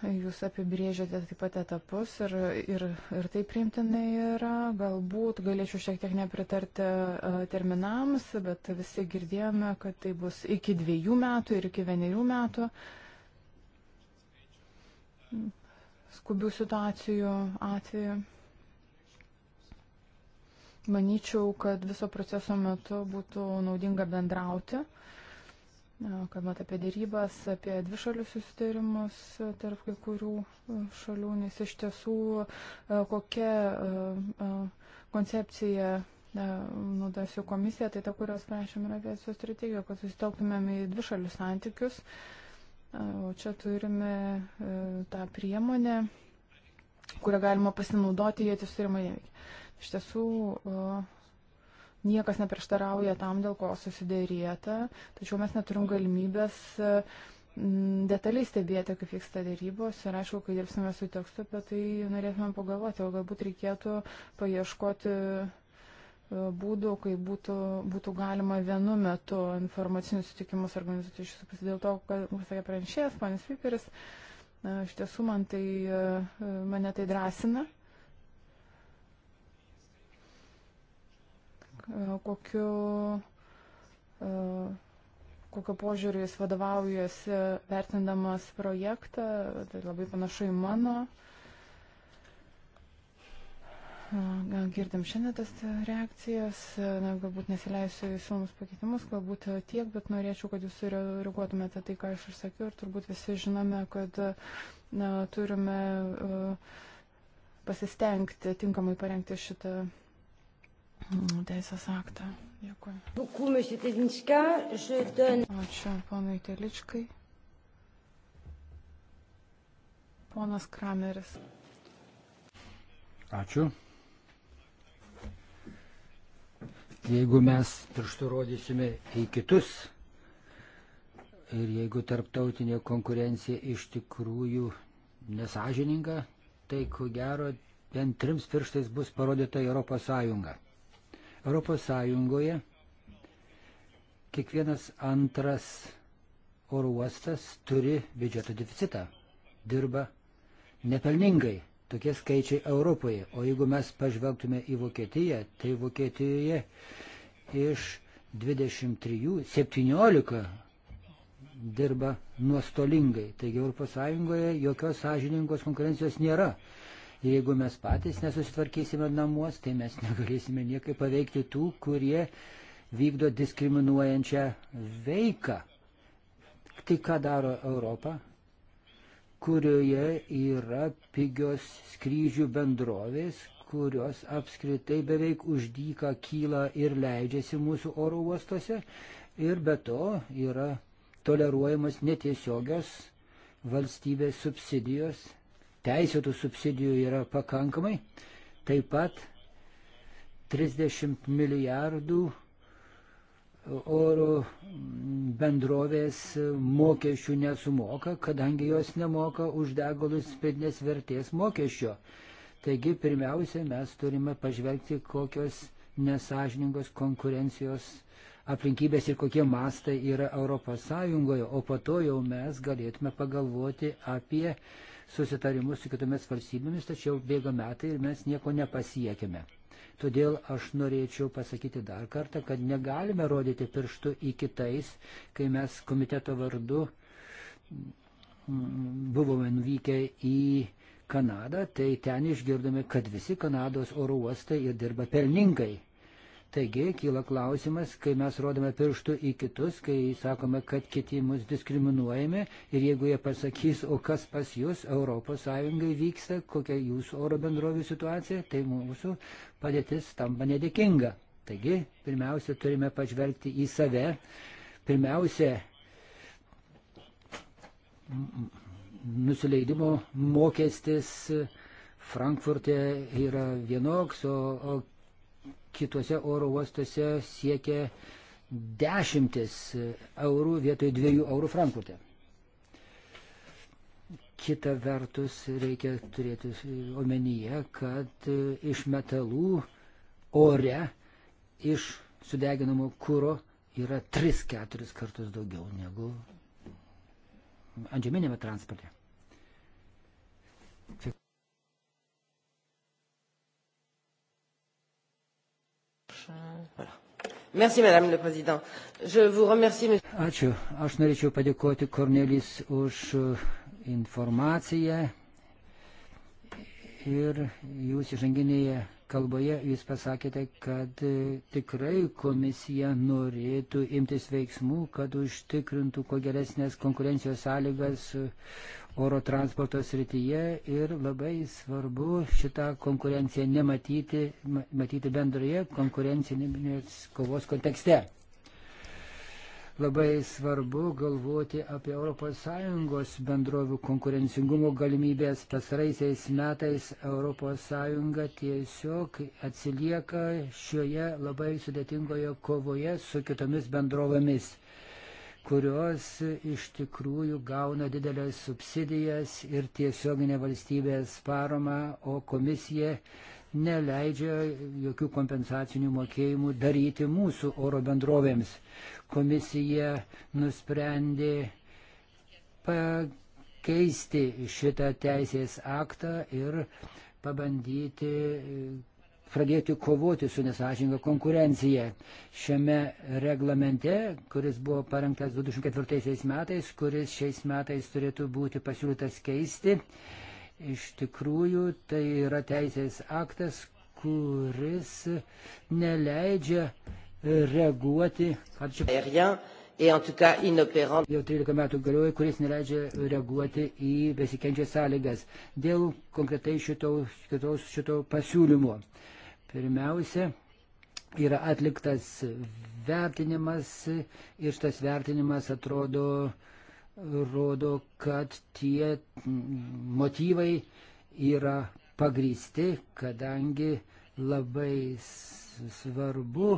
Jūs apibrėžiate taip pat etapus ir, ir, ir tai priimtinai yra. Galbūt galėčiau šiek tiek nepritarti e, terminams, bet visi girdėjome, kad tai bus iki dviejų metų ir iki vienerių metų skubių situacijų atveju. Manyčiau, kad viso proceso metu būtų naudinga bendrauti, kalbant apie dėrybas, apie dvišalius susitarimus tarp kai kurių šalių, nes iš tiesų e, kokia e, e, koncepcija naudasiu komisija, tai ta, kurios prašėme reviacijos strategiją, kad susitelktumėm į dvišalius santykius. Uh, O čia turime e, tą priemonę, kurią galima pasinaudoti, jie tiesiog turime įvykį. Iš tiesų, niekas neprieštarauja tam, dėl ko susidėrėta, tačiau mes neturim galimybės e, detaliai stebėti, kaip vyksta dėrybos ir aišku, kai dirbsime su tekstu, apie tai norėtume pagalvoti, o galbūt reikėtų paieškoti būdų, kai būtų, būtų galima vienu metu informacinius sutikimus organizuoti iš visų dėl to, kad mūsų sakė pranešėjas, panis Viperis, iš tiesų man tai, e, mane tai drąsina. E, kokiu, e, kokio požiūrį jis vadovaujasi vertindamas projektą, tai labai panašu į mano. Uh, Girdim šiandien tas reakcijas, na, galbūt nesileisiu į siūlomus pakeitimus, galbūt tiek, bet norėčiau, kad jūs reaguotumėte tai, ką aš išsakiau ir turbūt visi žinome, kad na, turime pasistengti tinkamai parengti šitą teisės aktą. Dėkui. Ačiū ponui Teličkai. Ponas Krameris. Ačiū. Jeigu mes pirštų rodysime į kitus ir jeigu tarptautinė konkurencija iš tikrųjų nesažininga, tai ko gero bent trims pirštais bus parodyta Europos Sąjunga. Europos Sąjungoje kiekvienas antras oro uostas turi biudžeto deficitą, dirba nepelningai tokie skaičiai Europoje. O jeigu mes pažvelgtume į Vokietiją, tai Vokietijoje iš 23, 17 dirba nuostolingai. Taigi ES jokios sąžiningos konkurencijos nėra. Ir jeigu mes patys nesusitvarkysime namuos, tai mes negalėsime niekaip paveikti tų, kurie vykdo diskriminuojančią veiką. Tai ką daro Europa? kurioje yra pigios skrydžių bendrovės, kurios apskritai beveik už dyką kyla ir leidžiasi mūsų oro uostuose. Ir be to yra toleruojamas netiesiogios valstybės subsidijos. Teisėtų subsidijų yra pakankamai. Taip pat 30 milijardų oro bendrovės mokesčių nesumoka, kadangi jos nemoka už degalus pridinės vertės mokesčio. Taigi pirmiausia, mes turime pažvelgti, kokios nesažiningos konkurencijos aplinkybės ir kokie mastai yra ES, o po to jau mes galėtume pagalvoti apie susitarimus su kitomis valstybėmis, tačiau bėga metai ir mes nieko nepasiekime. Todėl aš norėčiau pasakyti dar kartą, kad negalime rodyti pirštų į kitais, kai mes komiteto vardu mm, buvome nuvykę į Kanadą, tai ten išgirdome, kad visi Kanados oro uostai ir dirba pelningai. Taigi kyla klausimas, kai mes rodome pirštų į kitus, kai sakome, kad kiti mus diskriminuojami ir jeigu jie pasakys, o kas pas jūs ES vyksta, kokia jūsų oro bendrovių situacija, tai mūsų padėtis tampa nedėkinga. Taigi, pirmiausia, turime pažvelgti į save. Pirmiausia, nusileidimo mokestis Frankfurte yra vienoks, o, o kitose oro uostuose siekia dešimtis eurų vietoj dviejų eurų Frankfurte. Kita vertus reikia turėti omenyje, kad iš metalų ore iš sudeginamo kūro yra 3-4 kartus daugiau negu antžeminėme transporte. Voilà. Merci, Madame le Président. Je vous remercie, mes... Ačiū. Aš norėčiau padėkoti Kornelis už e, informaciją. Ir jūs įžanginėje kalboje jūs pasakėte, kad e, tikrai komisija norėtų imtis veiksmų, kad užtikrintų kuo geresnės konkurencijos sąlygas oro transporto srityje ir labai svarbu šitą konkurenciją nematyti, matyti bendroje konkurencinės kovos kontekste. Labai svarbu galvoti apie ES bendrovių konkurencingumo galimybės. Pasaraisiais metais ES tiesiog atsilieka šioje labai sudėtingoje kovoje su kitomis bendrovėmis kurios iš tikrųjų gauna didelės subsidijas ir tiesioginę valstybės paramą, o komisija neleidžia jokių kompensacinių mokėjimų daryti mūsų oro bendrovėms. Komisija nusprendė pakeisti šitą teisės aktą ir pabandyti pradėti kovoti su nesažininga konkurencija. Šiame reglamente, kuris buvo parengtas 2004 metais, kuris šiais metais turėtų būti pasiūlytas keisti, iš tikrųjų tai yra teisės aktas, kuris neleidžia reaguoti. Ačiū et en tout cas inopérant. Jau 13 metų galioja, kuris neleidžia reaguoti į besikenčias sąlygas dėl konkretai šito, kitos, šito pasiūlymo. Pirmiausia, yra atliktas vertinimas ir šitas vertinimas atrodo, rodo, kad tie motyvai yra pagrysti, kadangi labai svarbu,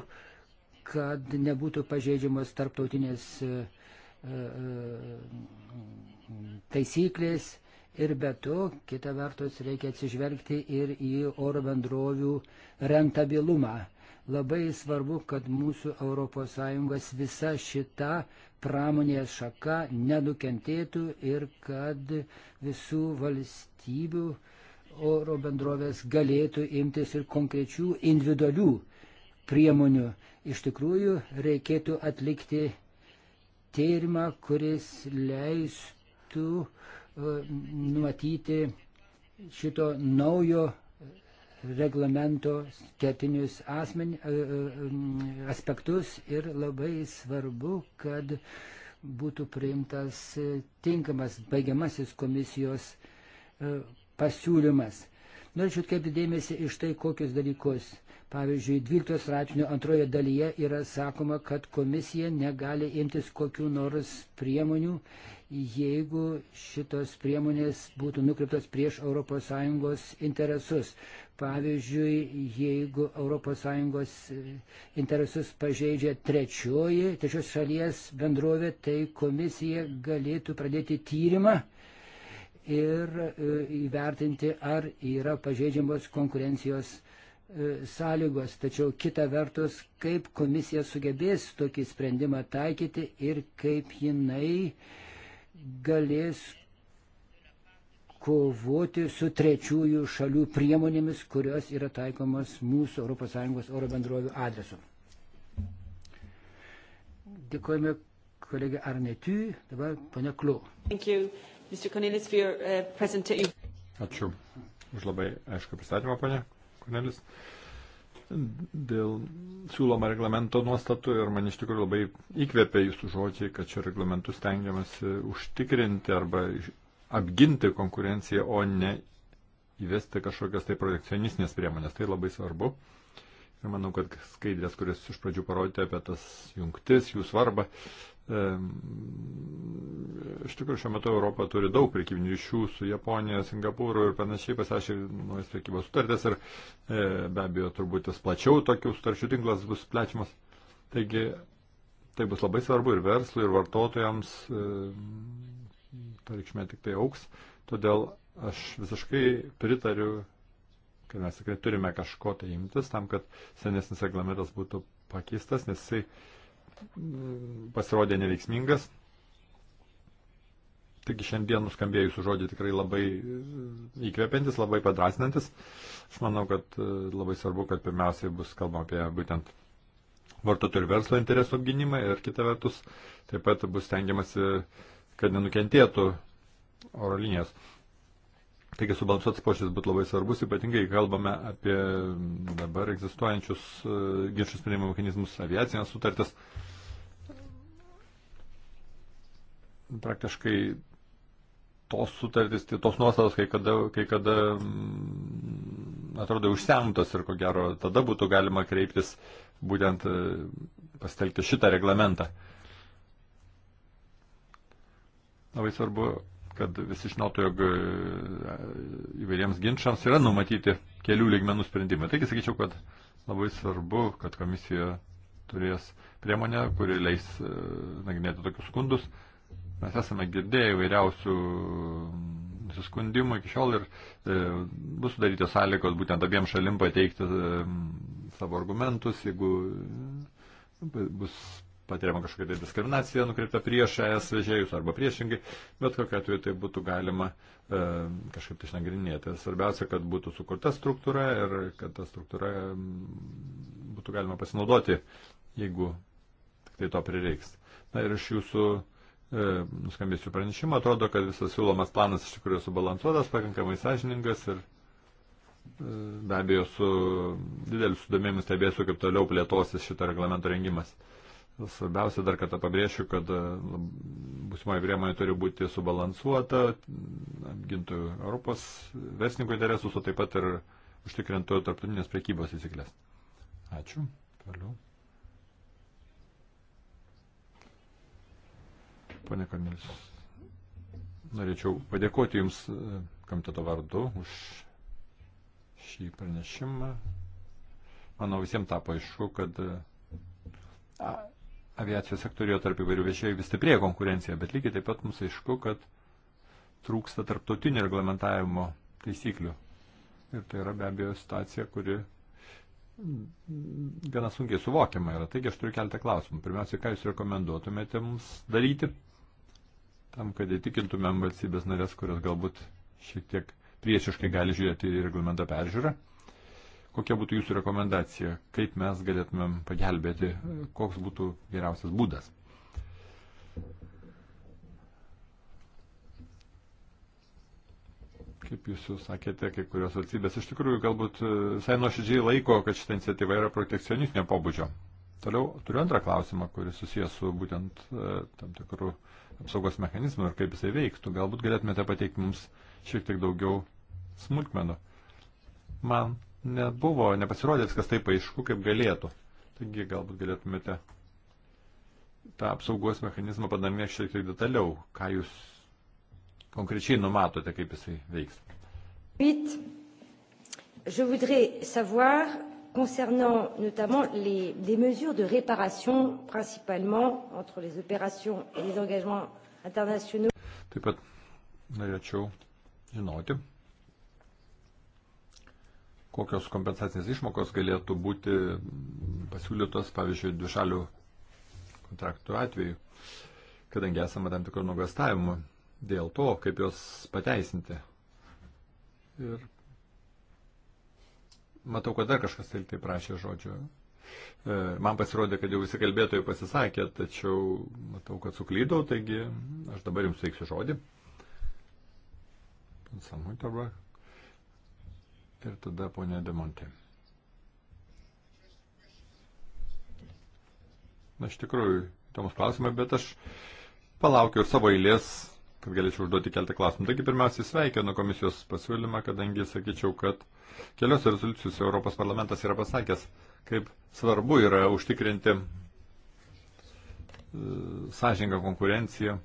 kad nebūtų pažeidžiamos tarptautinės e, e, taisyklės Ir be to, kita vertus, reikia atsižvelgti ir į oro bendrovių rentabilumą. Labai svarbu, kad mūsų ES visa šita pramonės šaka nenukentėtų ir kad visų valstybių oro bendrovės galėtų imtis ir konkrečių individualių priemonių. Iš tikrųjų, reikėtų atlikti tyrimą, kuris leistų uh, numatyti šito naujo reglamento kertinius asmen, e, e, aspektus ir labai svarbu, kad būtų priimtas tinkamas baigiamasis komisijos e, pasiūlymas. Norėčiau atkreipti dėmesį iš tai, kokius dalykus. Pavyzdžiui, 12 straipsnio antroje dalyje yra sakoma, kad komisija negali imtis kokių nors priemonių, jeigu šitos priemonės būtų nukreiptos prieš ES interesus. Pavyzdžiui, jeigu ES e, interesus pažeidžia trečioji, trečios šalies bendrovė, tai komisija galėtų pradėti tyrimą ir e, įvertinti, ar yra pažeidžiamos konkurencijos e, sąlygos, tačiau kita vertus, kaip komisija sugebės tokį sprendimą taikyti ir kaip jinai uh, galės kovoti su trečiųjų šalių priemonėmis, kurios yra taikomas mūsų ES oro bendrovių adresu. Dėkojame kolegė Arnetui, dabar ponia Kliu. Uh, Ačiū už labai aišku pristatymą, ponia Konelis dėl siūloma reglamento nuostatų ir man iš tikrųjų labai įkvėpia jūsų žodžiai, kad šio reglamentu stengiamasi užtikrinti arba apginti konkurenciją, o ne įvesti kažkokias tai projekcionistinės priemonės. Tai labai svarbu. Ir manau, kad skaidrės, kuris iš pradžių parodė apie tas jungtis, jų svarbą, Iš tikrųjų, šiuo metu Europa turi daug prekybinių ryšių su Japonija, Singapūru ir panašiai, pasirašė naujas prekybos sutartės ir e, be abejo turbūt tas plačiau tokių sutarčių tinklas bus plečiamas. Taigi tai bus labai svarbu ir verslui, ir vartotojams, e, ta reikšmė tik tai auks. Todėl aš visiškai pritariu, kad mes tikrai turime kažko tai imtis tam, kad senesnis reglamentas būtų pakeistas, nes jisai pasirodė neveiksmingas. Tik šiandien nuskambėjusių žodžių tikrai labai e, įkvepiantis, labai padrasinantis. Aš manau, kad e, labai svarbu, kad pirmiausiai bus kalbama apie būtent vartotojų ir verslo interesų apginimą ir kita vertus taip pat bus stengiamasi, kad nenukentėtų oro linijos. Taigi subalansuotas pošis būtų labai svarbus, ypatingai kalbame apie dabar egzistuojančius e, ginčių sprendimo mechanizmus, aviacinės sutartis. Uh, praktiškai tos sutartys, tai tos nuostatos kai kada, kai kada mm, atrodo užsemtos ir ko gero tada būtų galima kreiptis būtent e, pastelgti šitą reglamentą. Labai svarbu, kad visi žinotų, jog e, įvairiems ginčiams yra numatyti kelių lygmenų sprendimai. Taigi sakyčiau, kad labai svarbu, kad komisija turės priemonę, kuri leis e, nagrinėti tokius skundus. Uh, Mes esame girdėję įvairiausių nusiskundimų iki šiol ir e, bus sudarytos sąlygos būtent abiem šalim pateikti e, savo argumentus, jeigu e, bus patiriama kažkokia tai diskriminacija nukreipta prieš ES vežėjus arba priešingai, bet kokia atveju tai būtų galima e, kažkaip tai išnagrinėti. Svarbiausia, kad būtų sukurta struktūra ir kad ta struktūra būtų galima pasinaudoti, jeigu tik tai to prireiks. Na ir iš jūsų e, E, nuskambėsiu pranešimą, atrodo, kad visas siūlomas planas iš tikrųjų subalansuotas, pakankamai sąžiningas ir e, be abejo su dideliu sudomėjimu stebėsiu, kaip toliau plėtosis šito reglamento rengimas. Svarbiausia dar kartą pabrėšiu, kad e, būsimoji priemonė turi būti subalansuota, apgintų Europos verslininkų interesus, o taip pat ir užtikrintų tarptautinės prekybos įsiklės. Ačiū. Toliau. Pane Kornelis, norėčiau padėkoti Jums e, komiteto vardu už šį pranešimą. Manau, visiems tapo aišku, kad e, a, aviacijos sektorijoje tarp įvairių viešėjų vis stiprėja konkurencija, bet lygiai taip pat mums aišku, kad trūksta tarptautinio reglamentavimo taisyklių. Ir tai yra be abejo situacija, kuri mm, gana sunkiai suvokiama yra. Taigi aš turiu keltą klausimų. Pirmiausia, ką jūs rekomenduotumėte mums daryti tam, kad įtikintumėm valstybės narės, kurios galbūt šiek tiek priešiškai gali žiūrėti į reglamentą peržiūrą. Kokia būtų jūsų rekomendacija, kaip mes galėtumėm pagelbėti, koks būtų geriausias būdas? Kaip jūs jau sakėte, kai kurios valstybės iš tikrųjų galbūt e, visai nuoširdžiai laiko, kad šitą iniciatyvą yra protekcionistinio pobūdžio. Toliau turiu antrą klausimą, kuris susijęs su būtent e, tam tikrų uh, apsaugos mechanizmo ir kaip jisai veiktų. Galbūt galėtumėte pateikti mums šiek tiek daugiau smulkmenų. Man nebuvo, nepasirodė viskas taip aišku, kaip galėtų. Taigi galbūt galėtumėte tą apsaugos mechanizmą padarnė šiek tiek detaliau, ką jūs konkrečiai numatote, kaip jisai veiks. 8. Je voudrais savoir concernant notamment les, les mesures de réparation, principalement entre les opérations et les engagements internationaux. Taip pat norėčiau žinoti, kokios kompensacinės išmokos galėtų būti pasiūlytos, pavyzdžiui, dvišalių kontraktų atveju, kadangi esame tam tikrų nuogastavimų dėl to, kaip jos pateisinti. Ir Matau, kad dar kažkas tai, tai prašė žodžio. E, man pasirodė, kad jau visi kalbėtojai pasisakė, tačiau matau, kad suklydau, taigi aš dabar jums veiksiu žodį. Samuitava ir tada ponė Demontė. Na, iš tikrųjų, įdomus klausimai, bet aš palaukiu ir savo eilės, kad galėčiau užduoti keltą klausimą. Taigi, pirmiausiai sveikinu komisijos pasiūlymą, kadangi sakyčiau, kad Keliose rezoliucijose Europos parlamentas yra pasakęs, kaip svarbu yra užtikrinti e, sąžingą konkurenciją,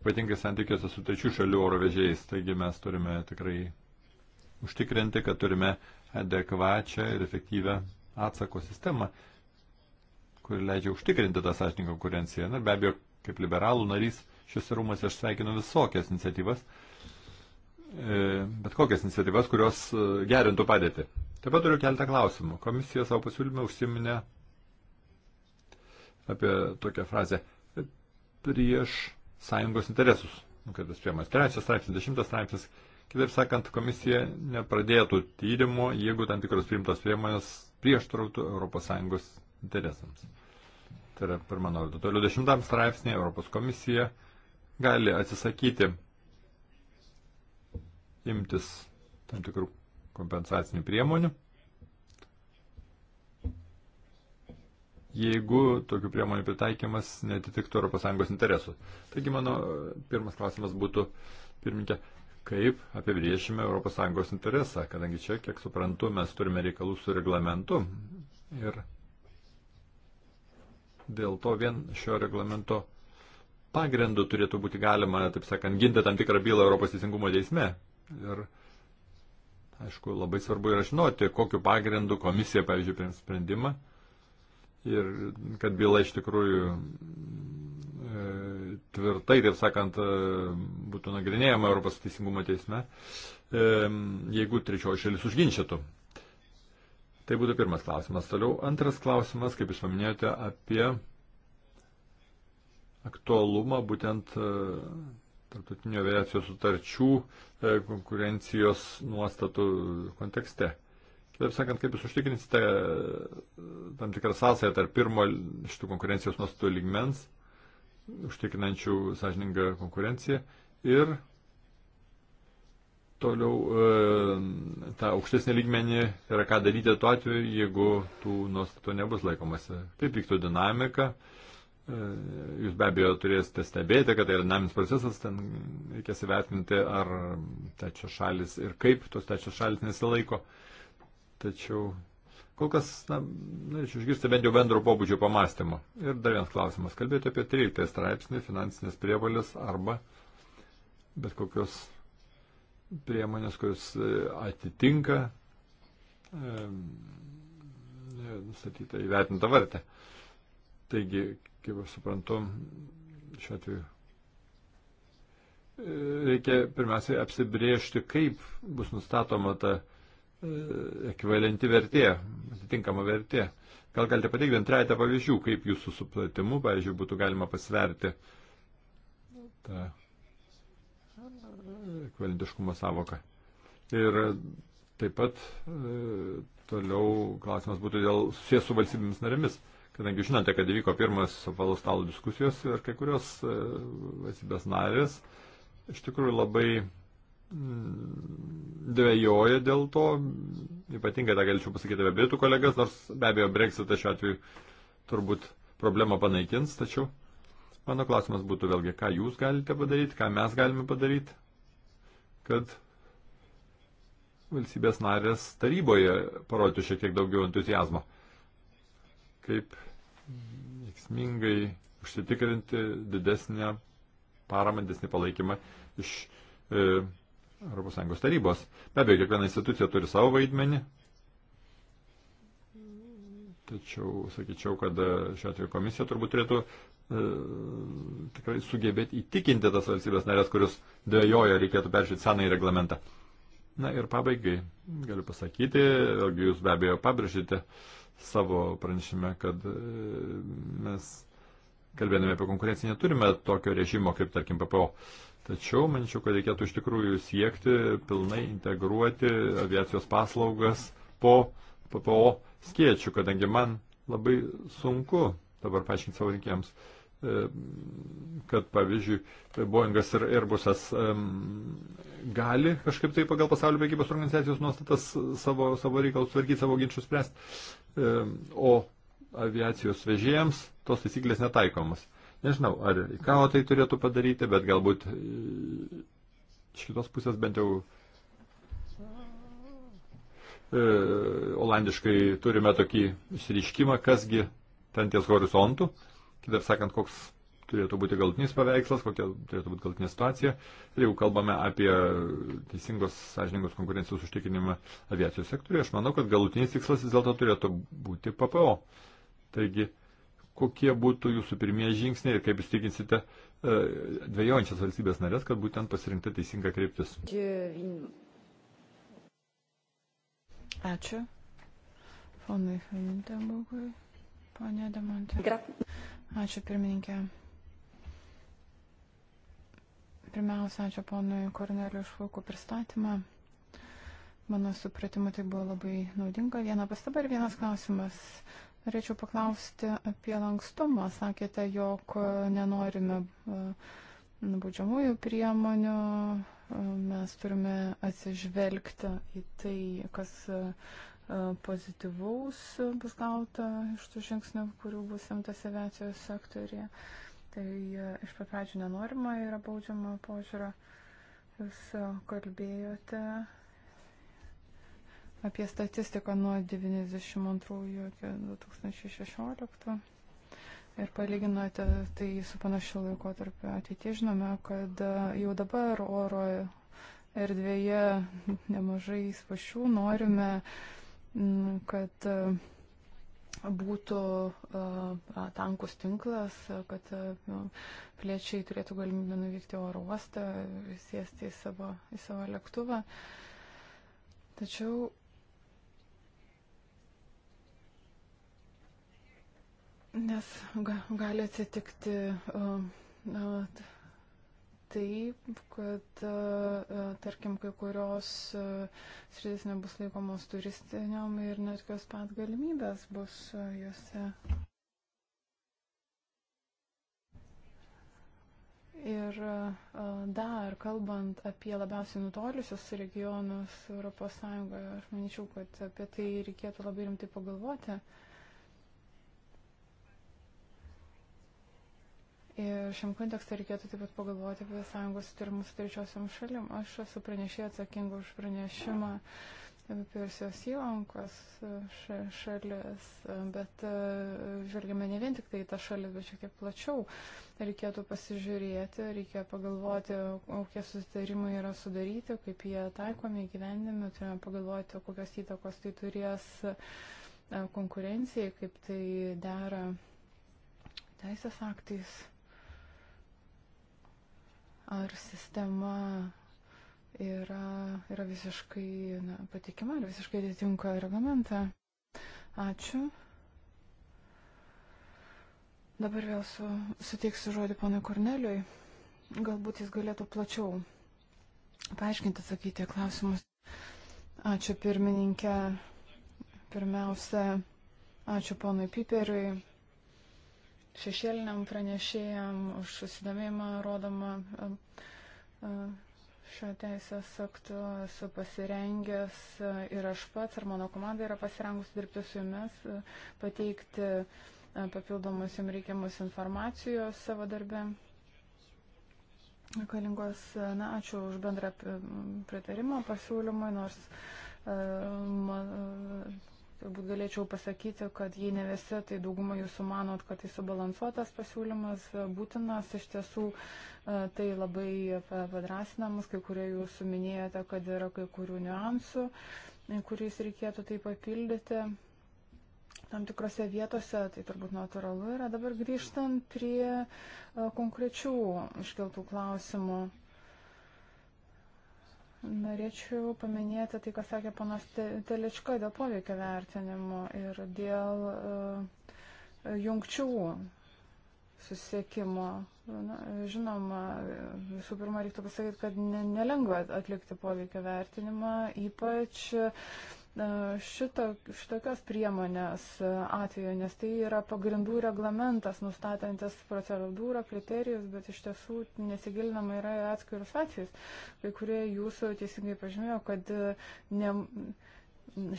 ypatingai santykiuose su trečių šalių oro vežėjais. Taigi mes turime tikrai užtikrinti, kad turime adekvačią ir efektyvę atsako sistemą, kuri leidžia užtikrinti tą sąžininką konkurenciją. Na, be abejo, kaip liberalų narys šiuose rūmose aš sveikinu visokias iniciatyvas, E, bet kokias iniciatyvas, kurios e, gerintų padėtį. Taip pat turiu keltą klausimų. Komisija savo pasiūlymę užsiminė apie tokią frazę e, prieš sąjungos interesus. Nu, kad tas priemas trečias straipsnis, dešimtas straipsnis. Kitaip sakant, komisija nepradėtų tyrimo, jeigu tam tikros priimtos priemonės prieštrautų ES interesams. Tai yra pirma nuoroda. Toliau dešimtam straipsnėje Europos komisija gali atsisakyti imtis tam tikrų kompensacinių priemonių. Jeigu tokių priemonių pritaikymas netitiktų ES interesų. Taigi mano pirmas klausimas būtų, pirminkė, kaip apibrėšime ES interesą, kadangi čia, kiek suprantu, mes turime reikalų su reglamentu ir dėl to vien šio reglamento pagrindu turėtų būti galima, taip sakant, ginti tam tikrą bylą Europos teisingumo teisme. Ir, aišku, labai svarbu yra žinoti, kokiu pagrindu komisija, pavyzdžiui, prims sprendimą. Ir kad byla iš tikrųjų e, tvirtai, taip sakant, e, būtų nagrinėjama Europos teisingumo teisme, e, jeigu trečioji šalis užginčytų. Tai būtų pirmas klausimas. Toliau antras klausimas, kaip jūs paminėjote, apie aktualumą būtent e, tarptautinio aviacijos sutarčių e, konkurencijos nuostatų kontekste. Kitaip sakant, kaip jūs užtikrinsite e, tam tikrą sąsąją tarp pirmo šitų konkurencijos nuostatų lygmens, užtikrinančių sąžiningą konkurenciją ir toliau e, tą aukštesnį lygmenį yra ką daryti tuo atveju, jeigu tų nuostatų nebus laikomasi. Taip vyktų dinamika, e, Jūs be abejo turėsite stebėti, kad tai yra dinaminis procesas, ten reikės įvertinti, ar trečios šalis ir kaip tos trečios šalis nesilaiko. Tačiau kol kas, na, norėčiau išgirsti bent jau bendro pobūdžio pamastymą. Ir dar vienas klausimas. Kalbėjote apie 13 straipsnį, finansinės prievalės arba bet kokios priemonės, kurios e, atitinka e, e, nustatytą įvertintą vertę. E, Taigi, kaip aš suprantu, šiuo atveju e, reikia pirmiausiai apsibriežti, kaip bus nustatoma ta e, ekvivalenti vertė, atitinkama vertė. Gal galite pateikti antrajate pavyzdžių, kaip jūsų supratimu, pavyzdžiui, būtų galima pasverti tą ekvivalentiškumo savoką. Ir taip pat e, toliau klausimas būtų dėl susijęs su valstybėmis narėmis. E, Kadangi žinote, kad įvyko pirmas apvalo stalo diskusijos ir kai kurios e, valstybės narės iš tikrųjų labai mm, dvėjoja dėl to, ypatingai tą galėčiau pasakyti apie britų kolegas, nors be abejo Brexitas šiuo atveju turbūt problemą panaikins, tačiau mano klausimas būtų vėlgi, ką jūs galite padaryti, ką mes galime padaryti, kad valstybės narės taryboje parodytų šiek tiek daugiau entuzijazmo. Kaip veiksmingai užsitikrinti didesnę paramą, didesnį palaikymą iš e, ES tarybos. Be abejo, kiekviena institucija turi savo vaidmenį, tačiau sakyčiau, kad e, šiuo atveju komisija turbūt turėtų e, tikrai sugebėti įtikinti tas valstybės narės, kurios dėjojo, reikėtų peržiūrėti senąjį reglamentą. Na ir pabaigai galiu pasakyti, vėlgi jūs be abejo pabrėžite, e, savo pranešime, kad e, mes kalbėdami apie konkurenciją neturime tokio režimo kaip, tarkim, PPO. Tačiau, manyčiau, kad reikėtų iš tikrųjų siekti pilnai integruoti aviacijos paslaugas po PPO skiečių, kadangi man labai sunku dabar paaiškinti savo rinkėjams, e, kad pavyzdžiui, Boeingas ir Airbusas e, gali kažkaip tai pagal pasaulio veikybos organizacijos nuostatas savo, savo reikalus tvarkyti, savo ginčius spręsti. E, o aviacijos vežėjams tos taisyklės netaikomas. Nežinau, ar ICAO tai turėtų padaryti, bet galbūt e, iš kitos pusės bent jau e, olandiškai turime tokį išryškimą, kasgi ten ties horizontų, kitaip sakant, koks turėtų būti galtinis paveikslas, kokia turėtų būti galtinė situacija. Ir jeigu kalbame apie teisingos, sąžiningos konkurencijos užtikrinimą aviacijos sektoriuje, aš manau, kad galutinis tikslas vis dėlto turėtų būti PPO. Taigi, kokie būtų jūsų pirmieji žingsniai ir kaip jūs tikinsite e, dviejojančias valstybės narės, kad būtent pasirinkta teisinga kryptis? Ačiū. Ponui Hindenburgui, ponė Demantė. Ačiū pirmininkė. Pirmiausia, ačiū ponui Korneliu Švaukų pristatymą. Mano supratimu, tai buvo labai naudinga. Viena pastaba ir vienas klausimas. Norėčiau paklausti apie lankstumą. Sakėte, jog nenorime e, baudžiamųjų priemonių, e, mes turime atsižvelgti į tai, kas e, pozityvaus bus gauta iš tų žingsnių, kurių bus imtas aviacijos sektorėje. Uh, Tai e, iš pat pradžių nenorima yra baudžiama požiūrio. Jūs e, kalbėjote apie statistiką nuo 92 iki 2016 ir palyginote tai su panašiu laikotarpiu ateitie. Žinome, kad e, jau dabar oro erdvėje nemažai spašių norime, kad uh, būtų e, tankus tinklas, kad e, nu, plėčiai turėtų galimybę nuvykti oro uostą, sėsti į savo, į savo lėktuvą. Tačiau nes gali atsitikti uh, uh, taip, kad, e, e, tarkim, kai kurios e, sritis nebus laikomos turistiniam ir net kas pat galimybės bus juose. Ir dar kalbant apie labiausiai nutolusius regionus ES, aš manyčiau, kad apie tai reikėtų labai rimtai pagalvoti. Uh, Ir šiam kontekste reikėtų taip pat pagalvoti apie sąjungos sutarimus su trečiosiam šalim. Aš esu pranešėja atsakinga už pranešimą apie Persijos įlankos šalis, bet e, žvelgiame ne vien tik tai tą šalį, bet šiek tiek plačiau. Reikėtų pasižiūrėti, reikia pagalvoti, kokie susitarimai yra sudaryti, kaip jie taikomi, gyvendami, turime pagalvoti, kokios įtakos tai turės e, konkurencijai, kaip tai dera teisės aktais ar sistema yra, yra visiškai na, patikima ir visiškai atitinka reglamentą. Ačiū. Dabar vėl su, suteiksiu žodį ponui Korneliui. Galbūt jis galėtų plačiau paaiškinti, atsakyti klausimus. Ačiū pirmininkė. Pirmiausia, ačiū ponui Piperiui šešėliniam pranešėjam už susidomėjimą rodomą šio teisės aktu. Esu pasirengęs ir aš pats, ir mano komanda yra pasirengus dirbti su jumis, pateikti papildomus jums reikiamus informacijos savo darbę. Kalingos, na, ačiū už bendrą pritarimą pasiūlymui, nors turbūt galėčiau pasakyti, kad jei ne visi, tai dauguma jūsų manot, kad tai subalansuotas pasiūlymas e, būtinas. Iš tiesų e, tai labai padrasina mus, kai kurie jūsų minėjote, kad yra kai kurių niuansų, kuriais reikėtų tai papildyti. Tam tikrose vietose tai turbūt natūralu yra. Dabar grįžtant prie e, konkrečių iškeltų klausimų. Norėčiau paminėti tai, ką sakė panas Telička dėl poveikio vertinimo ir dėl uh, jungčių susiekimo. Na, žinoma, visų pirma, reiktų pasakyti, kad ne, nelengva atlikti poveikio vertinimą, ypač uh, šito, šitokios priemonės atveju, nes tai yra pagrindų reglamentas, nustatantis procedūrą, kriterijus, bet iš tiesų nesigilinama yra į atskirus atvejus. Kai kurie jūsų teisingai pažymėjo, kad ne,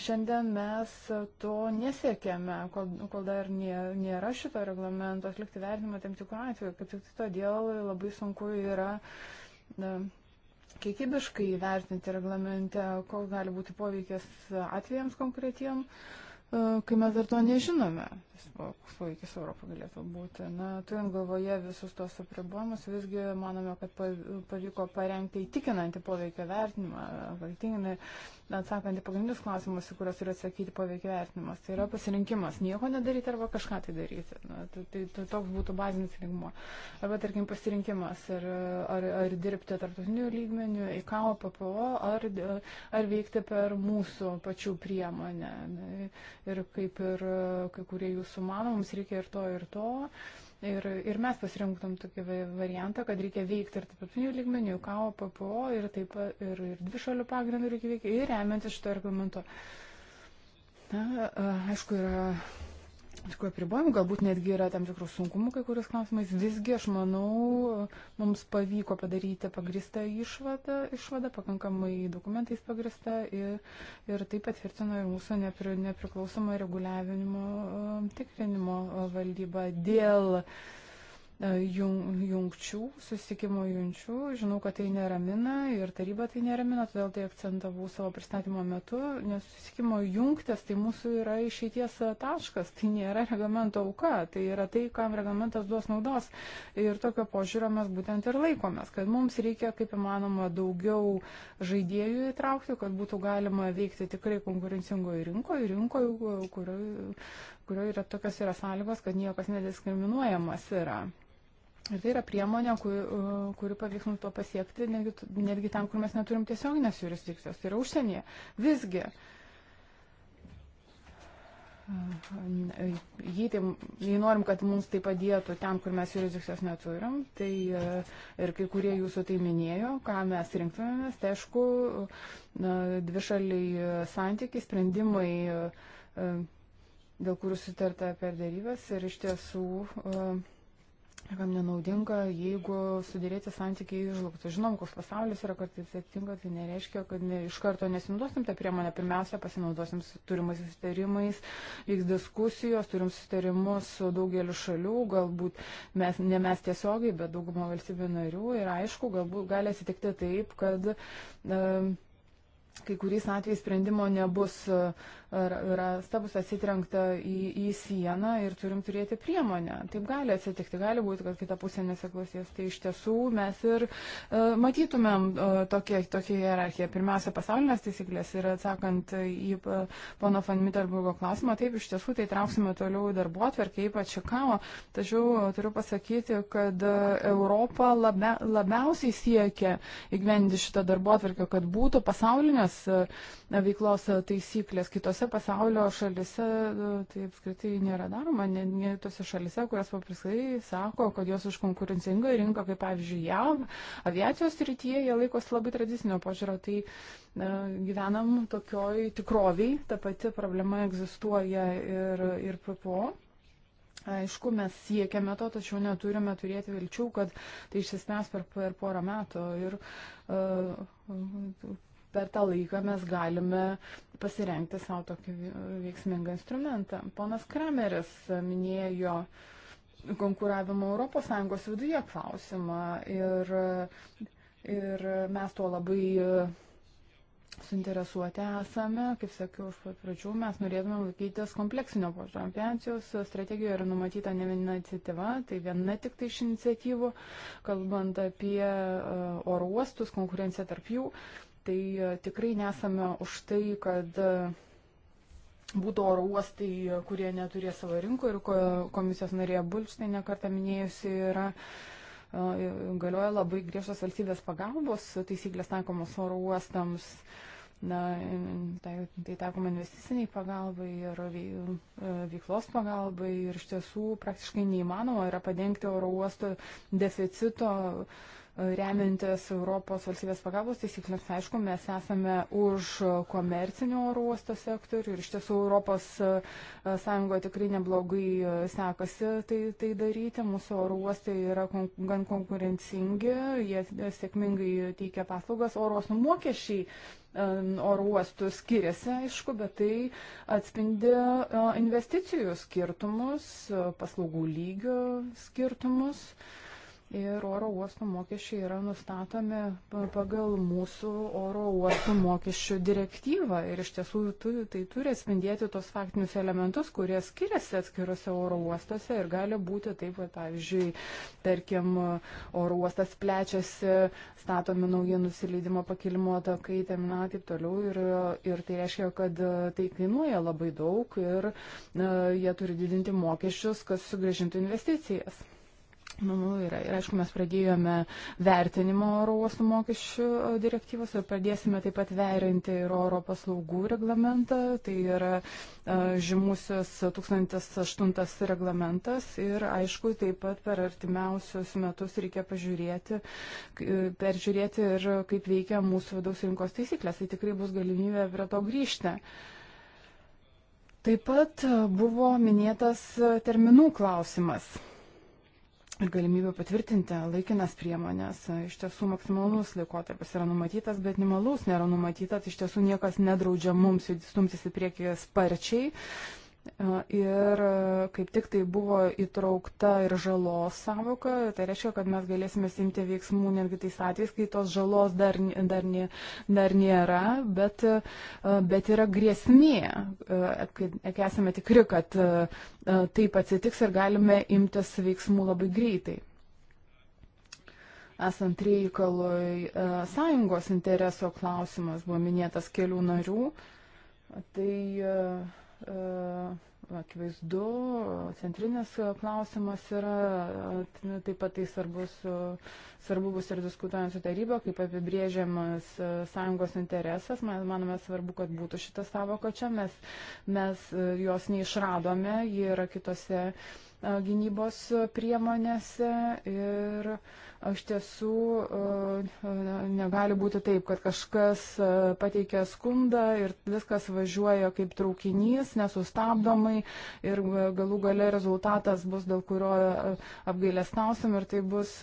šiandien mes to nesiekėme, kol, kol dar nė, nėra šito reglamento atlikti vertinimą tam tikrų atveju, kaip tik todėl labai sunku yra. Na, kiekybiškai įvertinti reglamente, koks gali būti poveikis atvejams konkretiem, e, kai mes dar to nežinome koks poveikis Europą galėtų būti. Na, turint galvoje visus tos apribojimus, visgi manome, kad pavyko parengti įtikinantį poveikio vertinimą, valtinį, atsakant į pagrindinius klausimus, į kuriuos turi atsakyti poveikio vertinimas. Tai yra pasirinkimas nieko nedaryti arba kažką tai daryti. Na, tai, tai, tai toks būtų bazinis lygmo. Arba, tarkim, pasirinkimas, ar, ar, ar dirbti tarptautiniu lygmeniu, į KAO, PPO, ar, ar veikti per mūsų pačių priemonę. Ir kaip ir kai kurie jūs sumano, mums reikia ir to, ir to. Ir, ir mes pasirinktum tokį variantą, kad reikia veikti ir tarptautinių lygmenių, KAO, PPO ir taip ir, ir dvišalių pagrindų reikia veikti ir remiantis šito argumento. Na, aišku, yra tikrų apribojimų, galbūt netgi yra tam tikrų sunkumų kai kurios klausimais. Visgi, aš manau, mums pavyko padaryti pagristą išvadą, išvadą pakankamai dokumentais pagristą ir, ir tai patvirtino ir mūsų nepri, nepriklausomą reguliavimo um, tikrinimo uh, valdybą dėl uh, E, jungčių, susikimo jungčių. Žinau, kad tai neramina ir taryba tai neramina, todėl tai akcentavau savo pristatymo metu, nes susikimo jungtis tai mūsų yra išeities taškas, tai nėra reglamento auka, tai yra tai, kam reglamentas duos naudos. Ir tokio požiūrio mes būtent ir laikomės, kad mums reikia kaip įmanoma daugiau žaidėjų įtraukti, kad būtų galima veikti tikrai konkurencingoje rinkoje, rinkoje, kurioje kurio yra tokios yra sąlygos, kad niekas nediskriminuojamas yra. Ir tai yra priemonė, kuri, e, kuri pavyks mums to pasiekti, netgi, netgi ten, kur mes neturim tiesioginės jurisdikcijos, tai yra užsienyje. Visgi, e, jei, tai, jei norim, kad mums tai padėtų ten, kur mes jurisdikcijos neturim, tai e, ir kai kurie jūsų tai minėjo, ką mes rinktumėmės, tai aišku, dvišaliai santykiai, sprendimai dėl kurių sutarta per dėrybas ir iš tiesų uh, kam nenaudinga, jeigu sudėrėti santykiai žlugtų. Žinom, koks pasaulis yra kartais atsitinka, tai nereiškia, kad ne, iš karto nesinaudosim tą priemonę. Pirmiausia, pasinaudosim turimais susitarimais, vyks diskusijos, turim susitarimus su daugeliu šalių, galbūt mes, ne mes tiesiogiai, bet dauguma valstybių narių. Ir aišku, galbūt gali atsitikti taip, kad. Uh, kai kuriais atvejais sprendimo nebus yra stabus atsitrenkta į, į sieną ir turim turėti priemonę. Taip gali atsitikti, gali būti, kad kita pusė nesiklausys. Tai iš tiesų mes ir uh, matytumėm uh, e, tokią hierarchiją. Pirmiausia, pasaulinės taisyklės ir atsakant į uh, pono van Mitterburgo klausimą, taip iš tiesų tai trauksime toliau darbo atverkę, ypač Čikavo. Tačiau uh, turiu pasakyti, kad uh, Europa labia, labiausiai siekia įgyvendinti šitą darbo atverkę, kad būtų pasaulinės uh, veiklos taisyklės kitose kitose pasaulio šalise e, tai apskritai nėra daroma, ne, ne tose šalise, kurias paprastai sako, kad jos už konkurencingą rinką, kaip pavyzdžiui JAV, aviacijos rytyje jie laikosi labai tradicinio požiūrio, tai na, e, gyvenam tokioj tikroviai, ta pati problema egzistuoja ir, ir PPO. Aišku, mes siekiame to, tačiau neturime turėti vilčių, kad tai išsispręs per, per porą metų. Ir, uh, per tą laiką mes galime pasirengti savo tokį veiksmingą instrumentą. Ponas Krameris minėjo konkuravimo ES viduje klausimą ir, ir mes tuo labai suinteresuoti esame, kaip sakiau, už pat pradžių mes norėtume laikytis kompleksinio požiūrio. Ampliacijos strategijoje yra numatyta ne viena iniciatyva, tai viena tik tai iš iniciatyvų, kalbant apie e, oro uostus, konkurenciją tarp jų. Uh, Tai e, tikrai nesame už tai, kad e, būtų oro uostai, kurie neturės savo rinkų ir komisijos narė Bulštai nekartą minėjusi yra e, galioja labai griežtos valstybės pagalbos taisyklės taikomos oro uostams. Na, tai, tai taikoma investiciniai pagalbai ir veiklos pagalbai ir iš tiesų praktiškai neįmanoma yra padengti oro uosto deficito uh, remiantis Europos valstybės pagalbos taisyklėms, aišku, mes esame už komercinio oro uosto sektorių ir iš tiesų Europos e, Sąjungoje tikrai neblogai e, sekasi tai, tai daryti. Mūsų oro uostai yra kon, gan konkurencingi, jie sėkmingai teikia paslaugas, oros mokesčiai e, oro uostų skiriasi, aišku, bet tai atspindi investicijų skirtumus, paslaugų lygio skirtumus. Uh, ir oro uostų mokesčiai yra nustatomi pagal mūsų oro uostų mokesčių direktyvą. Ir iš tiesų tai turi atspindėti tos faktinius elementus, kurie skiriasi atskiruose oro uostuose ir gali būti taip, kad, pavyzdžiui, tarkim, oro uostas plečiasi, statomi nauji nusileidimo pakilimo takai, terminalai ir taip toliau. Ir, ir tai reiškia, kad e, tai kainuoja labai daug ir na, e, jie turi didinti mokesčius, kad sugrįžintų investicijas. Manau, nu, ir, ir aišku, mes pradėjome vertinimo oro uostų mokesčių e, direktyvos ir pradėsime taip pat verinti ir oro paslaugų reglamentą. Tai yra e, žymusios 1008 reglamentas ir aišku, taip pat per artimiausius metus reikia pažiūrėti, e, peržiūrėti ir kaip veikia mūsų vidaus rinkos taisyklės. Tai tikrai bus galimybė prie to grįžti. Taip pat buvo minėtas terminų klausimas galimybę patvirtinti laikinas priemonės. Iš tiesų maksimalus laikotarpis yra numatytas, bet minimalus nėra numatytas. Iš tiesų niekas nedraudžia mums stumtis į priekį sparčiai. Ir kaip tik tai buvo įtraukta ir žalos savoka, tai reiškia, kad mes galėsime simti veiksmų netgi tais atvejais, kai tos žalos dar, dar, nė, dar nėra, bet, bet yra grėsmė, kai esame tikri, kad taip atsitiks ir galime imtis veiksmų labai greitai esant reikalui sąjungos intereso klausimas buvo minėtas kelių narių. Tai E, akivaizdu, centrinis klausimas yra, nu, taip pat tai svarbus, svarbu bus ir diskutuojant su taryba, kaip apibrėžiamas e, sąjungos interesas. Man, manome svarbu, kad būtų šita savoka čia, mes, mes e, jos neišradome, ji yra kitose gynybos priemonėse ir iš tiesų negali būti taip, kad kažkas pateikia skundą ir viskas važiuoja kaip traukinys, nesustabdomai ir galų gale rezultatas bus, dėl kurio apgailestausim ir tai bus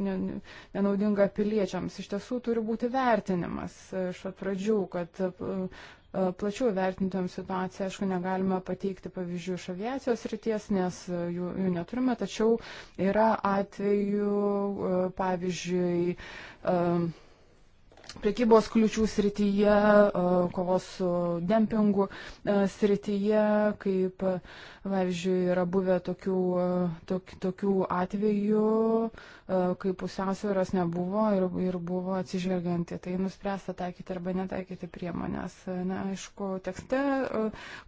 nenaudinga piliečiams. Iš tiesų turi būti vertinimas iš pradžių, kad E, plačiau vertintumėm situaciją. Aišku, negalime pateikti pavyzdžių iš aviacijos ryties, nes e, jų, jų neturime, tačiau yra atvejų, e, pavyzdžiui, prekybos kliučių srityje, kovos su dempingu e, srityje, kaip, pavyzdžiui, yra buvę tokių, e, tok, tokių atvejų, e, kai pusiausvėros nebuvo ir, ir buvo atsižvelgianti. Tai nuspręsta taikyti arba netaikyti priemonės. Na, aišku, tekste,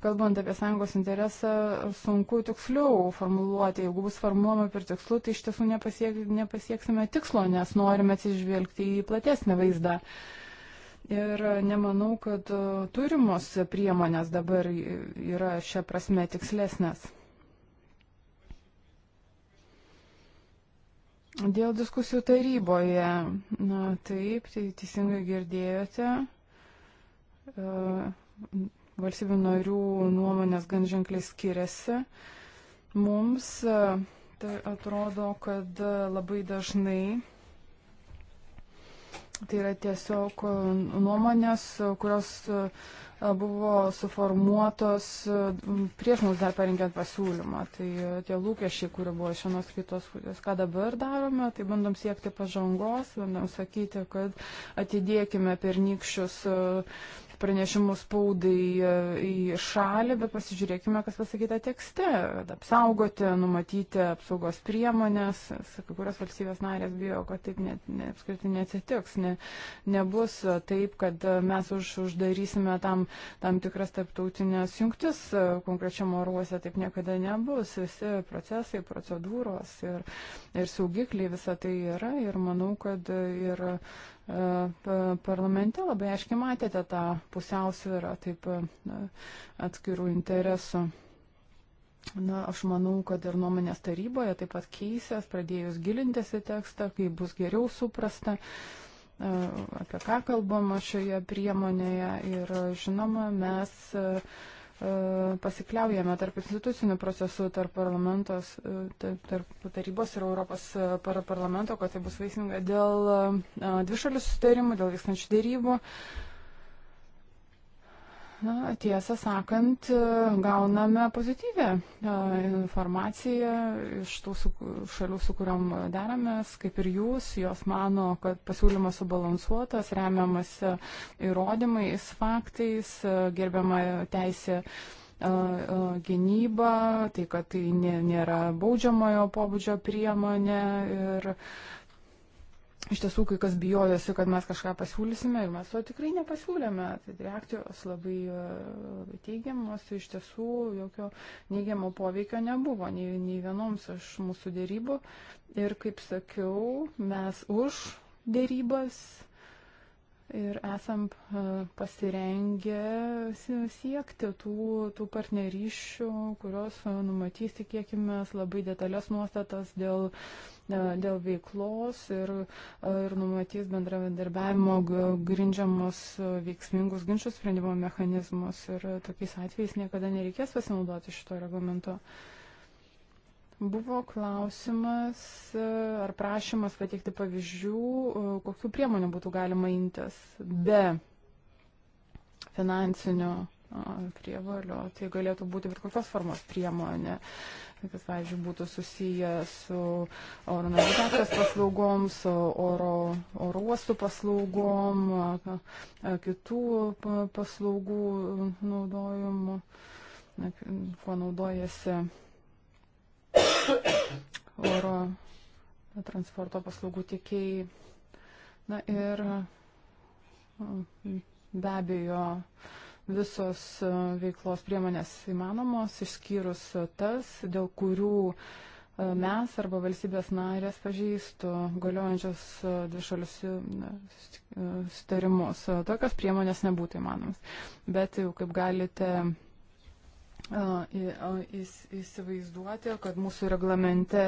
kalbant apie sąjungos interesą, sunku tiksliau formuluoti. Jeigu bus formuojama per tikslų, tai iš tiesų nepasiek, nepasieksime tikslo, nes norime atsižvelgti į platesnį vaizdą. Ir nemanau, kad e, turimos priemonės dabar yra šią prasme tikslesnės. Dėl diskusijų taryboje, na taip, tai teisingai girdėjote, e, valstybių narių nuomonės gan ženkliai skiriasi. Mums e, tai atrodo, kad labai dažnai Tai yra tiesiog e, nuomonės, e, kurios e, buvo suformuotos prieš mus dar parinkiant pasiūlymą. Tai tie lūkesčiai, kurie buvo iš vienos kitos pusės, ką dabar darome, tai bandom siekti pažangos, bandom sakyti, kad atidėkime pernykščius uh, pranešimus spaudai e, į šalį, bet pasižiūrėkime, kas pasakyta tekste. Apsaugoti, numatyti apsaugos priemonės, kai kurios valstybės narės bijo, kad taip net, ne, apskritai neatsitiks. Ne, nebus taip, kad mes už, uždarysime tam, tam tikras tarptautinės jungtis konkrečiam oruose, taip niekada nebus. Visi procesai, procedūros ir, ir saugikliai, visa tai yra ir manau, kad ir. Yra E, parlamente labai aiškiai matėte tą pusiausvyrą taip e, atskirų interesų. Na, aš manau, kad ir nuomonės taryboje taip pat keisės, pradėjus gilintis į tekstą, kai bus geriau suprasta, e, apie ką kalbama šioje priemonėje. Ir žinoma, mes E, pasikliaujame tarp institucinių procesų, tarp parlamentos, e, tarp tarybos ir Europos e, par parlamento, kad tai bus veiksminga dėl dvišalių sustarimų, dėl vykstančių dėrybų. Uh, Na, tiesą sakant, gauname pozityvę e, informaciją iš tų šalių, su kuriuom deramės, kaip ir jūs. Jos mano, kad pasiūlymas subalansuotas, remiamas e, įrodymais, faktais, e, gerbiama teisė gynyba, tai kad tai nėra baudžiamojo pobūdžio priemonė ir iš tiesų kai kas bijojosi, kad mes kažką pasiūlysime ir mes to tikrai nepasiūlėme. Tai reakcijos labai, e, labai teigiamos, iš tiesų jokio neigiamo poveikio nebuvo nei, nei vienoms iš mūsų dėrybų. Ir kaip sakiau, mes už dėrybas ir esam e, pasirengę siekti tų, tų partnerysčių, kurios e, numatys, tikėkime, labai detalės nuostatas dėl, e, dėl veiklos ir, ir numatys bendradarbiavimo grindžiamus veiksmingus ginčių sprendimo mechanizmus. Ir tokiais atvejais niekada nereikės pasinaudoti šito reglamento. Uh, Buvo klausimas ar prašymas pateikti pavyzdžių, kokiu priemonių būtų galima imtis be finansinio prievalio. Tai galėtų būti bet kokios formos priemonė, kas, pavyzdžiui, būtų susiję su oro navigacijos paslaugom, su oro, oro uostų paslaugom, kitų paslaugų naudojimu, kuo naudojasi oro transporto paslaugų tiekėjai. Na ir mm, be abejo, visos e, veiklos priemonės įmanomos, išskyrus tas, dėl kurių e, mes arba valstybės narės pažįstų galiojančios e, dvišalius sutarimus. Tokios priemonės nebūtų įmanomas. Bet jau kaip galite įsivaizduoti, kad mūsų reglamente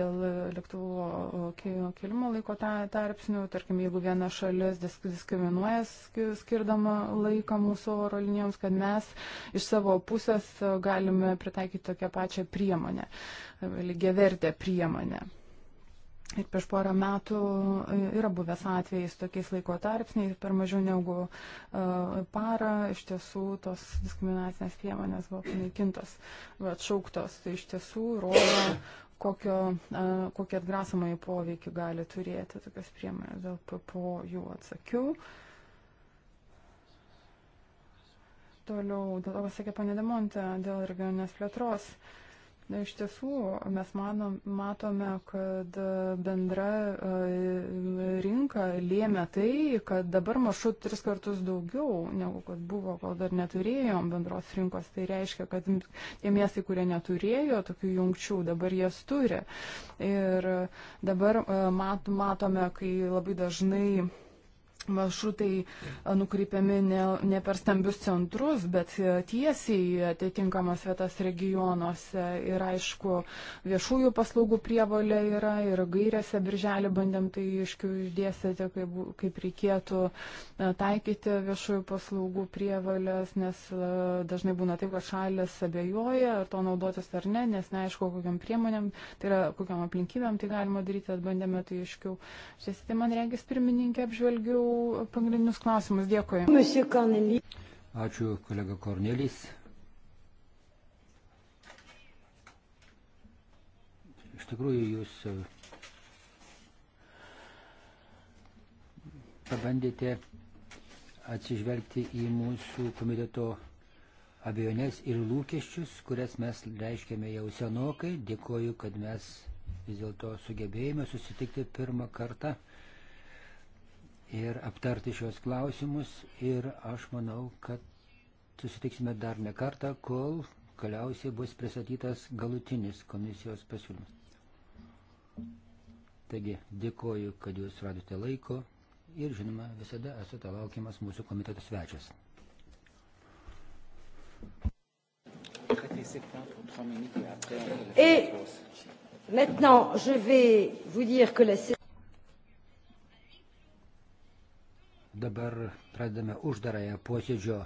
dėl lėktuvo kelimo laiko tarpsnių, tarkim, jeigu viena šalis diskriminuoja skirdama laiką mūsų oro linijoms, kad mes iš savo pusės galime pritaikyti tokią pačią priemonę, lygiavertę priemonę. Ir prieš porą metų e, yra buvęs atvejais tokiais laiko tarpsniais, per mažiau negu uh, parą iš tiesų tos diskriminacinės priemonės buvo panaikintos, atšauktos. Tai iš tiesų rodo, kokio, uh, kokį atgrasomąjį poveikį gali turėti tokias priemonės. Dėl PPO jų atsakiau. Toliau, dėl to, kas sakė panė Demonte, dėl regioninės plėtros. Uh, Na, iš tiesų, mes manom, matome, kad e, bendra e, rinka lėmė tai, kad dabar maršrut tris kartus daugiau negu kad buvo, kol dar neturėjom bendros rinkos. Tai reiškia, kad tie miestai, kurie neturėjo tokių jungčių, dabar jas turi. Ir e, dabar mat, matome, kai labai dažnai maršrutai nukreipiami ne, ne per stambius centrus, bet e, tiesiai atitinkamas vietas regionuose. Ir aišku, viešųjų paslaugų prievalė yra ir gairėse birželį bandėm tai iškiu išdėstyti, kaip, kaip reikėtų e, taikyti viešųjų paslaugų prievalės, nes e, dažnai būna taip, kad šalis abejoja, ar to naudotis ar ne, nes neaišku, kokiam priemonėm, tai yra kokiam aplinkybėm tai galima daryti, bandėme tai iškiu. Šis tai man regis pirmininkė apžvelgiau pagrindinius klausimus. Dėkui. Ačiū, kolega Kornelis. Iš tikrųjų, jūs e, pabandėte atsižvelgti į mūsų komiteto abejonės ir lūkesčius, kurias mes reiškėme jau senokai. Dėkoju, kad mes vis dėlto sugebėjome susitikti pirmą kartą ir aptarti šios klausimus. Ir aš manau, kad susitiksime dar ne kartą, kol galiausiai bus pristatytas galutinis komisijos pasiūlymas. Taigi, dėkoju, kad jūs radote laiko ir, žinoma, visada esate laukiamas mūsų komiteto svečias. Et maintenant, je vais vous dire que la Dabar pradame uždarąją posėdžio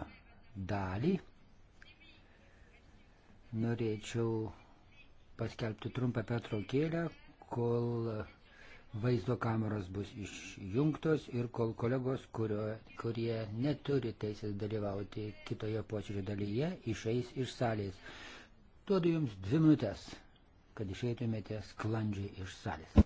dalį. Norėčiau paskelbti trumpą petraukėlę, kol vaizdo kameros bus išjungtos ir kol kolegos, kurio, kurie neturi teisės dalyvauti kitoje posėdžio dalyje, išeis iš salės. Duodu jums dvi minutės, kad išeitumėte sklandžiai iš salės.